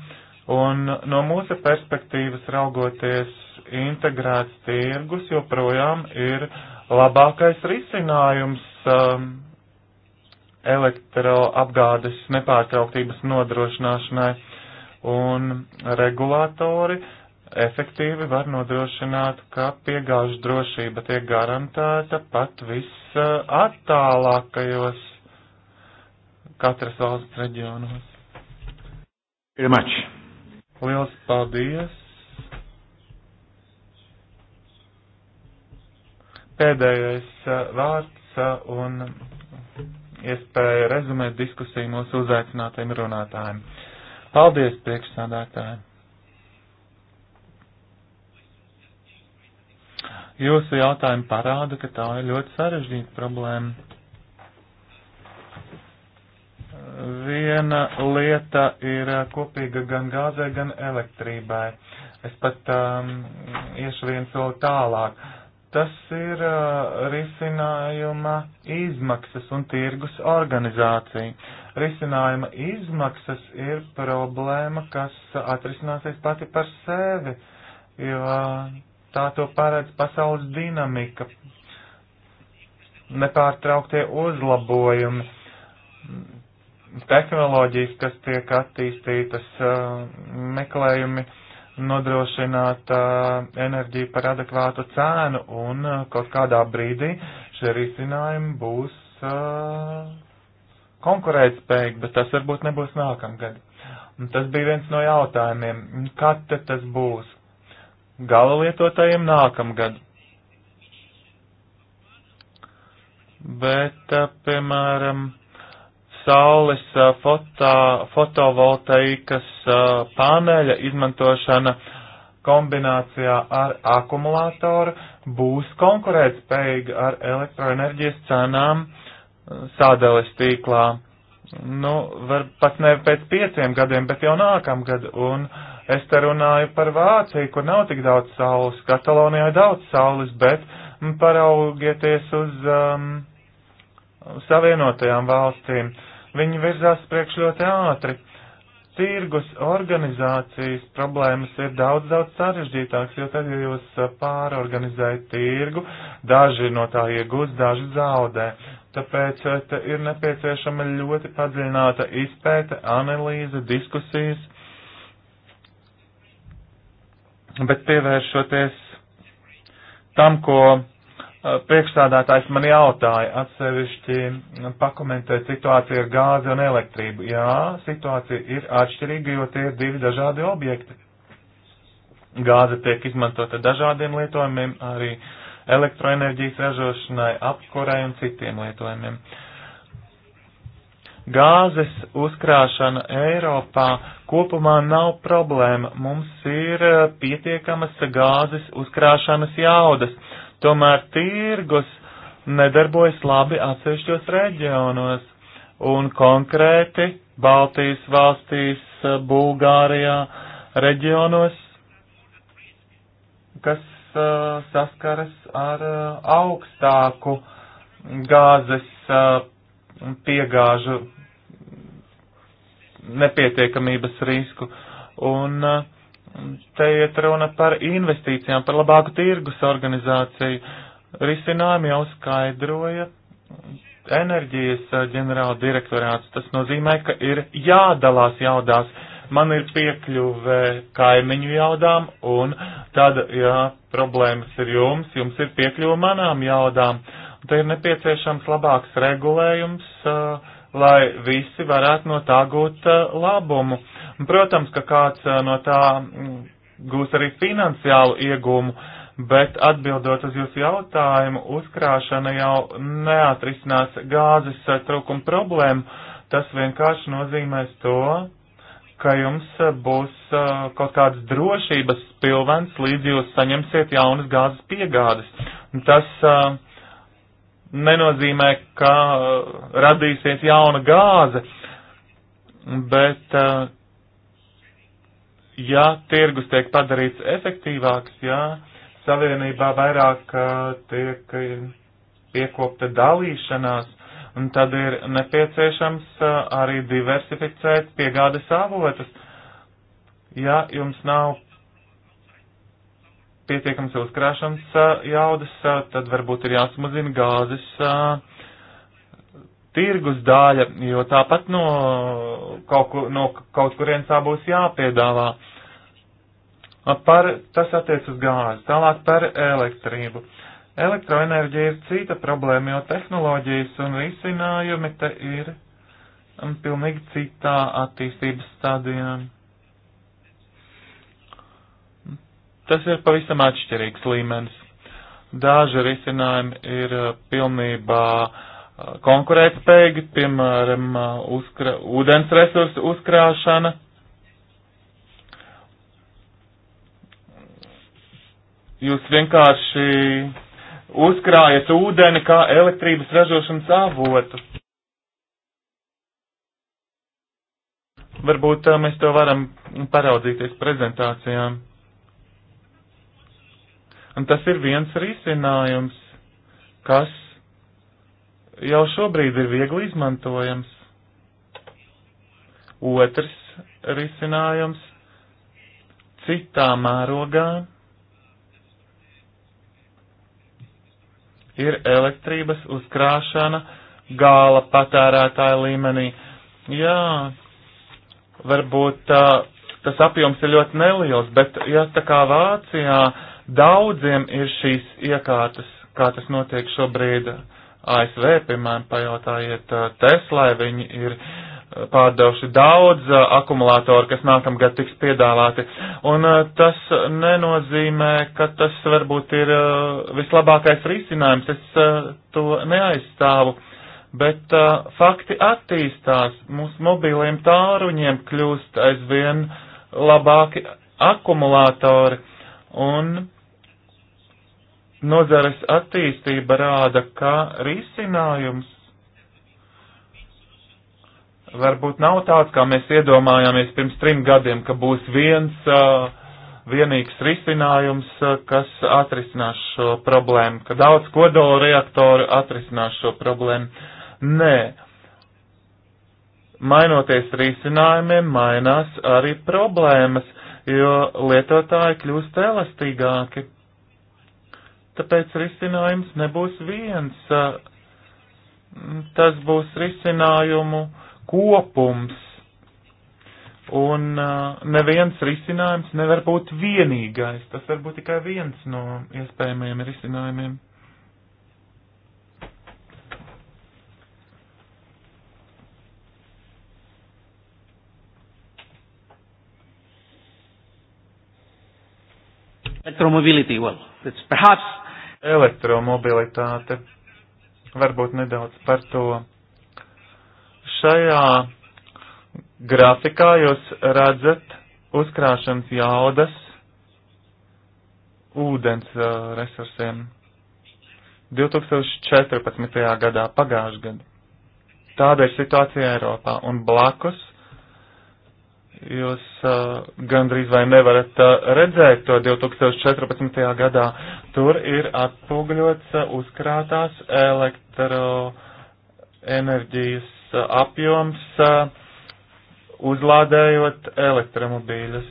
un no mūsu perspektīvas raugoties integrēts tirgus joprojām ir labākais risinājums. Um, elektroapgādes nepārtrauktības nodrošināšanai, un regulātori efektīvi var nodrošināt, ka piegāžu drošība tiek garantēta pat visattālākajos katras valsts reģionos. Ir mač. Liels paldies! Pēdējais uh, vārds uh, un iespēja rezumēt diskusiju mūsu uzaicinātajiem runātājiem. Paldies, priekšsādātāji! Jūsu jautājumi parāda, ka tā ir ļoti sarežģīta problēma. Viena lieta ir eh, kopīga gan gāzē, gan elektrībai. Es pat um, iešu viens vēl tālāk. Uh, Tas ir uh, risinājuma izmaksas un tirgus organizācija. Risinājuma izmaksas ir problēma, kas atrisināsies pati par sevi, jo tā to paredz pasaules dinamika, nepārtrauktie uzlabojumi, tehnoloģijas, kas tiek attīstītas, uh, meklējumi nodrošināt uh, enerģiju par adekvātu cēnu, un uh, kaut kādā brīdī šie risinājumi būs uh, konkurētspējīgi, bet tas varbūt nebūs nākamgad. Un tas bija viens no jautājumiem, kad tas būs gala lietotājiem nākamgad. Bet, piemēram, saules fotā, fotovoltaikas pāneļa izmantošana kombinācijā ar akumulātoru būs konkurētspējīga ar elektroenerģijas cenām sādales tīklā. Nu, var pat ne pēc pieciem gadiem, bet jau nākamgad. Un es te runāju par Vāciju, kur nav tik daudz saules. Katalonijā ir daudz saules, bet paraugieties uz um, savienotajām valstīm. Uh, Viņi virzās priekš ļoti ātri. Tirgus organizācijas problēmas ir daudz, daudz sarežģītāks, jo tad, ja jūs uh, pārorganizējat tirgu, daži no tā iegūst, daži zaudē. Tāpēc uh, ir nepieciešama ļoti padziļināta izpēta, analīze, diskusijas, bet pievēršoties tam, ko priekšstādātājs man jautāja atsevišķi nu, pakomentēt situāciju ar gāzi un elektrību. Jā, situācija ir atšķirīga, jo tie ir divi dažādi objekti. Gāze tiek izmantota dažādiem lietojumiem, arī elektroenerģijas ražošanai, apkurei un citiem lietojumiem. Gāzes uzkrāšana Eiropā kopumā nav problēma. Mums ir pietiekamas gāzes uzkrāšanas jaudas Tomēr tirgus nedarbojas labi atsevišķos reģionos, un konkrēti Baltijas valstīs, eh, Bulgārijā reģionos, kas uh, saskaras ar uh, augstāku gāzes uh, piegāžu nepietiekamības risku. Un uh, Te iet runa par investīcijām, par labāku tirgus organizāciju. Risinājumi jau skaidroja enerģijas eh, ģenerāla direktorāts. Tas nozīmē, ka ir jādalās jaudās. Man ir piekļuve kaimiņu jaudām, un tad, ja problēmas ir jums, jums ir piekļuve manām jaudām. Te ir nepieciešams labāks regulējums. Uh, lai visi varētu no tā gūt eh, labumu. Protams, ka kāds eh, no tā mm, gūs arī finansiālu iegumu, bet atbildot uz jūsu jautājumu, uzkrāšana jau neatrisinās gāzes eh, trūkuma problēmu. Tas vienkārši nozīmēs to, ka jums būs kaut kāds drošības pilvens, līdz jūs saņemsiet jaunas gāzes piegādes. Tas uh, nenozīmē, ka uh, radīsies jauna gāze, bet uh, ja tirgus tiek padarīts efektīvāks, ja savienībā vairāk uh, tiek piekopta dalīšanās, un tad ir nepieciešams arī diversificēt piegādes avotus. Ja jums nav pietiekams uzkrāšanas jaudas, tad varbūt ir jāsmazina gāzes tirgus daļa, jo tāpat no kaut, kur, no kaut kurienes tā būs jāpiedāvā. Par, tas attiec uz gāzi, tālāk par elektrību. Elektroenerģija ir cita problēma, jo tehnoloģijas un risinājumi te ir pilnīgi citā attīstības stadijā. Tas ir pavisam atšķirīgs līmenis. Daži risinājumi ir uh, pilnībā uh, konkurētspējīgi, piemēram, uh, uzkra, ūdens resursu uzkrāšana. Jūs vienkārši uzkrājat ūdeni kā elektrības ražošanas avotu. Varbūt mēs to varam paraudzīties prezentācijām. Un tas ir viens risinājums, kas jau šobrīd ir viegli izmantojams. Otrs risinājums citā mērogā ir elektrības uzkrāšana gāla patērētāja līmenī. Jā, varbūt tā, tas apjoms ir ļoti neliels, bet ja tā kā Vācijā Daudziem ir šīs iekārtas, kā tas notiek šobrīd ASV, piemēram, pajautājiet Teslai, viņi ir pārdevuši daudz akumulātoru, kas nākamgad tiks piedāvāti. Un tas nenozīmē, ka tas varbūt ir vislabākais risinājums, es to neaizstāvu. Bet fakti attīstās, mūsu mobīliem tāruņiem kļūst aizvien labāki akumulātori un nozares attīstība rāda, ka risinājums varbūt nav tāds, kā mēs iedomājāmies pirms trim gadiem, ka būs viens uh, vienīgs risinājums, kas atrisinās šo problēmu, ka daudz kodola reaktoru atrisinās šo problēmu. Nē. Mainoties risinājumiem, mainās arī problēmas jo lietotāji kļūst elastīgāki. Tāpēc risinājums nebūs viens. Tas būs risinājumu kopums. Un neviens risinājums nevar būt vienīgais. Tas var būt tikai viens no iespējamajiem risinājumiem. Elektromobility, well, it's perhaps. Elektromobilitāte. Varbūt nedaudz par to. Šajā grafikā jūs redzat uzkrāšanas jaudas ūdens uh, resursiem 2014. gadā, pagājušajā gadā. Tāda ir situācija Eiropā. Un blakus Jūs uh, gandrīz vai nevarat uh, redzēt to 2014. gadā. Tur ir atpūgļots uh, uzkrātās elektroenerģijas uh, apjoms, uh, uzlādējot elektromobīļus.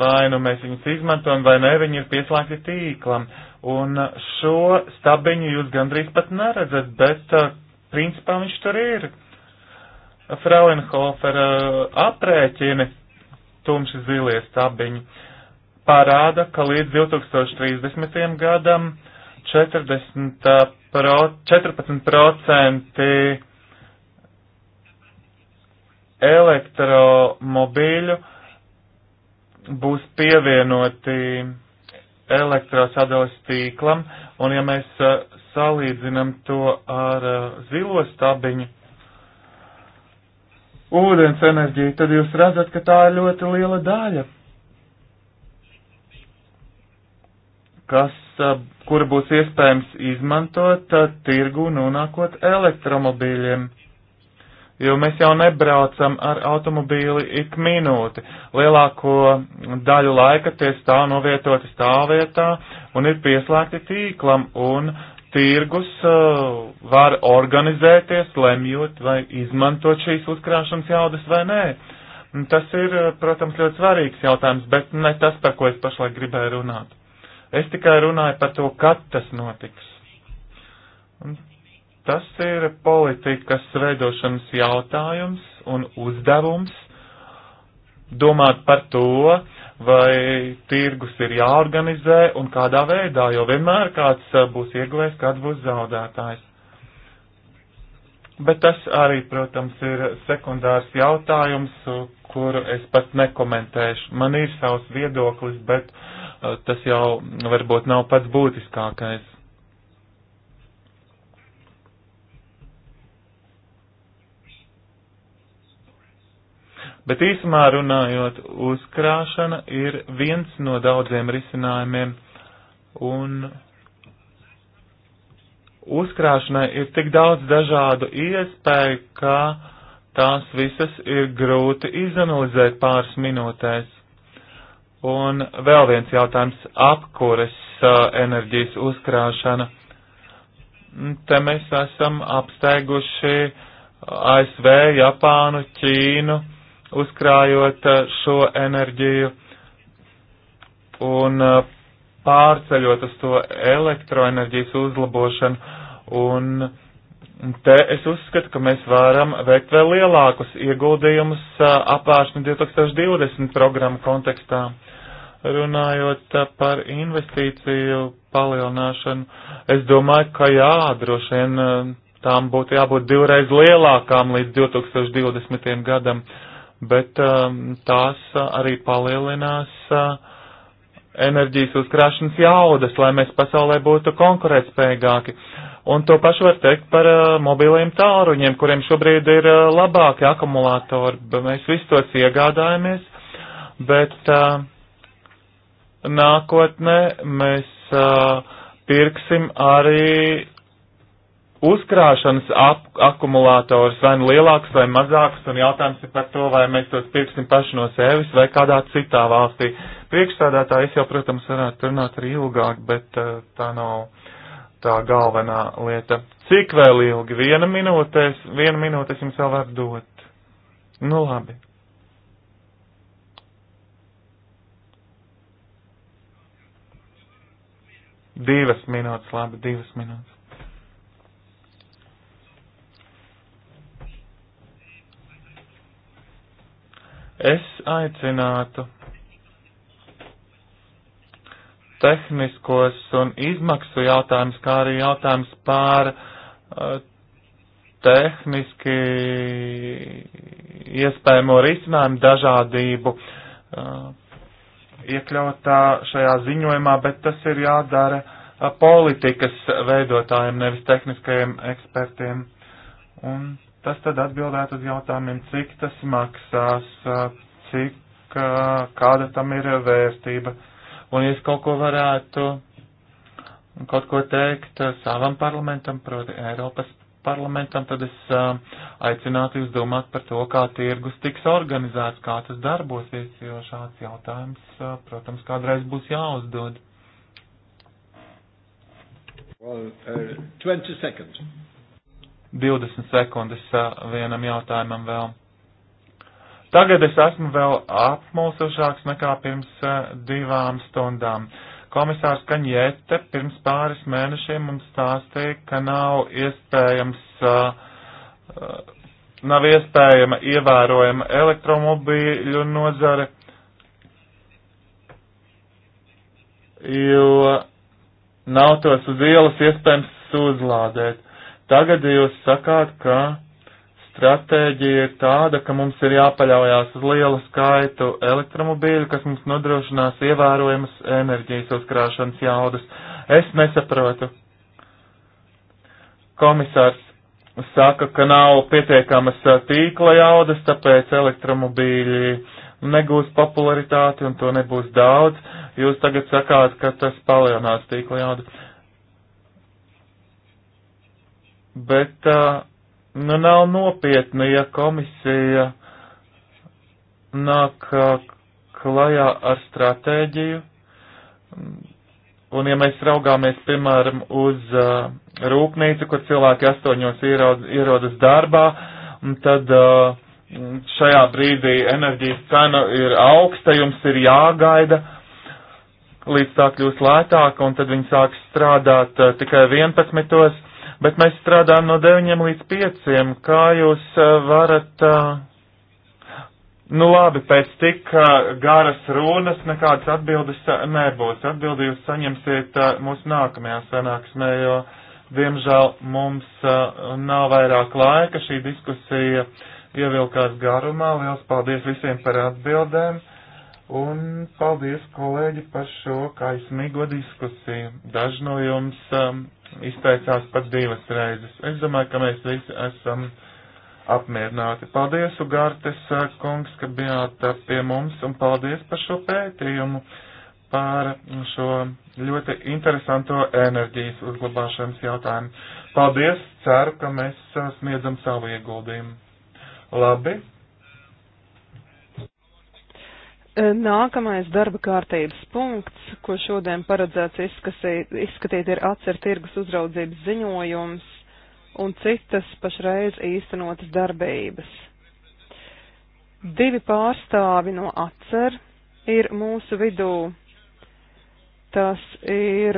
Vai nu mēs viņus izmantojam, vai nē, viņi ir pieslēgti tīklam. Un šo stabiņu jūs gandrīz pat neredzat, bet uh, principā viņš tur ir. Uh, Frauenhofera eh, aprēķini tumši zilie stabiņi parāda, ka līdz 2030. gadam 40 pro, 14% elektromobīļu būs pievienoti elektrosadalas tīklam, un ja mēs eh, salīdzinam to ar eh, zilo stabiņu, ūdens enerģiju, tad jūs redzat, ka tā ir ļoti liela daļa, kas, kura būs iespējams izmantot tirgu nonākot elektromobīļiem. Jo mēs jau nebraucam ar automobīli ik minūti. Lielāko daļu laika tie stāv novietoti stāvvietā un ir pieslēgti tīklam, un tirgus uh, var organizēties, lemjot vai izmantot šīs uzkrāšanas jaudas vai nē. Tas ir, uh, protams, ļoti svarīgs jautājums, bet ne tas, par ko es pašlaik gribēju runāt. Es tikai runāju par to, kad tas notiks. Un tas ir politikas veidošanas jautājums un uzdevums domāt par to, vai tirgus ir jāorganizē un kādā veidā, jo vienmēr kāds eh, būs ieguvēs, kāds būs zaudētājs. Bet tas arī, protams, ir sekundārs jautājums, kuru es pat nekomentēšu. Man ir savs viedoklis, bet eh, tas jau varbūt nav pats būtiskākais. Bet īsumā runājot, uzkrāšana ir viens no daudziem risinājumiem, un uzkrāšanai ir tik daudz dažādu iespēju, ka tās visas ir grūti izanalizēt pāris minūtēs. Un vēl viens jautājums - apkures enerģijas uzkrāšana. Mm, te mēs esam apsteiguši ASV, Japānu, Ķīnu uzkrājot eh, šo enerģiju un eh, pārceļot uz to elektroenerģijas uzlabošanu. Un te es uzskatu, ka mēs varam veikt vēl lielākus ieguldījumus apvāršņu 2020 programmu kontekstā. Runājot eh, par investīciju palielināšanu, es domāju, ka jā, droši vien tām būtu jābūt divreiz lielākām līdz 2020. gadam. Uh, bet um, tās uh, arī palielinās uh, enerģijas uzkrāšanas jaudas, lai mēs pasaulē būtu konkurētspējīgāki. Un to pašu var teikt par uh, mobiliem tāruņiem, kuriem šobrīd ir labāki akumulātori. Mēs visus tos iegādājamies, bet nākotnē mēs pirksim arī uzkrāšanas ap, akumulators vai nu lielāks vai mazāks, un jautājums ir par to, vai mēs tos pirksim paši no sevis vai kādā citā valstī. Priekšstādātāji es jau, protams, varētu runāt arī ilgāk, bet uh, tā nav tā galvenā lieta. Cik vēl ilgi? Viena minūte, viena minūte es jums vēl varu dot. Nu labi. Divas minūtes, labi, divas minūtes. Es aicinātu tehniskos un izmaksu jautājums, kā arī jautājums pār uh, eh, tehniski iespējamo risinājumu dažādību uh, iekļautā šajā ziņojumā, bet tas ir jādara uh, politikas veidotājiem, nevis tehniskajiem ekspertiem. Un Tas tad atbildētu uz jautājumiem, cik tas maksās, cik, kāda tam ir vērtība. Un ja es kaut ko varētu, kaut ko teikt savam parlamentam, proti Eiropas parlamentam, tad es aicinātu jūs domāt par to, kā tirgus tiks organizēts, kā tas darbosies, jo šāds jautājums, protams, kādreiz būs jāuzdod. Well, uh, 20 seconds. 20 sekundes uh, vienam jautājumam vēl. Tagad es esmu vēl apmulsušāks nekā pirms uh, divām stundām. Komisārs Kaņiete pirms pāris mēnešiem mums stāstīja, ka nav iespējams, uh, nav iespējama ievērojama elektromobīļu nozare, jo nav tos uz ielas iespējams uzlādēt. Tagad jūs sakāt, ka stratēģija ir tāda, ka mums ir jāpaļaujās uz lielu skaitu elektromobīļu, kas mums nodrošinās ievērojamas enerģijas uzkrāšanas jaudas. Es nesaprotu. Komisārs saka, ka nav pietiekamas tīkla jaudas, tāpēc elektromobīļi negūs popularitāti un to nebūs daudz. Jūs tagad sakāt, ka tas palielinās tīkla jaudu. bet nu, nav nopietni, ja komisija nāk klajā ar stratēģiju. Un ja mēs raugāmies, piemēram, uz uh, rūpnīcu, kur cilvēki astoņos ierodas darbā, tad uh, šajā brīdī enerģijas cena ir augsta, jums ir jāgaida, līdz tā kļūst lētāka, un tad viņi sāk strādāt uh, tikai 11 bet mēs strādājam no 9 līdz 5. Kā jūs eh, varat. Eh, nu labi, pēc tik eh, garas runas nekādas atbildes nebūs. Atbildi jūs saņemsiet mūsu nākamajā sanāksmē, jo, diemžēl, mums nav vairāk laika. Šī diskusija ievilkās garumā. Liels paldies visiem par atbildēm. Un paldies, kolēģi, par šo kaismīgo diskusiju. Daži no jums um, izteicās pat divas reizes. Es domāju, ka mēs visi esam apmierināti. Paldies, Ugartes uh, kungs, ka bijāt uh, pie mums, un paldies par šo pētījumu, par šo ļoti interesanto enerģijas uzglabāšanas jautājumu. Paldies, ceru, ka mēs uh, sniedzam savu ieguldījumu. Labi, Eh, nākamais darba kārtības punkts, ko šodien paredzēts izskasīt, izskatīt, ir atcer tirgus uzraudzības ziņojums un citas pašreiz īstenotas darbības. Divi pārstāvi no atcer ir mūsu vidū. Tas ir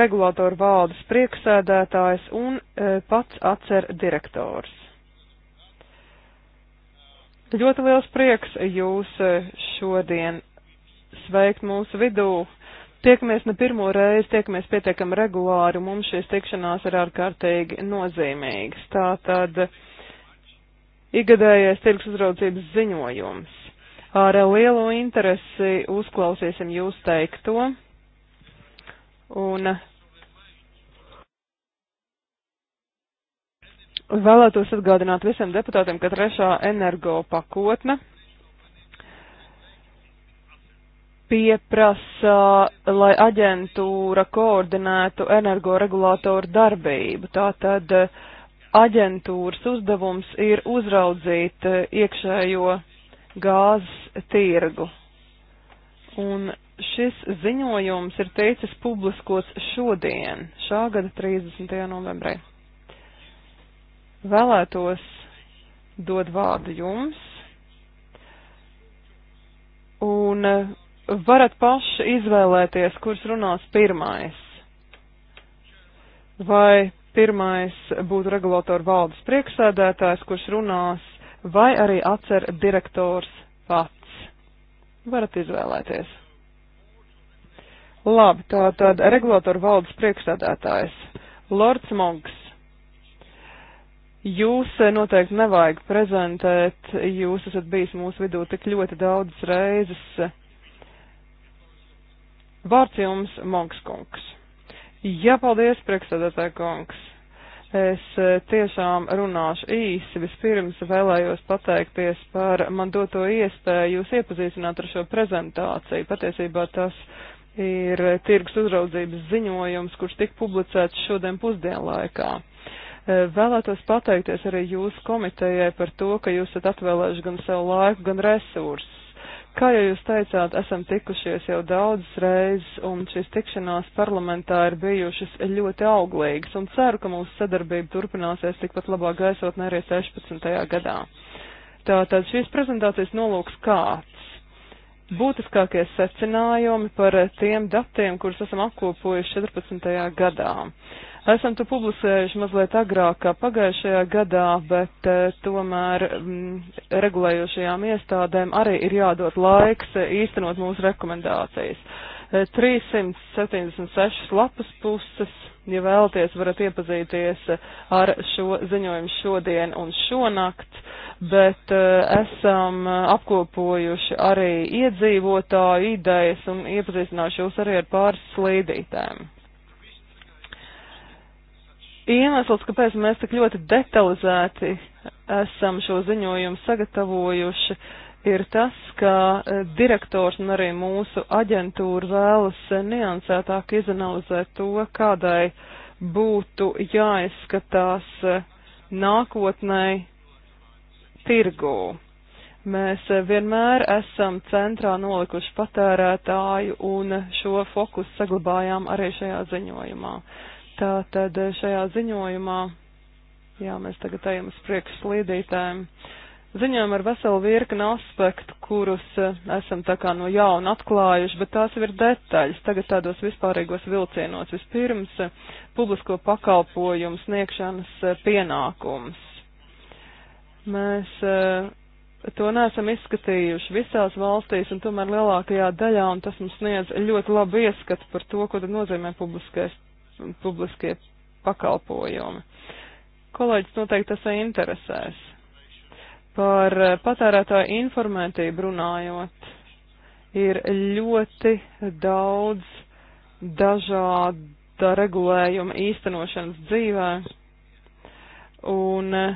regulātoru valdes prieksēdētājs un e, pats atcer direktors. Ļoti liels prieks jūs e, šodien sveikt mūsu vidū. Tiekamies ne pirmo reizi, tiekamies pietiekami regulāri, un mums šīs tikšanās ir ārkārtīgi nozīmīgas. Tā tad igadējais tirgus uzraudzības ziņojums. Ar lielu interesi uzklausīsim jūs teikto, un Vēlētos atgādināt visiem deputātiem, ka trešā energo pakotne pieprasa, lai aģentūra koordinētu energoregulātoru darbību. Tātad eh, aģentūras uzdevums ir uzraudzīt eh, iekšējo gāzes tirgu. Un šis ziņojums ir teicis publiskots šodien, šā gada 30. novembrī. Vēlētos dod vārdu jums, un eh, varat paši izvēlēties, kurš runās pirmais. Vai pirmais būtu regulātoru valdes priekšsēdētājs, kurš runās, vai arī atcer direktors pats. Varat izvēlēties. Labi, tā tad regulātoru valdes priekšsēdētājs. Lords Monks. Jūs noteikti nevajag prezentēt, jūs esat bijis mūsu vidū tik ļoti daudzas reizes. Vārds jums, Monks kungs. Jā, paldies, priekšsēdētāji kungs. Es eh, tiešām runāšu īsi. Vispirms vēlējos pateikties par man doto iespēju jūs iepazīstināt ar šo prezentāciju. Patiesībā tas ir tirgus uzraudzības ziņojums, kurš tika publicēts šodien pusdienlaikā. Eh, vēlētos pateikties arī jūsu komitejai par to, ka jūs esat atvēlējuši gan savu laiku, gan resursus. Kā jau jūs teicāt, esam tikušies jau daudzas reizes, un šīs tikšanās parlamentā ir bijušas ļoti auglīgas, un ceru, ka mūsu sadarbība turpināsies tikpat labā gaisotnē arī 16. gadā. Tātad šīs prezentācijas nolūks kāds? Būtiskākie secinājumi par tiem datiem, kurus esam apkopojuši 14. gadā. Esam to publicējuši mazliet agrāk kā pagājušajā gadā, bet eh, tomēr m, mm, regulējošajām iestādēm arī ir jādod laiks īstenot mūsu rekomendācijas. 376 eh, lapas puses. Ja vēlaties, varat iepazīties eh, ar šo ziņojumu šodien un šonakt, bet esam apkopojuši arī iedzīvotāju idejas un iepazīstināšu jūs arī ar pāris slīdītēm. Iemesls, kāpēc mēs tik ļoti detalizēti esam šo ziņojumu sagatavojuši, ir tas, ka eh, direktors un arī mūsu aģentūra vēlas niansētāk izanalizēt to, kādai būtu jāizskatās eh, nākotnē tirgū. Mēs eh, vienmēr esam centrā nolikuši patērētāju un šo fokusu saglabājām arī šajā ziņojumā. Uh, Tā tad šajā ziņojumā, jā, mēs tagad ejam uz priekšu slīdītājiem, ziņojam ar veselu virkni aspektu, kurus e, esam tā kā no jauna atklājuši, bet tās ir detaļas. Tagad tādos vispārīgos vilcienos vispirms e, publisko pakalpojumu sniegšanas e, pienākums. Mēs to neesam izskatījuši visās valstīs un tomēr lielākajā daļā, un tas mums sniedz ļoti labu ieskatu par to, ko tad nozīmē publiskais publiskie pakalpojumi. Kolēģis noteikti tas interesēs. Par eh, patērētāju informētību runājot, ir ļoti daudz dažāda regulējuma īstenošanas dzīvē, un eh,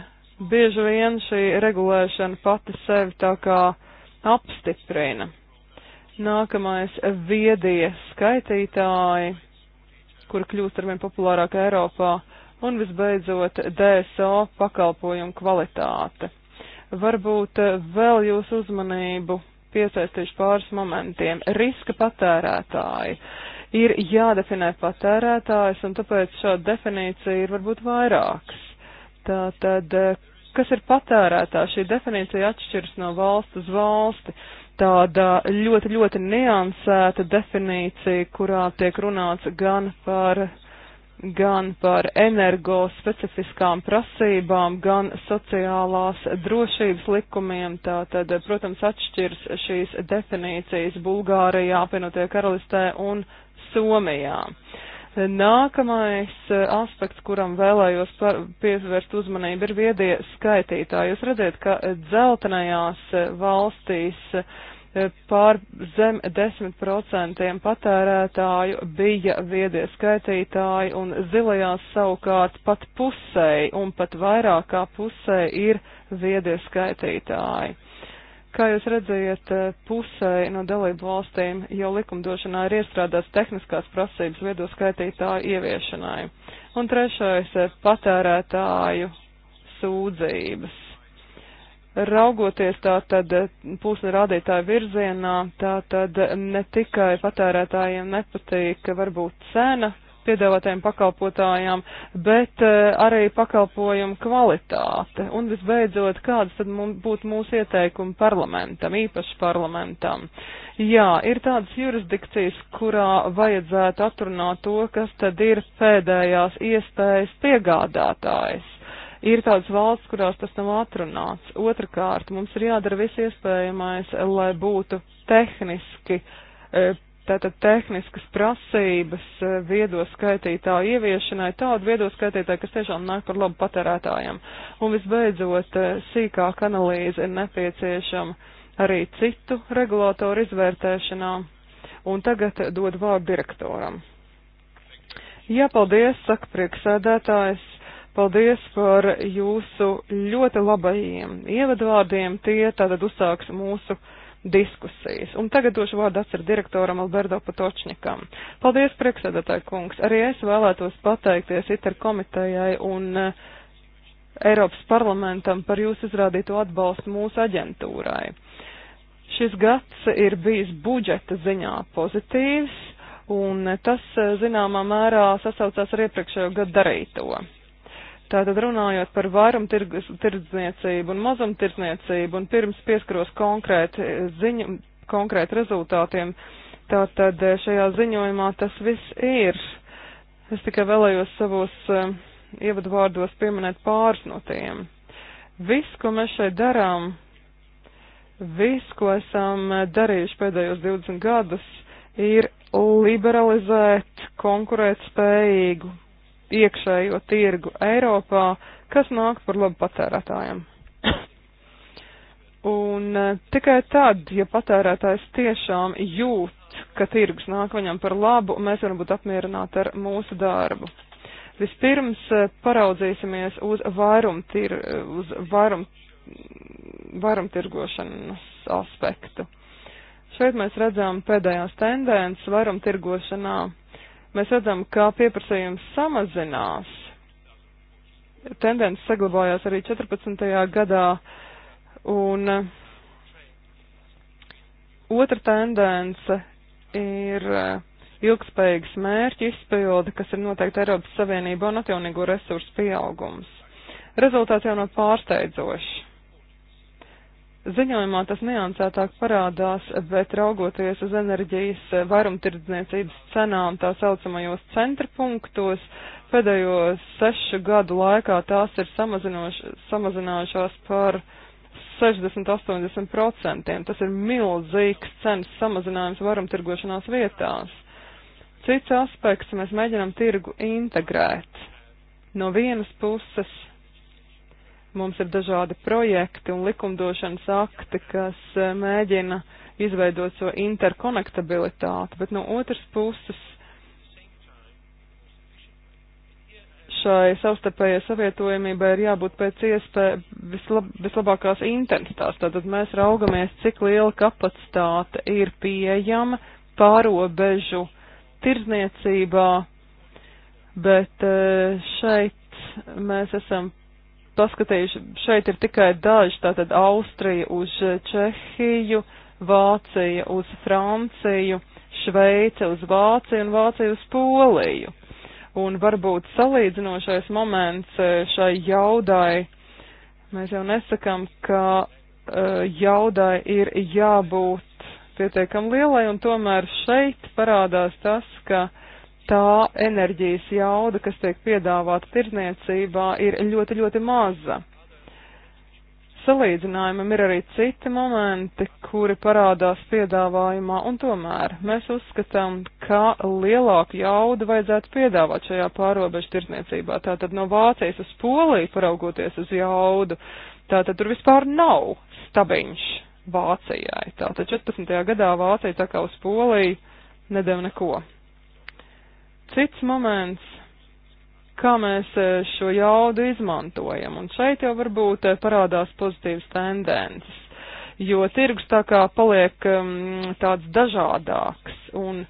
bieži vien šī regulēšana pati sevi tā kā apstiprina. Nākamais - viedie skaitītāji kura kļūst arvien populārāka Eiropā, un visbeidzot DSO pakalpojumu kvalitāte. Varbūt eh, vēl jūs uzmanību piesaistīšu pāris momentiem. Riska patērētāji. Ir jādefinē patērētājs, un tāpēc šāda definīcija ir varbūt vairākas. Tātad, eh, kas ir patērētā? Šī definīcija atšķiras no valsts uz valsti. Uh, tāda ļoti, ļoti niansēta definīcija, kurā tiek runāts gan par, gan par energo specifiskām prasībām, gan sociālās drošības likumiem. Tātad, protams, atšķirs šīs definīcijas Bulgārijā, apvienotie karalistē un Somijā. Uh, Nākamais eh, aspekts, kuram vēlējos pievērst uzmanību, ir viedie skaitītāji. Jūs redzat, ka dzeltenajās eh, valstīs eh, pār zem 10% patērētāju bija viedie skaitītāji, un zilajās savukārt pat pusēji un pat vairāk kā pusēji ir viedie skaitītāji. Kā jūs redzējat, eh, pusē no dalību valstīm jau likumdošanā ir iestrādāts tehniskās prasības viedo skaitītāju ieviešanai. Un trešais eh, - patērētāju sūdzības. Raugoties tā tad eh, pūsni rādītāju virzienā, tā tad ne tikai patērētājiem nepatīk varbūt cena, piedāvātajiem pakalpotājām, bet eh, arī pakalpojumu kvalitāte. Un visbeidzot, kādas tad būtu mūsu ieteikumi parlamentam, īpaši parlamentam? Jā, ir tādas jurisdikcijas, kurā vajadzētu atrunāt to, kas tad ir pēdējās iespējas piegādātājs. Ir tādas valsts, kurās tas nav atrunāts. Otrakārt, mums ir jādara viss iespējamais, lai būtu tehniski e, Tātad tehniskas prasības eh, viedo skaitītāju ieviešanai, tādu viedo skaitītāju, kas tiešām nāk par labu patērētājiem. Un visbeidzot, eh, sīkāk analīze ir nepieciešama arī citu regulātoru izvērtēšanā. Un tagad dod vārdu direktoram. Jā, paldies, saka prieksēdētājs. Paldies par jūsu ļoti labajiem ievadvārdiem. Tie tātad uzsāks mūsu diskusijas. Un tagad došu vārdu atcer direktoram Alberto Patočnikam. Paldies, priekšsēdētāji kungs. Arī es vēlētos pateikties ITER komitejai un eh, Eiropas parlamentam par jūsu izrādīto atbalstu mūsu aģentūrai. Šis gads ir bijis budžeta ziņā pozitīvs, un tas eh, zināmā mērā sasaucās ar iepriekšējo gadu darīto. Tātad runājot par vairumtirdzniecību un mazumtirdzniecību un pirms pieskaros konkrēti ziņu, konkrēti rezultātiem, tātad eh, šajā ziņojumā tas viss ir. Es tikai vēlējos savos uh, ievadvārdos pieminēt pāris no tiem. Viss, ko mēs šeit darām, viss, ko esam eh, darījuši pēdējos 20 gadus, ir liberalizēt konkurētspējīgu iekšējo tirgu Eiropā, kas nāk par labu patērētājiem. Un eh, tikai tad, ja patērētājs tiešām jūt, ka tirgus nāk viņam par labu, mēs varam būt apmierināti ar mūsu darbu. Vispirms eh, paraudzīsimies uz vairumtir, uz vairum, vairumtirgošanas aspektu. Šeit mēs redzam pēdējās tendences vairumtirgošanā mēs redzam, ka pieprasījums samazinās. Tendence saglabājās arī 14. gadā, un uh, otra tendence ir uh, ilgspējīgas mērķi izpilde, kas ir noteikti Eiropas Savienība un atjaunīgo resursu pieaugums. Rezultāts jau nav pārsteidzošs. Ziņojumā tas niansētāk parādās, bet raugoties uz enerģijas vairumtirdzniecības cenām tā saucamajos centra punktos, pēdējo sešu gadu laikā tās ir samazinājušās par 60-80%. Tas ir milzīgs cenas samazinājums varumtirgošanās vietās. Cits aspekts, mēs mēģinām tirgu integrēt. No vienas puses Mums ir dažādi projekti un likumdošanas akti, kas e, mēģina izveidot šo so interkonektabilitāti, bet no otras puses šai savstarpējai savietojamībai ir jābūt pēc iespēja vislab, vislabākās intensitātes. Tātad mēs raugamies, cik liela kapacitāte ir pieejama pārobežu tirzniecībā, bet e, šeit mēs esam paskatījuši, šeit ir tikai daži, tātad Austrija uz Čehiju, Vācija uz Franciju, Šveice uz Vāciju un Vācija uz Poliju. Un varbūt salīdzinošais moments e, šai jaudai, mēs jau nesakām, ka uh, jaudai ir jābūt pietiekam lielai, un tomēr šeit parādās tas, ka uh, tā enerģijas jauda, kas tiek piedāvāta tirzniecībā, ir ļoti, ļoti maza. Salīdzinājumam ir arī citi momenti, kuri parādās piedāvājumā, un tomēr mēs uzskatām, ka lielāku jaudu vajadzētu piedāvāt šajā pārobežu tirzniecībā. Tātad no Vācijas uz Poliju paraugoties uz jaudu, tātad tur vispār nav stabiņš Vācijai. Tātad 14. gadā Vācija tā kā uz Poliju nedēļ neko. Cits moments, kā mēs e, šo jaudu izmantojam, un šeit jau varbūt e, parādās pozitīvas tendences, jo tirgus tā kā paliek um, tāds dažādāks, un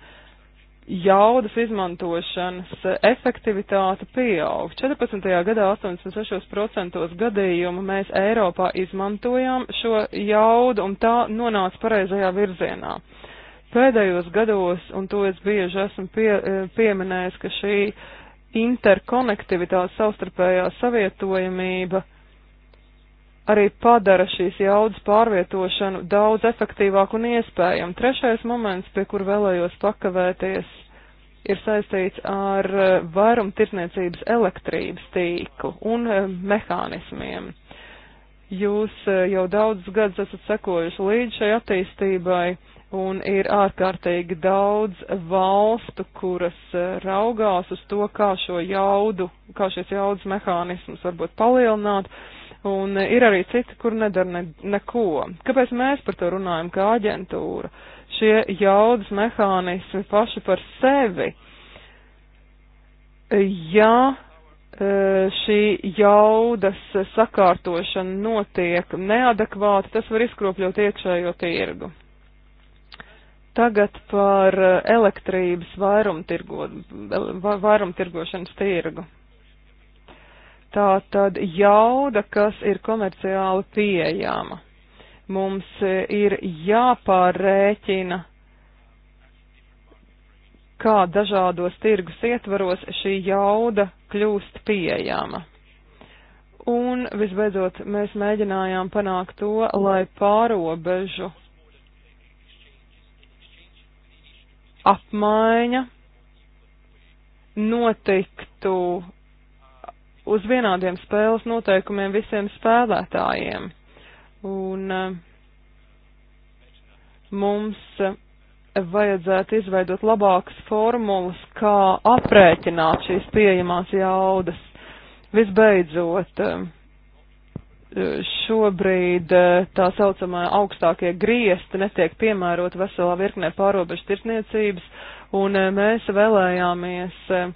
jaudas izmantošanas efektivitāte pieaug. 14. gadā 86% gadījumu mēs Eiropā izmantojām šo jaudu, un tā nonāca pareizajā virzienā. Uh, Pēdējos gados, un to es bieži esmu pie, e, pieminējis, ka šī interkonektivitāte, savstarpējā savietojamība arī padara šīs jaudas pārvietošanu daudz efektīvāku un iespējamu. Trešais moments, pie kur vēlējos pakavēties, ir saistīts ar e, vairumtirdzniecības elektrības tīklu un e, mehānismiem. Jūs jau daudzus gadus esat sekojuši līdz šai attīstībai, un ir ārkārtīgi daudz valstu, kuras eh, raugās uz to, kā šo jaudu, kā šies jaudas mehānismus varbūt palielināt, un eh, ir arī citi, kur nedara ne, neko. Kāpēc mēs par to runājam kā aģentūra? Šie jaudas mehānismi paši par sevi. Ja eh, šī jaudas sakārtošana notiek neadekvāti, tas var izkropļot iekšējo tirgu. Tagad par eh, elektrības vairumtirgo, vairumtirgošanas tirgu. Tā tad jauda, kas ir komerciāli pieejama. Mums eh, ir jāpārrēķina, kā dažādos tirgus ietvaros šī jauda kļūst pieejama. Un visbeidzot, mēs mēģinājām panākt to, lai pārobežu apmaiņa notiktu uz vienādiem spēles noteikumiem visiem spēlētājiem. Un eh, mums eh, vajadzētu izveidot labākas formulas, kā aprēķināt šīs pieejamās jaudas. Visbeidzot, eh, šobrīd eh, tā saucamā augstākie griesti netiek piemērot veselā virknē pārobežu tirsniecības, un eh, mēs vēlējāmies eh,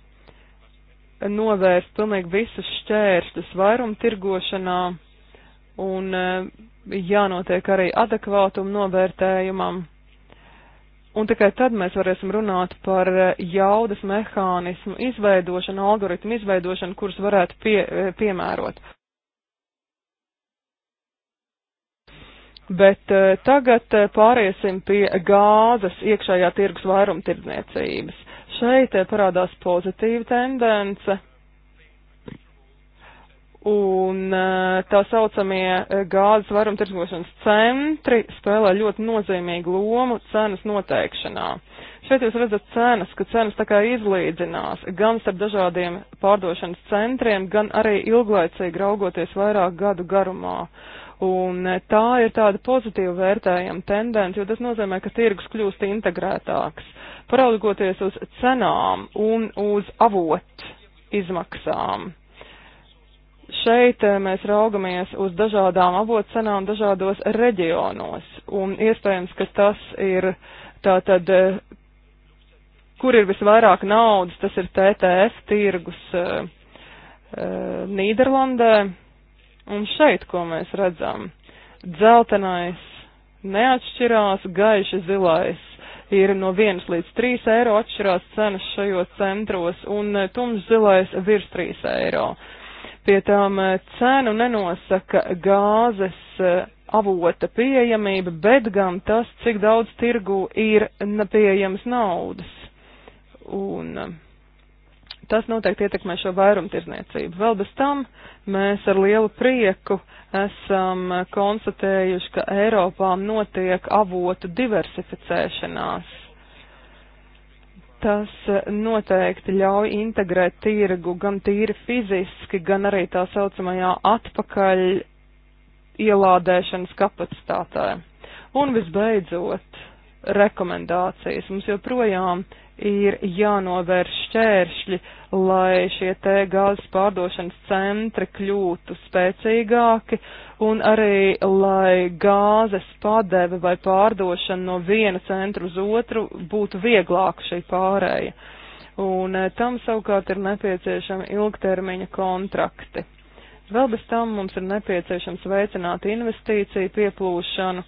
novērst pilnīgi visus šķērstus vairumtirgošanā, un jānotiek arī adekvātumu novērtējumam. Un tikai tad mēs varēsim runāt par jaudas mehānismu izveidošanu, algoritmu izveidošanu, kurus varētu pie, piemērot. Bet eh, tagad eh, pāriesim pie gāzes iekšējā tirgus vairumtirdzniecības. Šeit eh, parādās pozitīva tendence. Un tā saucamie gāzes varumtirdzniecības centri spēlē ļoti nozīmīgu lomu cenas noteikšanā. Šeit jūs redzat cenas, ka cenas tā kā izlīdzinās gan starp dažādiem pārdošanas centriem, gan arī ilglaicīgi raugoties vairāk gadu garumā. Uh, Un eh, tā ir tāda pozitīva vērtējama tendence, jo tas nozīmē, ka tirgus kļūst integrētāks. Paraugoties uz cenām un uz avot izmaksām. Šeit eh, mēs raugamies uz dažādām avotcenām dažādos reģionos, un iespējams, ka tas ir tātad, eh, kur ir visvairāk naudas, tas ir TTF tirgus Nīderlandē, Un šeit, ko mēs redzam, dzeltenais neatšķirās, gaiši zilais ir no 1 līdz 3 eiro atšķirās cenas šajos centros un e, tums zilais virs 3 eiro. Pie tām e, cenu nenosaka gāzes e, avota pieejamība, bet gan tas, cik daudz tirgu ir pieejams naudas. Un Tas noteikti ietekmē šo vairumtirdzniecību. Vēl bez tam mēs ar lielu prieku esam konstatējuši, ka Eiropā notiek avotu diversificēšanās. Tas noteikti ļauj integrēt tirgu gan tīri fiziski, gan arī tā saucamajā atpakaļ ielādēšanas kapacitātē. Un visbeidzot, rekomendācijas. Mums joprojām ir jānovērš šķēršļi, lai šie te gāzes pārdošanas centri kļūtu spēcīgāki un arī, lai gāzes padeve vai pārdošana no viena centra uz otru būtu vieglāk šī pārēja. Un eh, tam savukārt ir nepieciešami ilgtermiņa kontrakti. Vēl bez tam mums ir nepieciešams veicināt investīciju pieplūšanu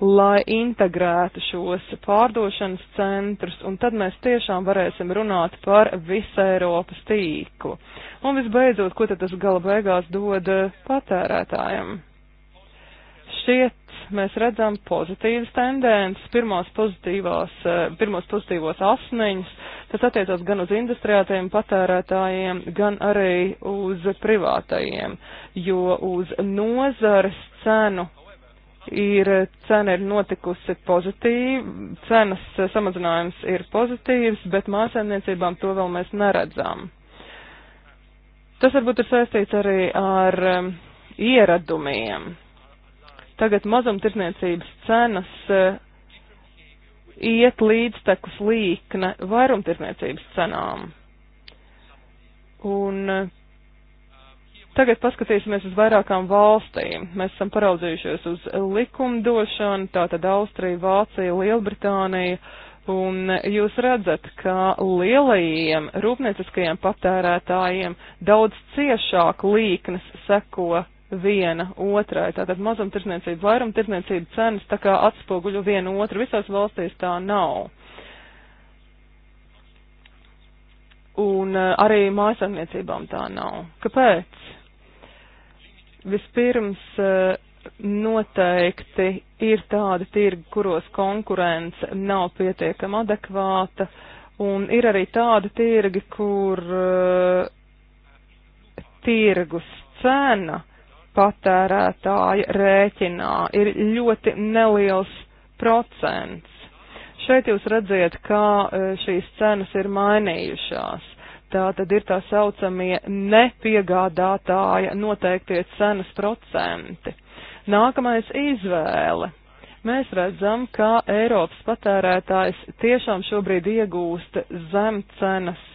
lai integrētu šos pārdošanas centrus, un tad mēs tiešām varēsim runāt par visu Eiropas tīklu. Un visbeidzot, ko tad tas gala beigās dod eh, patērētājiem? Šķiet, mēs redzam pozitīvas tendences, pirmos, pozitīvās, eh, pirmos pozitīvos asmeņus, tas attiecas gan uz industriātajiem patērētājiem, gan arī uz privātajiem, jo uz nozares cenu ir cena ir notikusi pozitīvi, cenas eh, samazinājums ir pozitīvs, bet mājasēmniecībām to vēl mēs neredzam. Tas varbūt ir saistīts arī ar um, ieradumiem. Tagad mazumtirdzniecības cenas uh, iet līdztekus līkne vairumtirdzniecības cenām. Un uh, Tagad paskatīsimies uz vairākām valstīm. Mēs esam paraudzījušies uz likumdošanu, tātad Austrija, Vācija, Lielbritānija, un jūs redzat, ka lielajiem rūpnieciskajiem patērētājiem daudz ciešāk līknes seko viena otrai. Tātad mazumtirdzniecība, vairumtirdzniecība cenas tā kā atspoguļo vienu otru. Visās valstīs tā nav. Un eh, arī mājasemniecībām tā nav. Kāpēc? Vispirms eh, noteikti ir tādi tirgi, kuros konkurence nav pietiekama adekvāta, un ir arī tādi tirgi, kur eh, tirgus cena patērētāja rēķinā ir ļoti neliels procents. Šeit jūs redziet, kā eh, šīs cenas ir mainījušās. Tā tad ir tā saucamie nepiegādātāja noteiktie cenas procenti. Nākamais izvēle. Mēs redzam, ka Eiropas patērētājs tiešām šobrīd iegūst zem cenas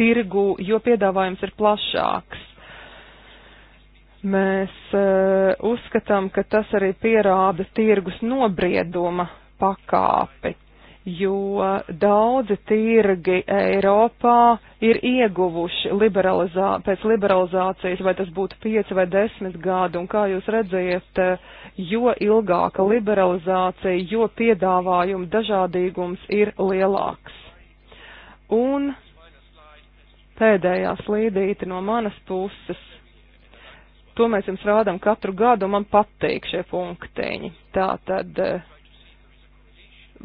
tirgu, jo piedāvājums ir plašāks. Mēs uh, uzskatām, ka tas arī pierāda tirgus nobrieduma pakāpi jo daudzi tirgi Eiropā ir ieguvuši liberalizā, pēc liberalizācijas, vai tas būtu 5 vai 10 gadi, un kā jūs redzējat, jo ilgāka liberalizācija, jo piedāvājuma dažādīgums ir lielāks. Un pēdējā slīdīte no manas puses. To mēs jums rādām katru gadu, un man patīk šie punktiņi. Tātad. tad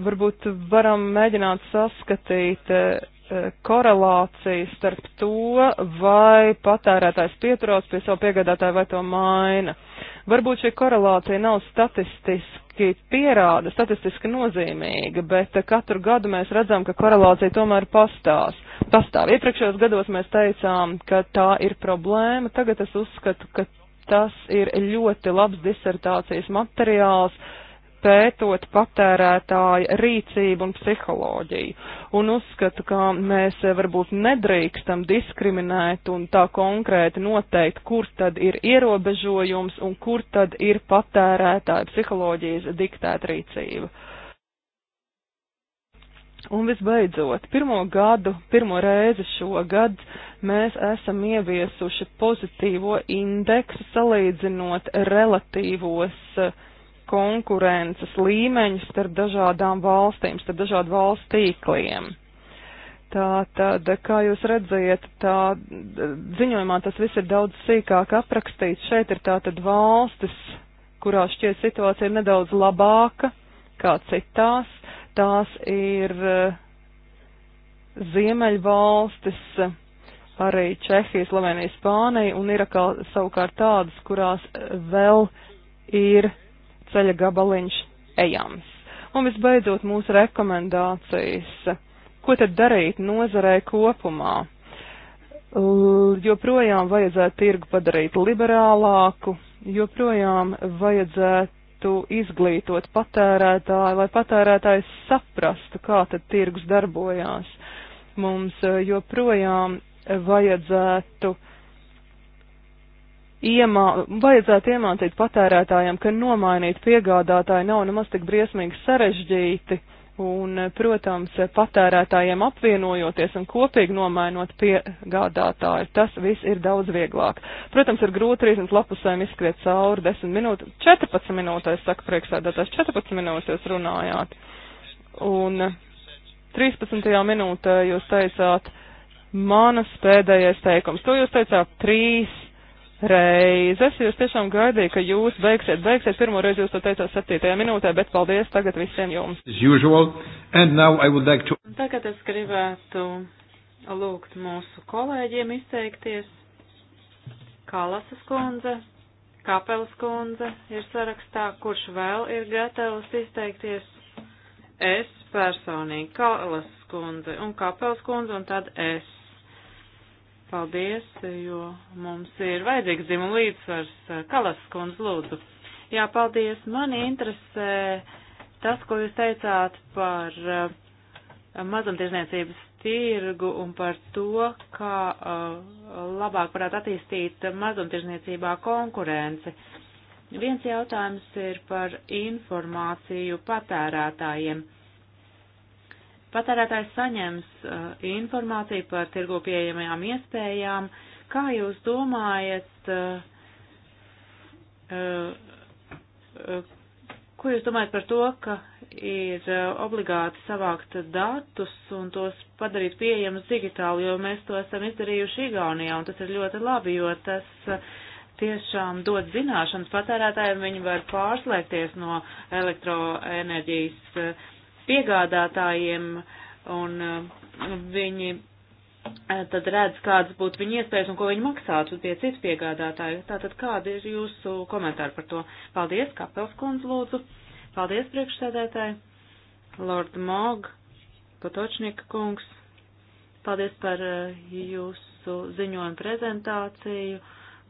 varbūt varam mēģināt saskatīt e, e, korelāciju starp to, vai patērētājs pieturās pie savu piegādātāju vai to maina. Varbūt šī korelācija nav statistiski pierāda, statistiski nozīmīga, bet katru gadu mēs redzam, ka korelācija tomēr pastās. pastāv. Iepriekšējos gados mēs teicām, ka tā ir problēma, tagad es uzskatu, ka tas ir ļoti labs disertācijas materiāls, uh, pētot patērētāja rīcību un psiholoģiju. Un uzskatu, ka mēs varbūt nedrīkstam diskriminēt un tā konkrēti noteikt, kur tad ir ierobežojums un kur tad ir patērētāja psiholoģijas diktēta rīcība. Un visbeidzot, pirmo gadu, pirmo reizi šogad mēs esam ieviesuši pozitīvo indeksu salīdzinot relatīvos uh, konkurences līmeņus starp dažādām valstīm, starp dažādu valstu tīkliem. Tā tad, kā jūs redzējat, tā ziņojumā tas viss ir daudz sīkāk aprakstīts. Šeit ir tā tad valstis, kurā šķiet situācija ir nedaudz labāka kā citās. Tās ir eh, Ziemeļvalstis, arī Čehija, Slovenija, Spānija un ir kā savukārt tādas, kurās eh, vēl ir ceļa gabaliņš ejams. Un visbeidzot mūsu rekomendācijas. Ko tad darīt nozarei kopumā? Joprojām vajadzētu tirgu padarīt liberālāku, joprojām vajadzētu izglītot patērētāju, lai patērētājs saprastu, kā tad tirgus darbojās. Mums eh, joprojām vajadzētu uh, iemā, vajadzētu iemācīt patērētājiem, ka nomainīt piegādātāju nav nemaz tik briesmīgi sarežģīti. Un, protams, patērētājiem apvienojoties un kopīgi nomainot piegādātāju, tas viss ir daudz vieglāk. Protams, ir grūti 30 lapusēm izskriet cauri 10 minūtes, 14 minūtēs, saka priekšsēdētājs, 14 minūtēs runājāt. Un 13. minūtē jūs teicāt, manas pēdējais teikums, to jūs teicāt trīs reizes. Jūs tiešām gaidīju, ka jūs beigsiet, beigsiet. Pirmo reizi jūs to teicāt septītajā minūtē, bet paldies tagad visiem jums. Like to... Tagad es gribētu lūgt mūsu kolēģiem izteikties. Kalasas kundze, Kapelas kundze ir sarakstā, kurš vēl ir gatavs izteikties. Es personīgi, Kalasas kundze un Kapelas kundze un tad es. Paldies, jo mums ir vajadzīgs dzimuma līdzsvars. Kalas kundz lūdzu. Jā, paldies. Mani interesē tas, ko jūs teicāt par eh, mazumtirdzniecības tirgu un par to, kā eh, labāk varētu attīstīt mazumtirdzniecībā konkurenci. Viens jautājums ir par informāciju patērētājiem patērētājs saņems uh, informāciju par tirgu pieejamajām iespējām. Kā jūs domājat, uh, uh, ko jūs domājat par to, ka ir obligāti savākt datus un tos padarīt pieejamus digitāli, jo mēs to esam izdarījuši Igaunijā, un tas ir ļoti labi, jo tas tiešām dod zināšanas patērētājiem, viņi var pārslēgties no elektroenerģijas piegādātājiem, un uh, viņi uh, tad redz, kādas būtu viņa iespējas un ko viņa maksātu pie citu piegādātāju. Tātad kāda ir jūsu komentāra par to? Paldies, Kapels kundze, lūdzu. Paldies, priekšsēdētāji. Lord Mog, Potočnika kungs. Paldies par uh, jūsu ziņojumu prezentāciju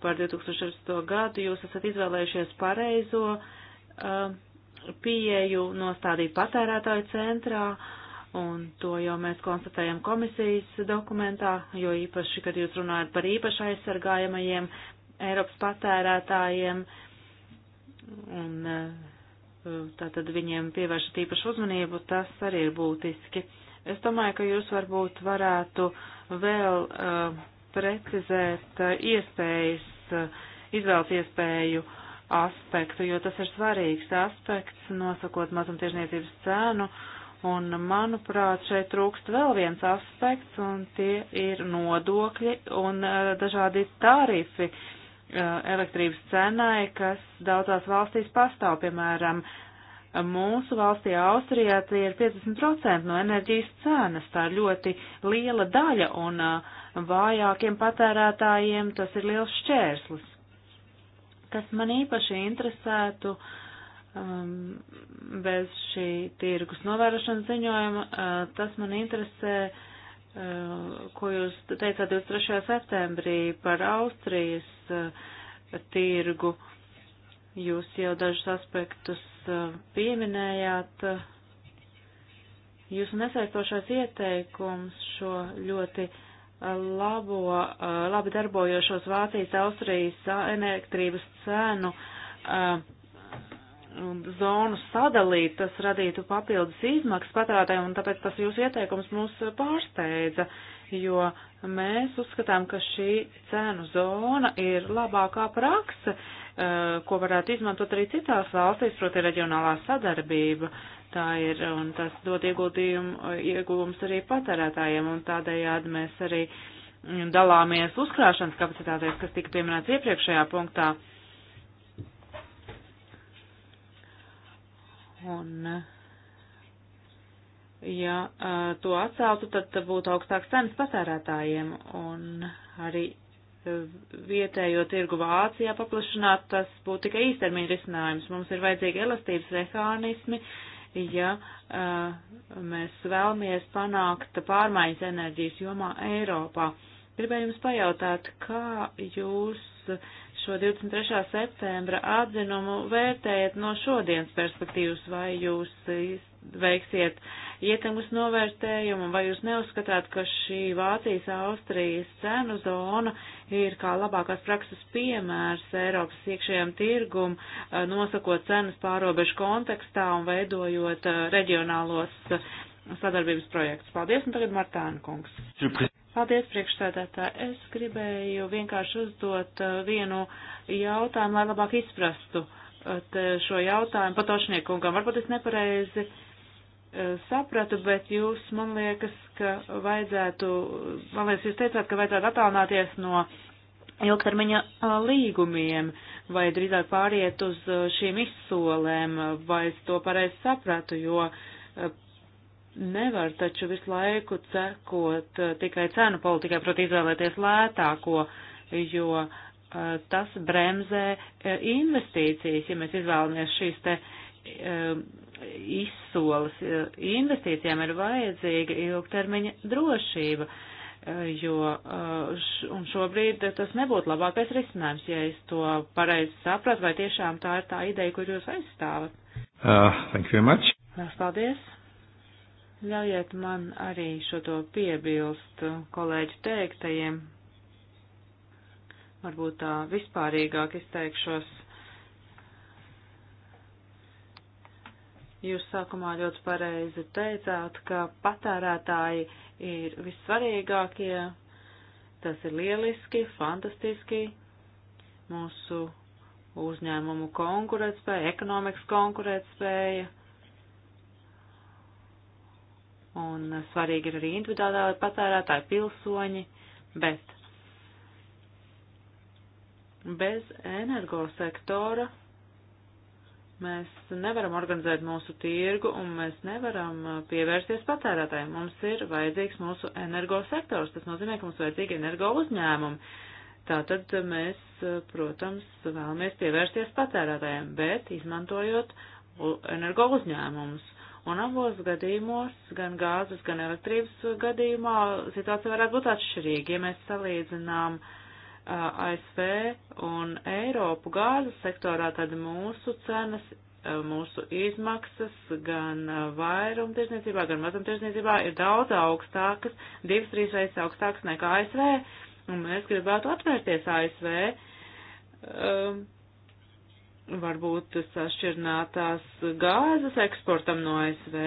par 2006. gadu. Jūs esat izvēlējušies pareizo. Uh, pieeju nostādīt patērētāju centrā, un to jau mēs konstatējam komisijas dokumentā, jo īpaši, kad jūs runājat par īpaši aizsargājamajiem Eiropas patērētājiem, un e, tātad viņiem pievēršat īpašu uzmanību, tas arī ir būtiski. Es domāju, ka jūs varbūt varētu vēl uh, precizēt uh, iespējas, uh, izvēles iespēju uh, aspektu, jo tas ir svarīgs aspekts, nosakot mazumtirdzniecības cēnu. Un, manuprāt, šeit trūkst vēl viens aspekts, un tie ir nodokļi un uh, dažādi tarifi uh, elektrības cenai, kas daudzās valstīs pastāv. Piemēram, mūsu valstī Austrijā tie ir 50% no enerģijas cenas. Tā ir ļoti liela daļa, un uh, vājākiem patērētājiem tas ir liels šķērslis kas man īpaši interesētu um, bez šī tirgus novērošanas ziņojuma, uh, tas man interesē, uh, ko jūs teicāt 23. septembrī par Austrijas uh, tirgu. Jūs jau dažus aspektus uh, pieminējāt. Jūsu nesaistošais ieteikums šo ļoti uh, labo, eh, labi darbojošos Vācijas, Austrijas elektrības cenu eh, zonu sadalīt, tas radītu papildus izmaksas patērētājiem, un tāpēc tas jūsu ieteikums mūs pārsteidza, jo mēs uzskatām, ka šī cenu zona ir labākā praksa, eh, ko varētu izmantot arī citās valstīs, proti reģionālā sadarbība. Uh, tā ir, un tas dod iegūmus arī patērētājiem, un tādējādi mēs arī mm, dalāmies uzkrāšanas kapacitātēs, kas tika pieminēts iepriekšējā punktā. Un, ja to atceltu, tad būtu augstāks cenas patērētājiem, un arī vietējo tirgu Vācijā paplašināt, tas būtu tikai īstermiņa risinājums. Mums ir vajadzīgi elastības mehānismi, uh, ja uh, mēs vēlamies panākt pārmaiņas enerģijas jomā Eiropā. Gribēju jums pajautāt, kā jūs šo 23. septembra atzinumu vērtējat no šodienas perspektīvas, vai jūs veiksiet uh, ietekmes novērtējumu, vai jūs neuzskatāt, ka šī Vācijas-Austrijas cenu zona ir kā labākās prakses piemērs Eiropas iekšējiem tirgum, eh, nosakot cenas pārobežu kontekstā un veidojot eh, reģionālos eh, sadarbības projektus? Paldies, un tagad Martāna kungs. Paldies, priekšsēdētā. Es gribēju vienkārši uzdot vienu jautājumu, lai labāk izprastu šo jautājumu patošniekungam. Varbūt es nepareizi uh, E, sapratu, bet jūs, man liekas, ka vajadzētu, man liekas, jūs teicāt, ka vajadzētu attālināties no ilgtermiņa e, līgumiem vai drīzāk pāriet uz e, šīm izsolēm, vai es to pareizi sapratu, jo nevar taču visu laiku cekot tikai cenu politikai, proti izvēlēties lētāko, jo tas bremzē investīcijas, ja mēs izvēlamies šīs te izsoles e, investīcijām ir vajadzīga ilgtermiņa drošība, e, jo e, un šobrīd tas nebūtu labākais risinājums, ja es to pareizi sapratu, vai tiešām tā ir tā ideja, kur jūs aizstāvat. Uh, thank you very much. Lās paldies. Ļaujiet man arī šo to piebilst kolēģu teiktajiem. Varbūt tā vispārīgāk izteikšos Jūs sākumā ļoti pareizi teicāt, ka patērētāji ir vissvarīgākie. Tas ir lieliski, fantastiski. Mūsu uzņēmumu konkurētspēja, ekonomikas konkurētspēja. Un svarīgi ir arī individuālā patērētāja pilsoņi, bet bez energosektora Mēs nevaram organizēt mūsu tirgu un mēs nevaram uh, pievērsties patērētājiem. Mums ir vajadzīgs mūsu energosektors, tas nozīmē, ka mums vajadzīgi energo uzņēmumi. Tātad mēs, uh, protams, vēlamies pievērsties patērētājiem, bet izmantojot energo uzņēmumus. Un abos gadījumos, gan gāzes, gan elektrības gadījumā, situācija varētu būt atšķirīga. Ja mēs salīdzinām uh, ASV un Eiropu gāzes sektorā, tad mūsu cenas, mūsu izmaksas gan vairumtirdzniecībā, gan mazumtirdzniecībā ir daudz augstākas, divas, trīs reizes augstākas nekā ASV, un mēs gribētu atvērties ASV. Um, varbūt sašķirnātās gāzes eksportam no ASV,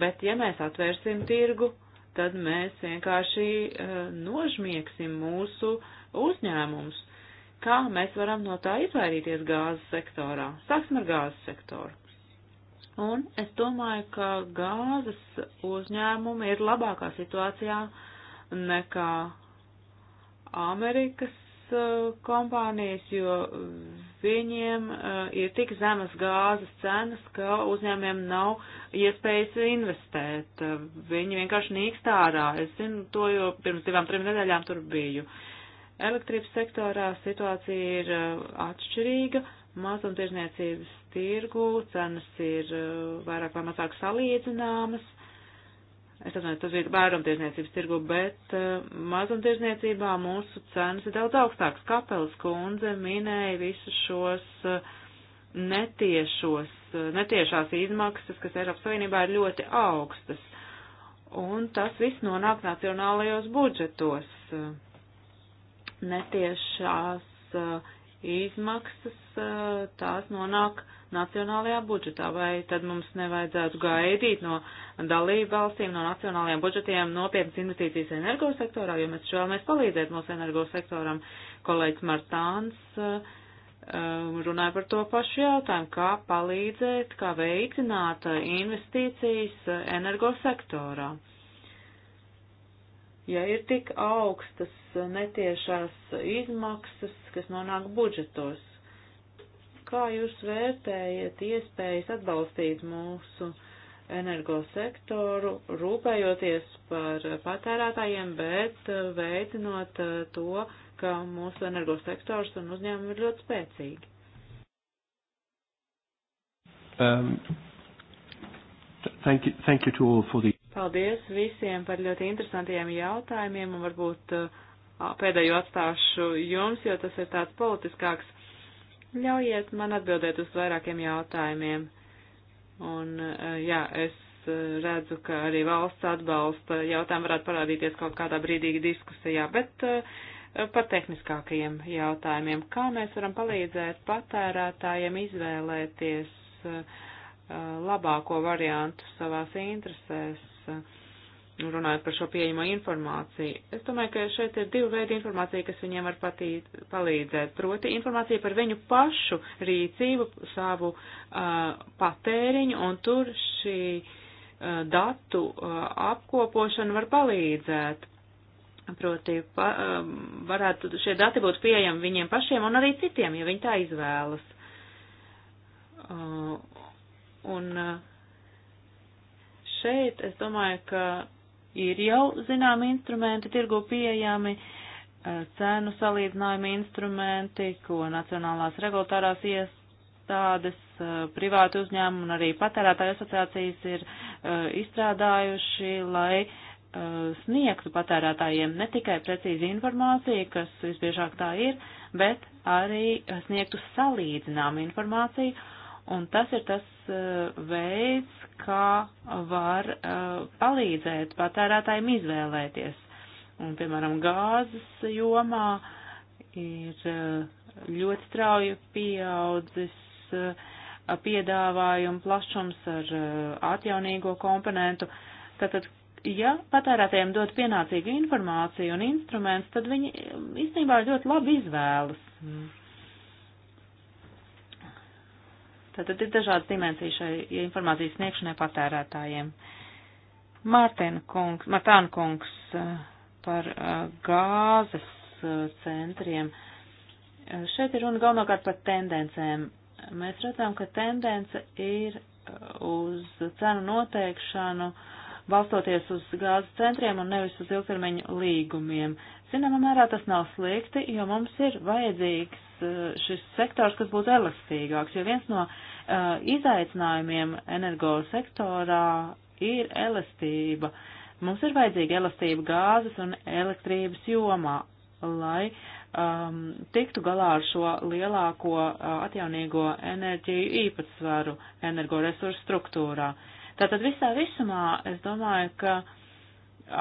bet ja mēs atvērsim tirgu, tad mēs vienkārši eh, nožmiegsim mūsu uzņēmumus. Kā mēs varam no tā izvairīties gāzes sektorā? Sāksim ar gāzes sektoru. Un es domāju, ka gāzes uzņēmumi ir labākā situācijā nekā Amerikas eh, kompānijas, jo viņiem uh, ir tik zemas gāzes cenas, ka uzņēmiem nav iespējas investēt. Uh, viņi vienkārši nīkst ārā. Es zinu to, jo pirms divām, trim nedēļām tur biju. Elektrības sektorā situācija ir uh, atšķirīga. Mazumtirdzniecības tirgu cenas ir uh, vairāk vai mazāk salīdzināmas es atvainojos, tas bija bērnumtirdzniecības tirgu, bet uh, mazumtirdzniecībā mūsu cenas ir daudz augstākas. Kapelas kundze minēja visus šos uh, netiešos, uh, netiešās izmaksas, kas Eiropas Savienībā ir ļoti augstas. Un tas viss nonāk nacionālajos budžetos. Uh, netiešās uh, izmaksas, uh, tās nonāk uh, nacionālajā budžetā, vai tad mums nevajadzētu gaidīt no dalību valstīm, no nacionālajiem budžetiem nopietnas investīcijas energosektorā, jo mēs vēlamies palīdzēt mūsu energosektoram. Kolēģis Martāns uh, runāja par to pašu jautājumu, kā palīdzēt, kā veicināt uh, investīcijas uh, energosektorā. Ja ir tik augstas netiešās izmaksas, kas nonāk budžetos, Kā jūs vērtējat iespējas atbalstīt mūsu energosektoru, rūpējoties par patērētājiem, bet uh, veicinot uh, to, ka mūsu energosektors un uzņēmumi ir ļoti spēcīgi? Um, thank you, thank you to all for the... Paldies visiem par ļoti interesantiem jautājumiem un varbūt uh, pēdējo atstāšu jums, jo tas ir tāds politiskāks Ļaujiet man atbildēt uz vairākiem jautājumiem. Un, eh, jā, es eh, redzu, ka arī valsts atbalsta jautājumi varētu parādīties kaut kādā brīdī diskusijā, bet eh, par tehniskākajiem jautājumiem. Kā mēs varam palīdzēt patērētājiem izvēlēties labāko variantu savās interesēs? runājot par šo pieejamo informāciju. Es domāju, ka šeit ir divi veidi informācija, kas viņiem var patīt, palīdzēt. Proti informācija par viņu pašu rīcību, savu uh, patēriņu, un tur šī uh, datu uh, apkopošana var palīdzēt. Proti, pa, um, uh, varētu šie dati būt pieejami viņiem pašiem un arī citiem, ja viņi tā izvēlas. Uh, un, uh, šeit es domāju, ka ir jau zinām instrumenti tirgu pieejami, eh, cenu salīdzinājumi instrumenti, ko nacionālās regulārās iestādes, eh, privāti uzņēmumi un arī patērētāju asociācijas ir eh, izstrādājuši, lai sniegtu patērētājiem ne tikai precīzi informāciju, kas visbiežāk tā ir, bet arī sniegtu salīdzināmu informāciju. Un tas ir tas veids, kā var uh, palīdzēt patērētājiem izvēlēties. Un, piemēram, gāzes jomā ir uh, ļoti strauji pieaudzis uh, eh, piedāvājumu plašums ar uh, atjaunīgo komponentu. Tātad, ja patērētājiem dod pienācīgu informāciju un instruments, tad viņi īstenībā ļoti labi izvēlas. Mm. Tātad ir dažādas dimensijas šai informācijas sniegšanai patērētājiem. Mārtiņa kungs, Martāna kungs eh, par eh, gāzes eh, centriem. Šeit ir runa galvenokārt par tendencēm. Mēs redzam, ka tendence ir uz cenu noteikšanu balstoties uz gāzes centriem un nevis uz ilgtermiņu līgumiem. Zināmā mērā tas nav slikti, jo mums ir vajadzīgs Eh, šis sektors, kas būtu elastīgāks, jo viens no uh, izaicinājumiem energosektorā ir elastība. Mums ir vajadzīga elastība gāzes un elektrības jomā, lai um, tiktu galā ar šo lielāko uh, atjaunīgo enerģiju īpatsvaru energoresursu struktūrā. Tātad visā visumā es domāju, ka uh,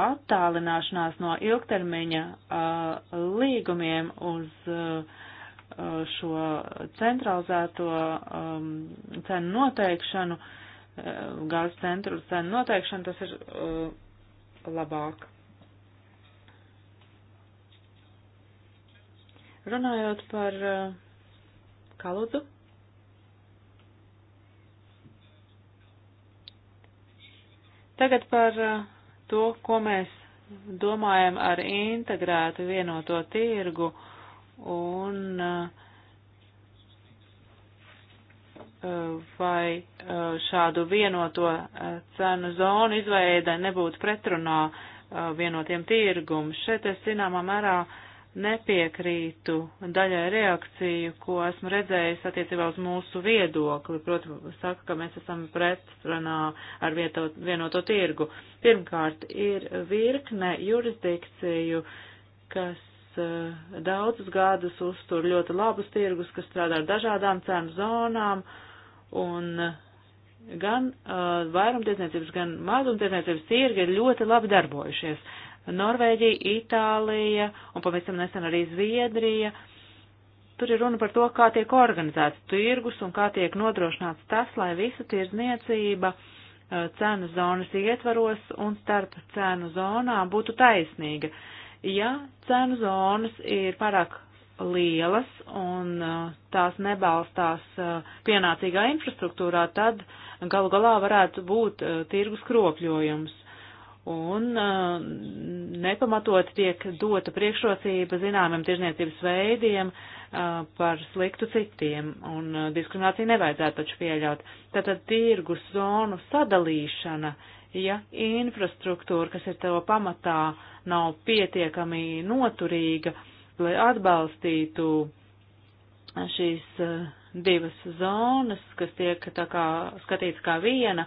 attālināšanās no ilgtermiņa uh, līgumiem uz uh, Uh, šo centralizēto um, cenu noteikšanu, uh, gāzes centru cenu noteikšanu, tas ir uh, labāk. Runājot par uh, kaludzu. Tagad par uh, to, ko mēs domājam ar integrētu vienoto tirgu. Uh, un eh, vai eh, šādu vienoto eh, cenu zonu izveida nebūtu pretrunā vienotiem tirgumu. Šeit es zināmā mērā nepiekrītu daļai reakciju, ko esmu redzējis attiecībā uz mūsu viedokli. Protams, saka, ka mēs esam pretrunā ar vieto, vienoto tirgu. Pirmkārt, ir virkne jurisdikciju, kas Eh, daudzus gadus uztur ļoti labus tirgus, kas strādā ar dažādām cenu zonām, un eh, gan uh, vairumtirdzniecības, gan mazumtirdzniecības tirgi ir ļoti labi darbojušies. Norvēģija, Itālija un pavisam nesen arī Zviedrija. Tur ir runa par to, kā tiek organizēts tirgus un kā tiek nodrošināts tas, lai visa tirdzniecība uh, cenu zonas ietvaros un starp cenu zonām būtu taisnīga. Uh, Ja cenu zonas ir pārāk lielas un uh, tās nebalstās uh, pienācīgā infrastruktūrā, tad galu galā varētu būt uh, tirgus kropļojums. Un nepamatot tiek dota priekšrocība zināmiem tirzniecības veidiem par sliktu citiem, un diskrimināciju nevajadzētu taču pieļaut. Tātad tirgus zonu sadalīšana uh, ja infrastruktūra, kas ir tev pamatā, nav pietiekami noturīga, lai atbalstītu šīs eh, divas zonas, kas tiek tā kā skatīts kā viena,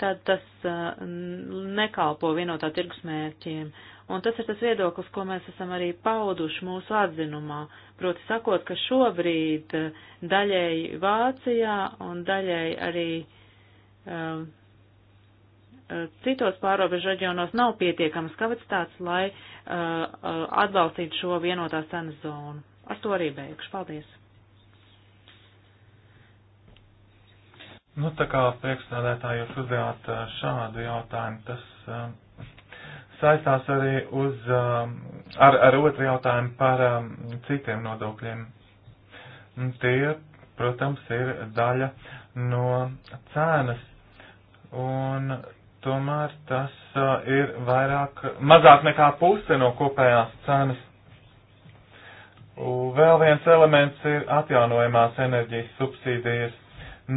tad tas eh, nekalpo vienotā tirgus mērķiem. Un tas ir tas viedoklis, ko mēs esam arī pauduši mūsu atzinumā, proti sakot, ka šobrīd eh, daļēji Vācijā un daļēji arī uh, citos pārobežu reģionos nav pietiekamas kapacitātes, lai uh, uh, atbalstītu šo vienotā cenas zonu. Ar to arī beigšu. Paldies! Nu, tā kā priekšstādētāji jūs uzdevāt uh, šādu jautājumu, tas saistās arī uz, um, ar, ar otru jautājumu par um, citiem nodokļiem. Tie, protams, ir daļa no cēnas, un tomēr tas uh, ir vairāk, mazāk nekā puse no kopējās cenas. Vēl viens elements ir atjaunojumās enerģijas subsīdijas,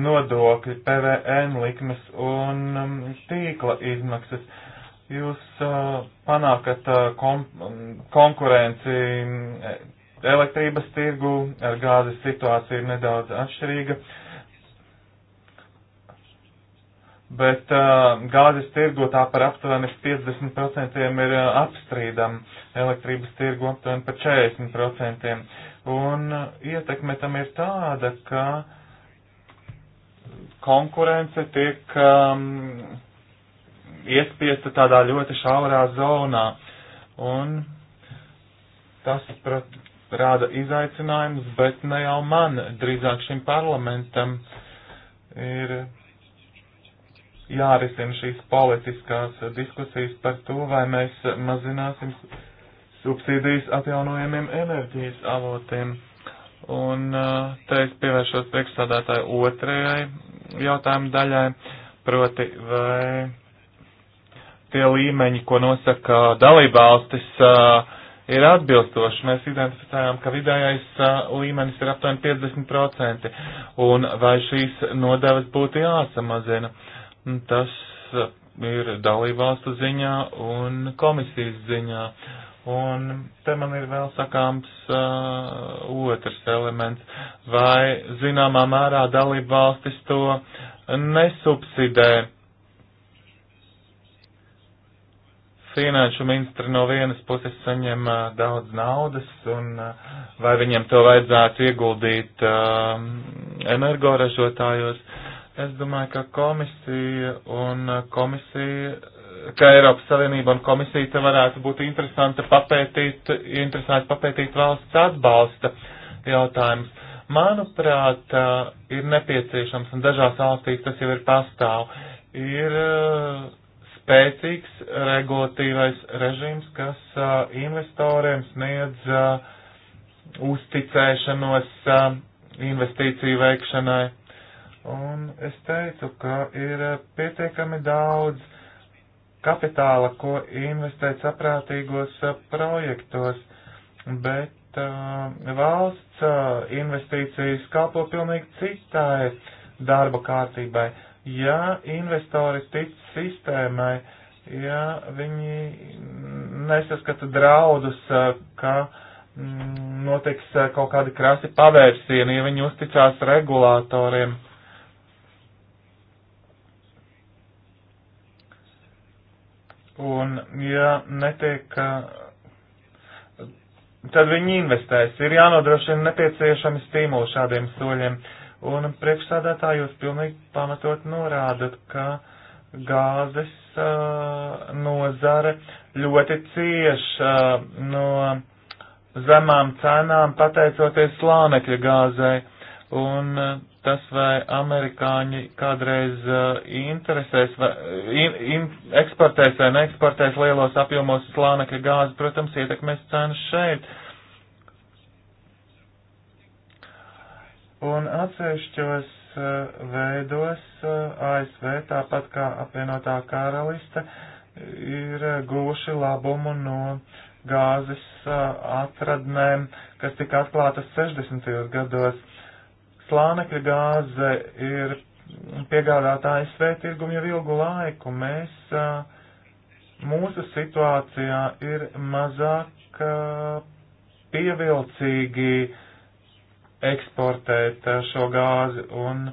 nodokļi, PVN likmes un um, tīkla izmaksas. Jūs uh, panākat uh, kom, um, konkurenci elektrības tirgu, ar gāzes situācija ir nedaudz atšķirīga. Uh, bet uh, gāzes tirgo tā par aptuveni 50% ir uh, apstrīdama, elektrības tirgo aptuveni par 40%. Un uh, ietekme tam ir tāda, ka konkurence tiek um, iespiesta tādā ļoti šaurā zonā. Un tas prat, rāda izaicinājumus, bet ne jau man, drīzāk šim parlamentam ir jārisina šīs politiskās diskusijas par to, vai mēs mazināsim subsīdijas atjaunojumiem enerģijas avotiem. Un eh, te es pievēršos priekšstādātāju otrajai jautājumu daļai, proti vai tie līmeņi, ko nosaka dalībvalstis, eh, ir atbilstoši. Mēs identificējām, ka vidējais eh, līmenis ir aptuveni 50%, un vai šīs nodevas būtu jāsamazina. Uh, Tas uh, ir dalībvalstu ziņā un komisijas ziņā. Un te man ir vēl sakāms uh, otrs elements, vai zināmā mērā dalībvalstis to nesubsidē. finanšu ministri no vienas puses saņem uh, daudz naudas, un uh, vai viņiem to vajadzētu ieguldīt uh, energoražotājos, Es domāju, ka komisija un komisija, ka Eiropas Savienība un komisija te varētu būt interesanti papētīt, interesanti papētīt valsts atbalsta jautājumus. Manuprāt, eh, ir nepieciešams, un dažās valstīs tas jau ir pastāv, ir eh, spēcīgs regulatīvais režīms, kas eh, investoriem sniedz uzticēšanos investīciju veikšanai Un es teicu, ka ir pietiekami daudz kapitāla, ko investēt saprātīgos eh, projektos, bet uh, valsts uh, investīcijas kalpo pilnīgi citai darba kārtībai. Ja investori tic sistēmai, ja viņi nesaskata draudus, ka mm, notiks kaut kādi krasi pavērsieni, ja viņi uzticās regulātoriem, uh, Un, ja netiek, tad viņi investēs. Ir jānodrošina nepieciešami stimuli šādiem soļiem. Un priekšsādātā jūs pilnīgi pamatot norādat, ka gāzes uh, nozare ļoti cieš uh, no zemām cenām pateicoties slānekļa gāzai. Un uh, tas, vai amerikāņi kādreiz uh, interesēs, vai, eh, in, in, eksportēs vai neeksportēs lielos apjomos slānekļa gāzi, protams, ietekmēs cenas šeit. Un atsevišķos uh, veidos uh, ASV, tāpat kā apvienotā karaliste, ir uh, gūši labumu no gāzes uh, atradnēm, kas tika atklātas 60. gados slānekļa gāze ir piegādātāja svētirgumu jau ilgu laiku. Mēs, mūsu situācijā ir mazāk pievilcīgi eksportēt šo gāzi, un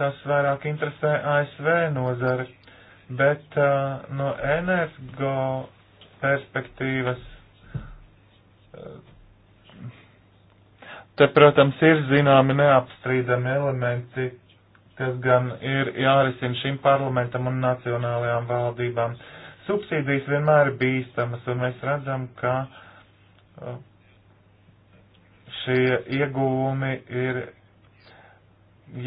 tas vairāk interesē ASV nozari. Bet no energo perspektīvas Te, protams, ir zināmi neapstrīdami elementi, kas gan ir jārisina šim parlamentam un nacionālajām valdībām. Subsīdijas vienmēr ir bīstamas, un mēs redzam, ka uh, šie ieguvumi ir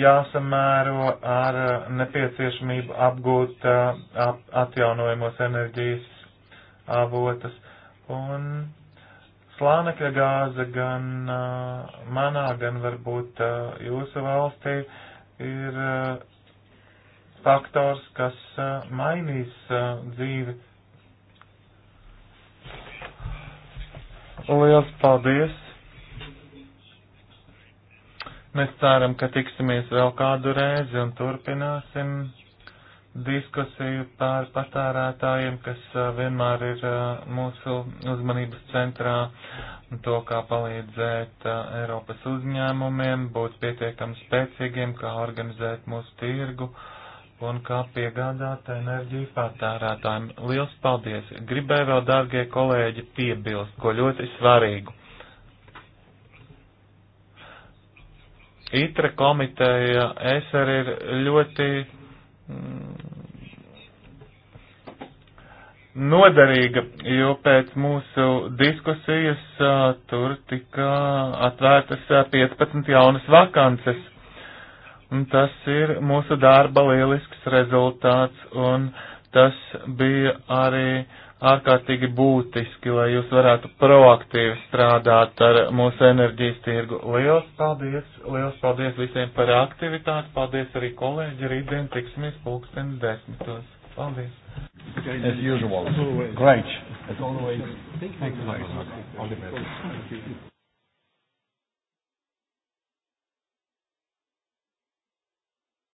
jāsamēro ar uh, nepieciešamību apgūt uh, atjaunojamos enerģijas avotas. Un slānekļa gāze gan uh, manā, gan varbūt uh, jūsu valstī ir uh, faktors, kas uh, mainīs uh, dzīvi. Lielas paldies! Mēs ceram, ka tiksimies vēl kādu reizi un turpināsim diskusiju par patērētājiem, kas vienmēr ir mūsu uzmanības centrā, to, kā palīdzēt Eiropas uzņēmumiem, būt pietiekami spēcīgiem, kā organizēt mūsu tirgu un kā piegādāt enerģiju patērētājiem. Liels paldies! Gribēju vēl, dārgie kolēģi, piebilst, ko ļoti svarīgu. ITRA komiteja ESER ir ļoti Mm. noderīga, jo pēc mūsu diskusijas tur tika atvērtas 15 jaunas vakances. Un tas ir mūsu darba lielisks rezultāts, un tas bija arī uh, ārkārtīgi būtiski, lai jūs varētu proaktīvi strādāt ar mūsu enerģijas tirgu. Lielas paldies! Lielas paldies visiem par aktivitāti! Paldies arī kolēģi! Rītdien tiksimies pulksten desmitos. Paldies! As usual. As always. Great. As always. Thank you. Thank you. Thank you.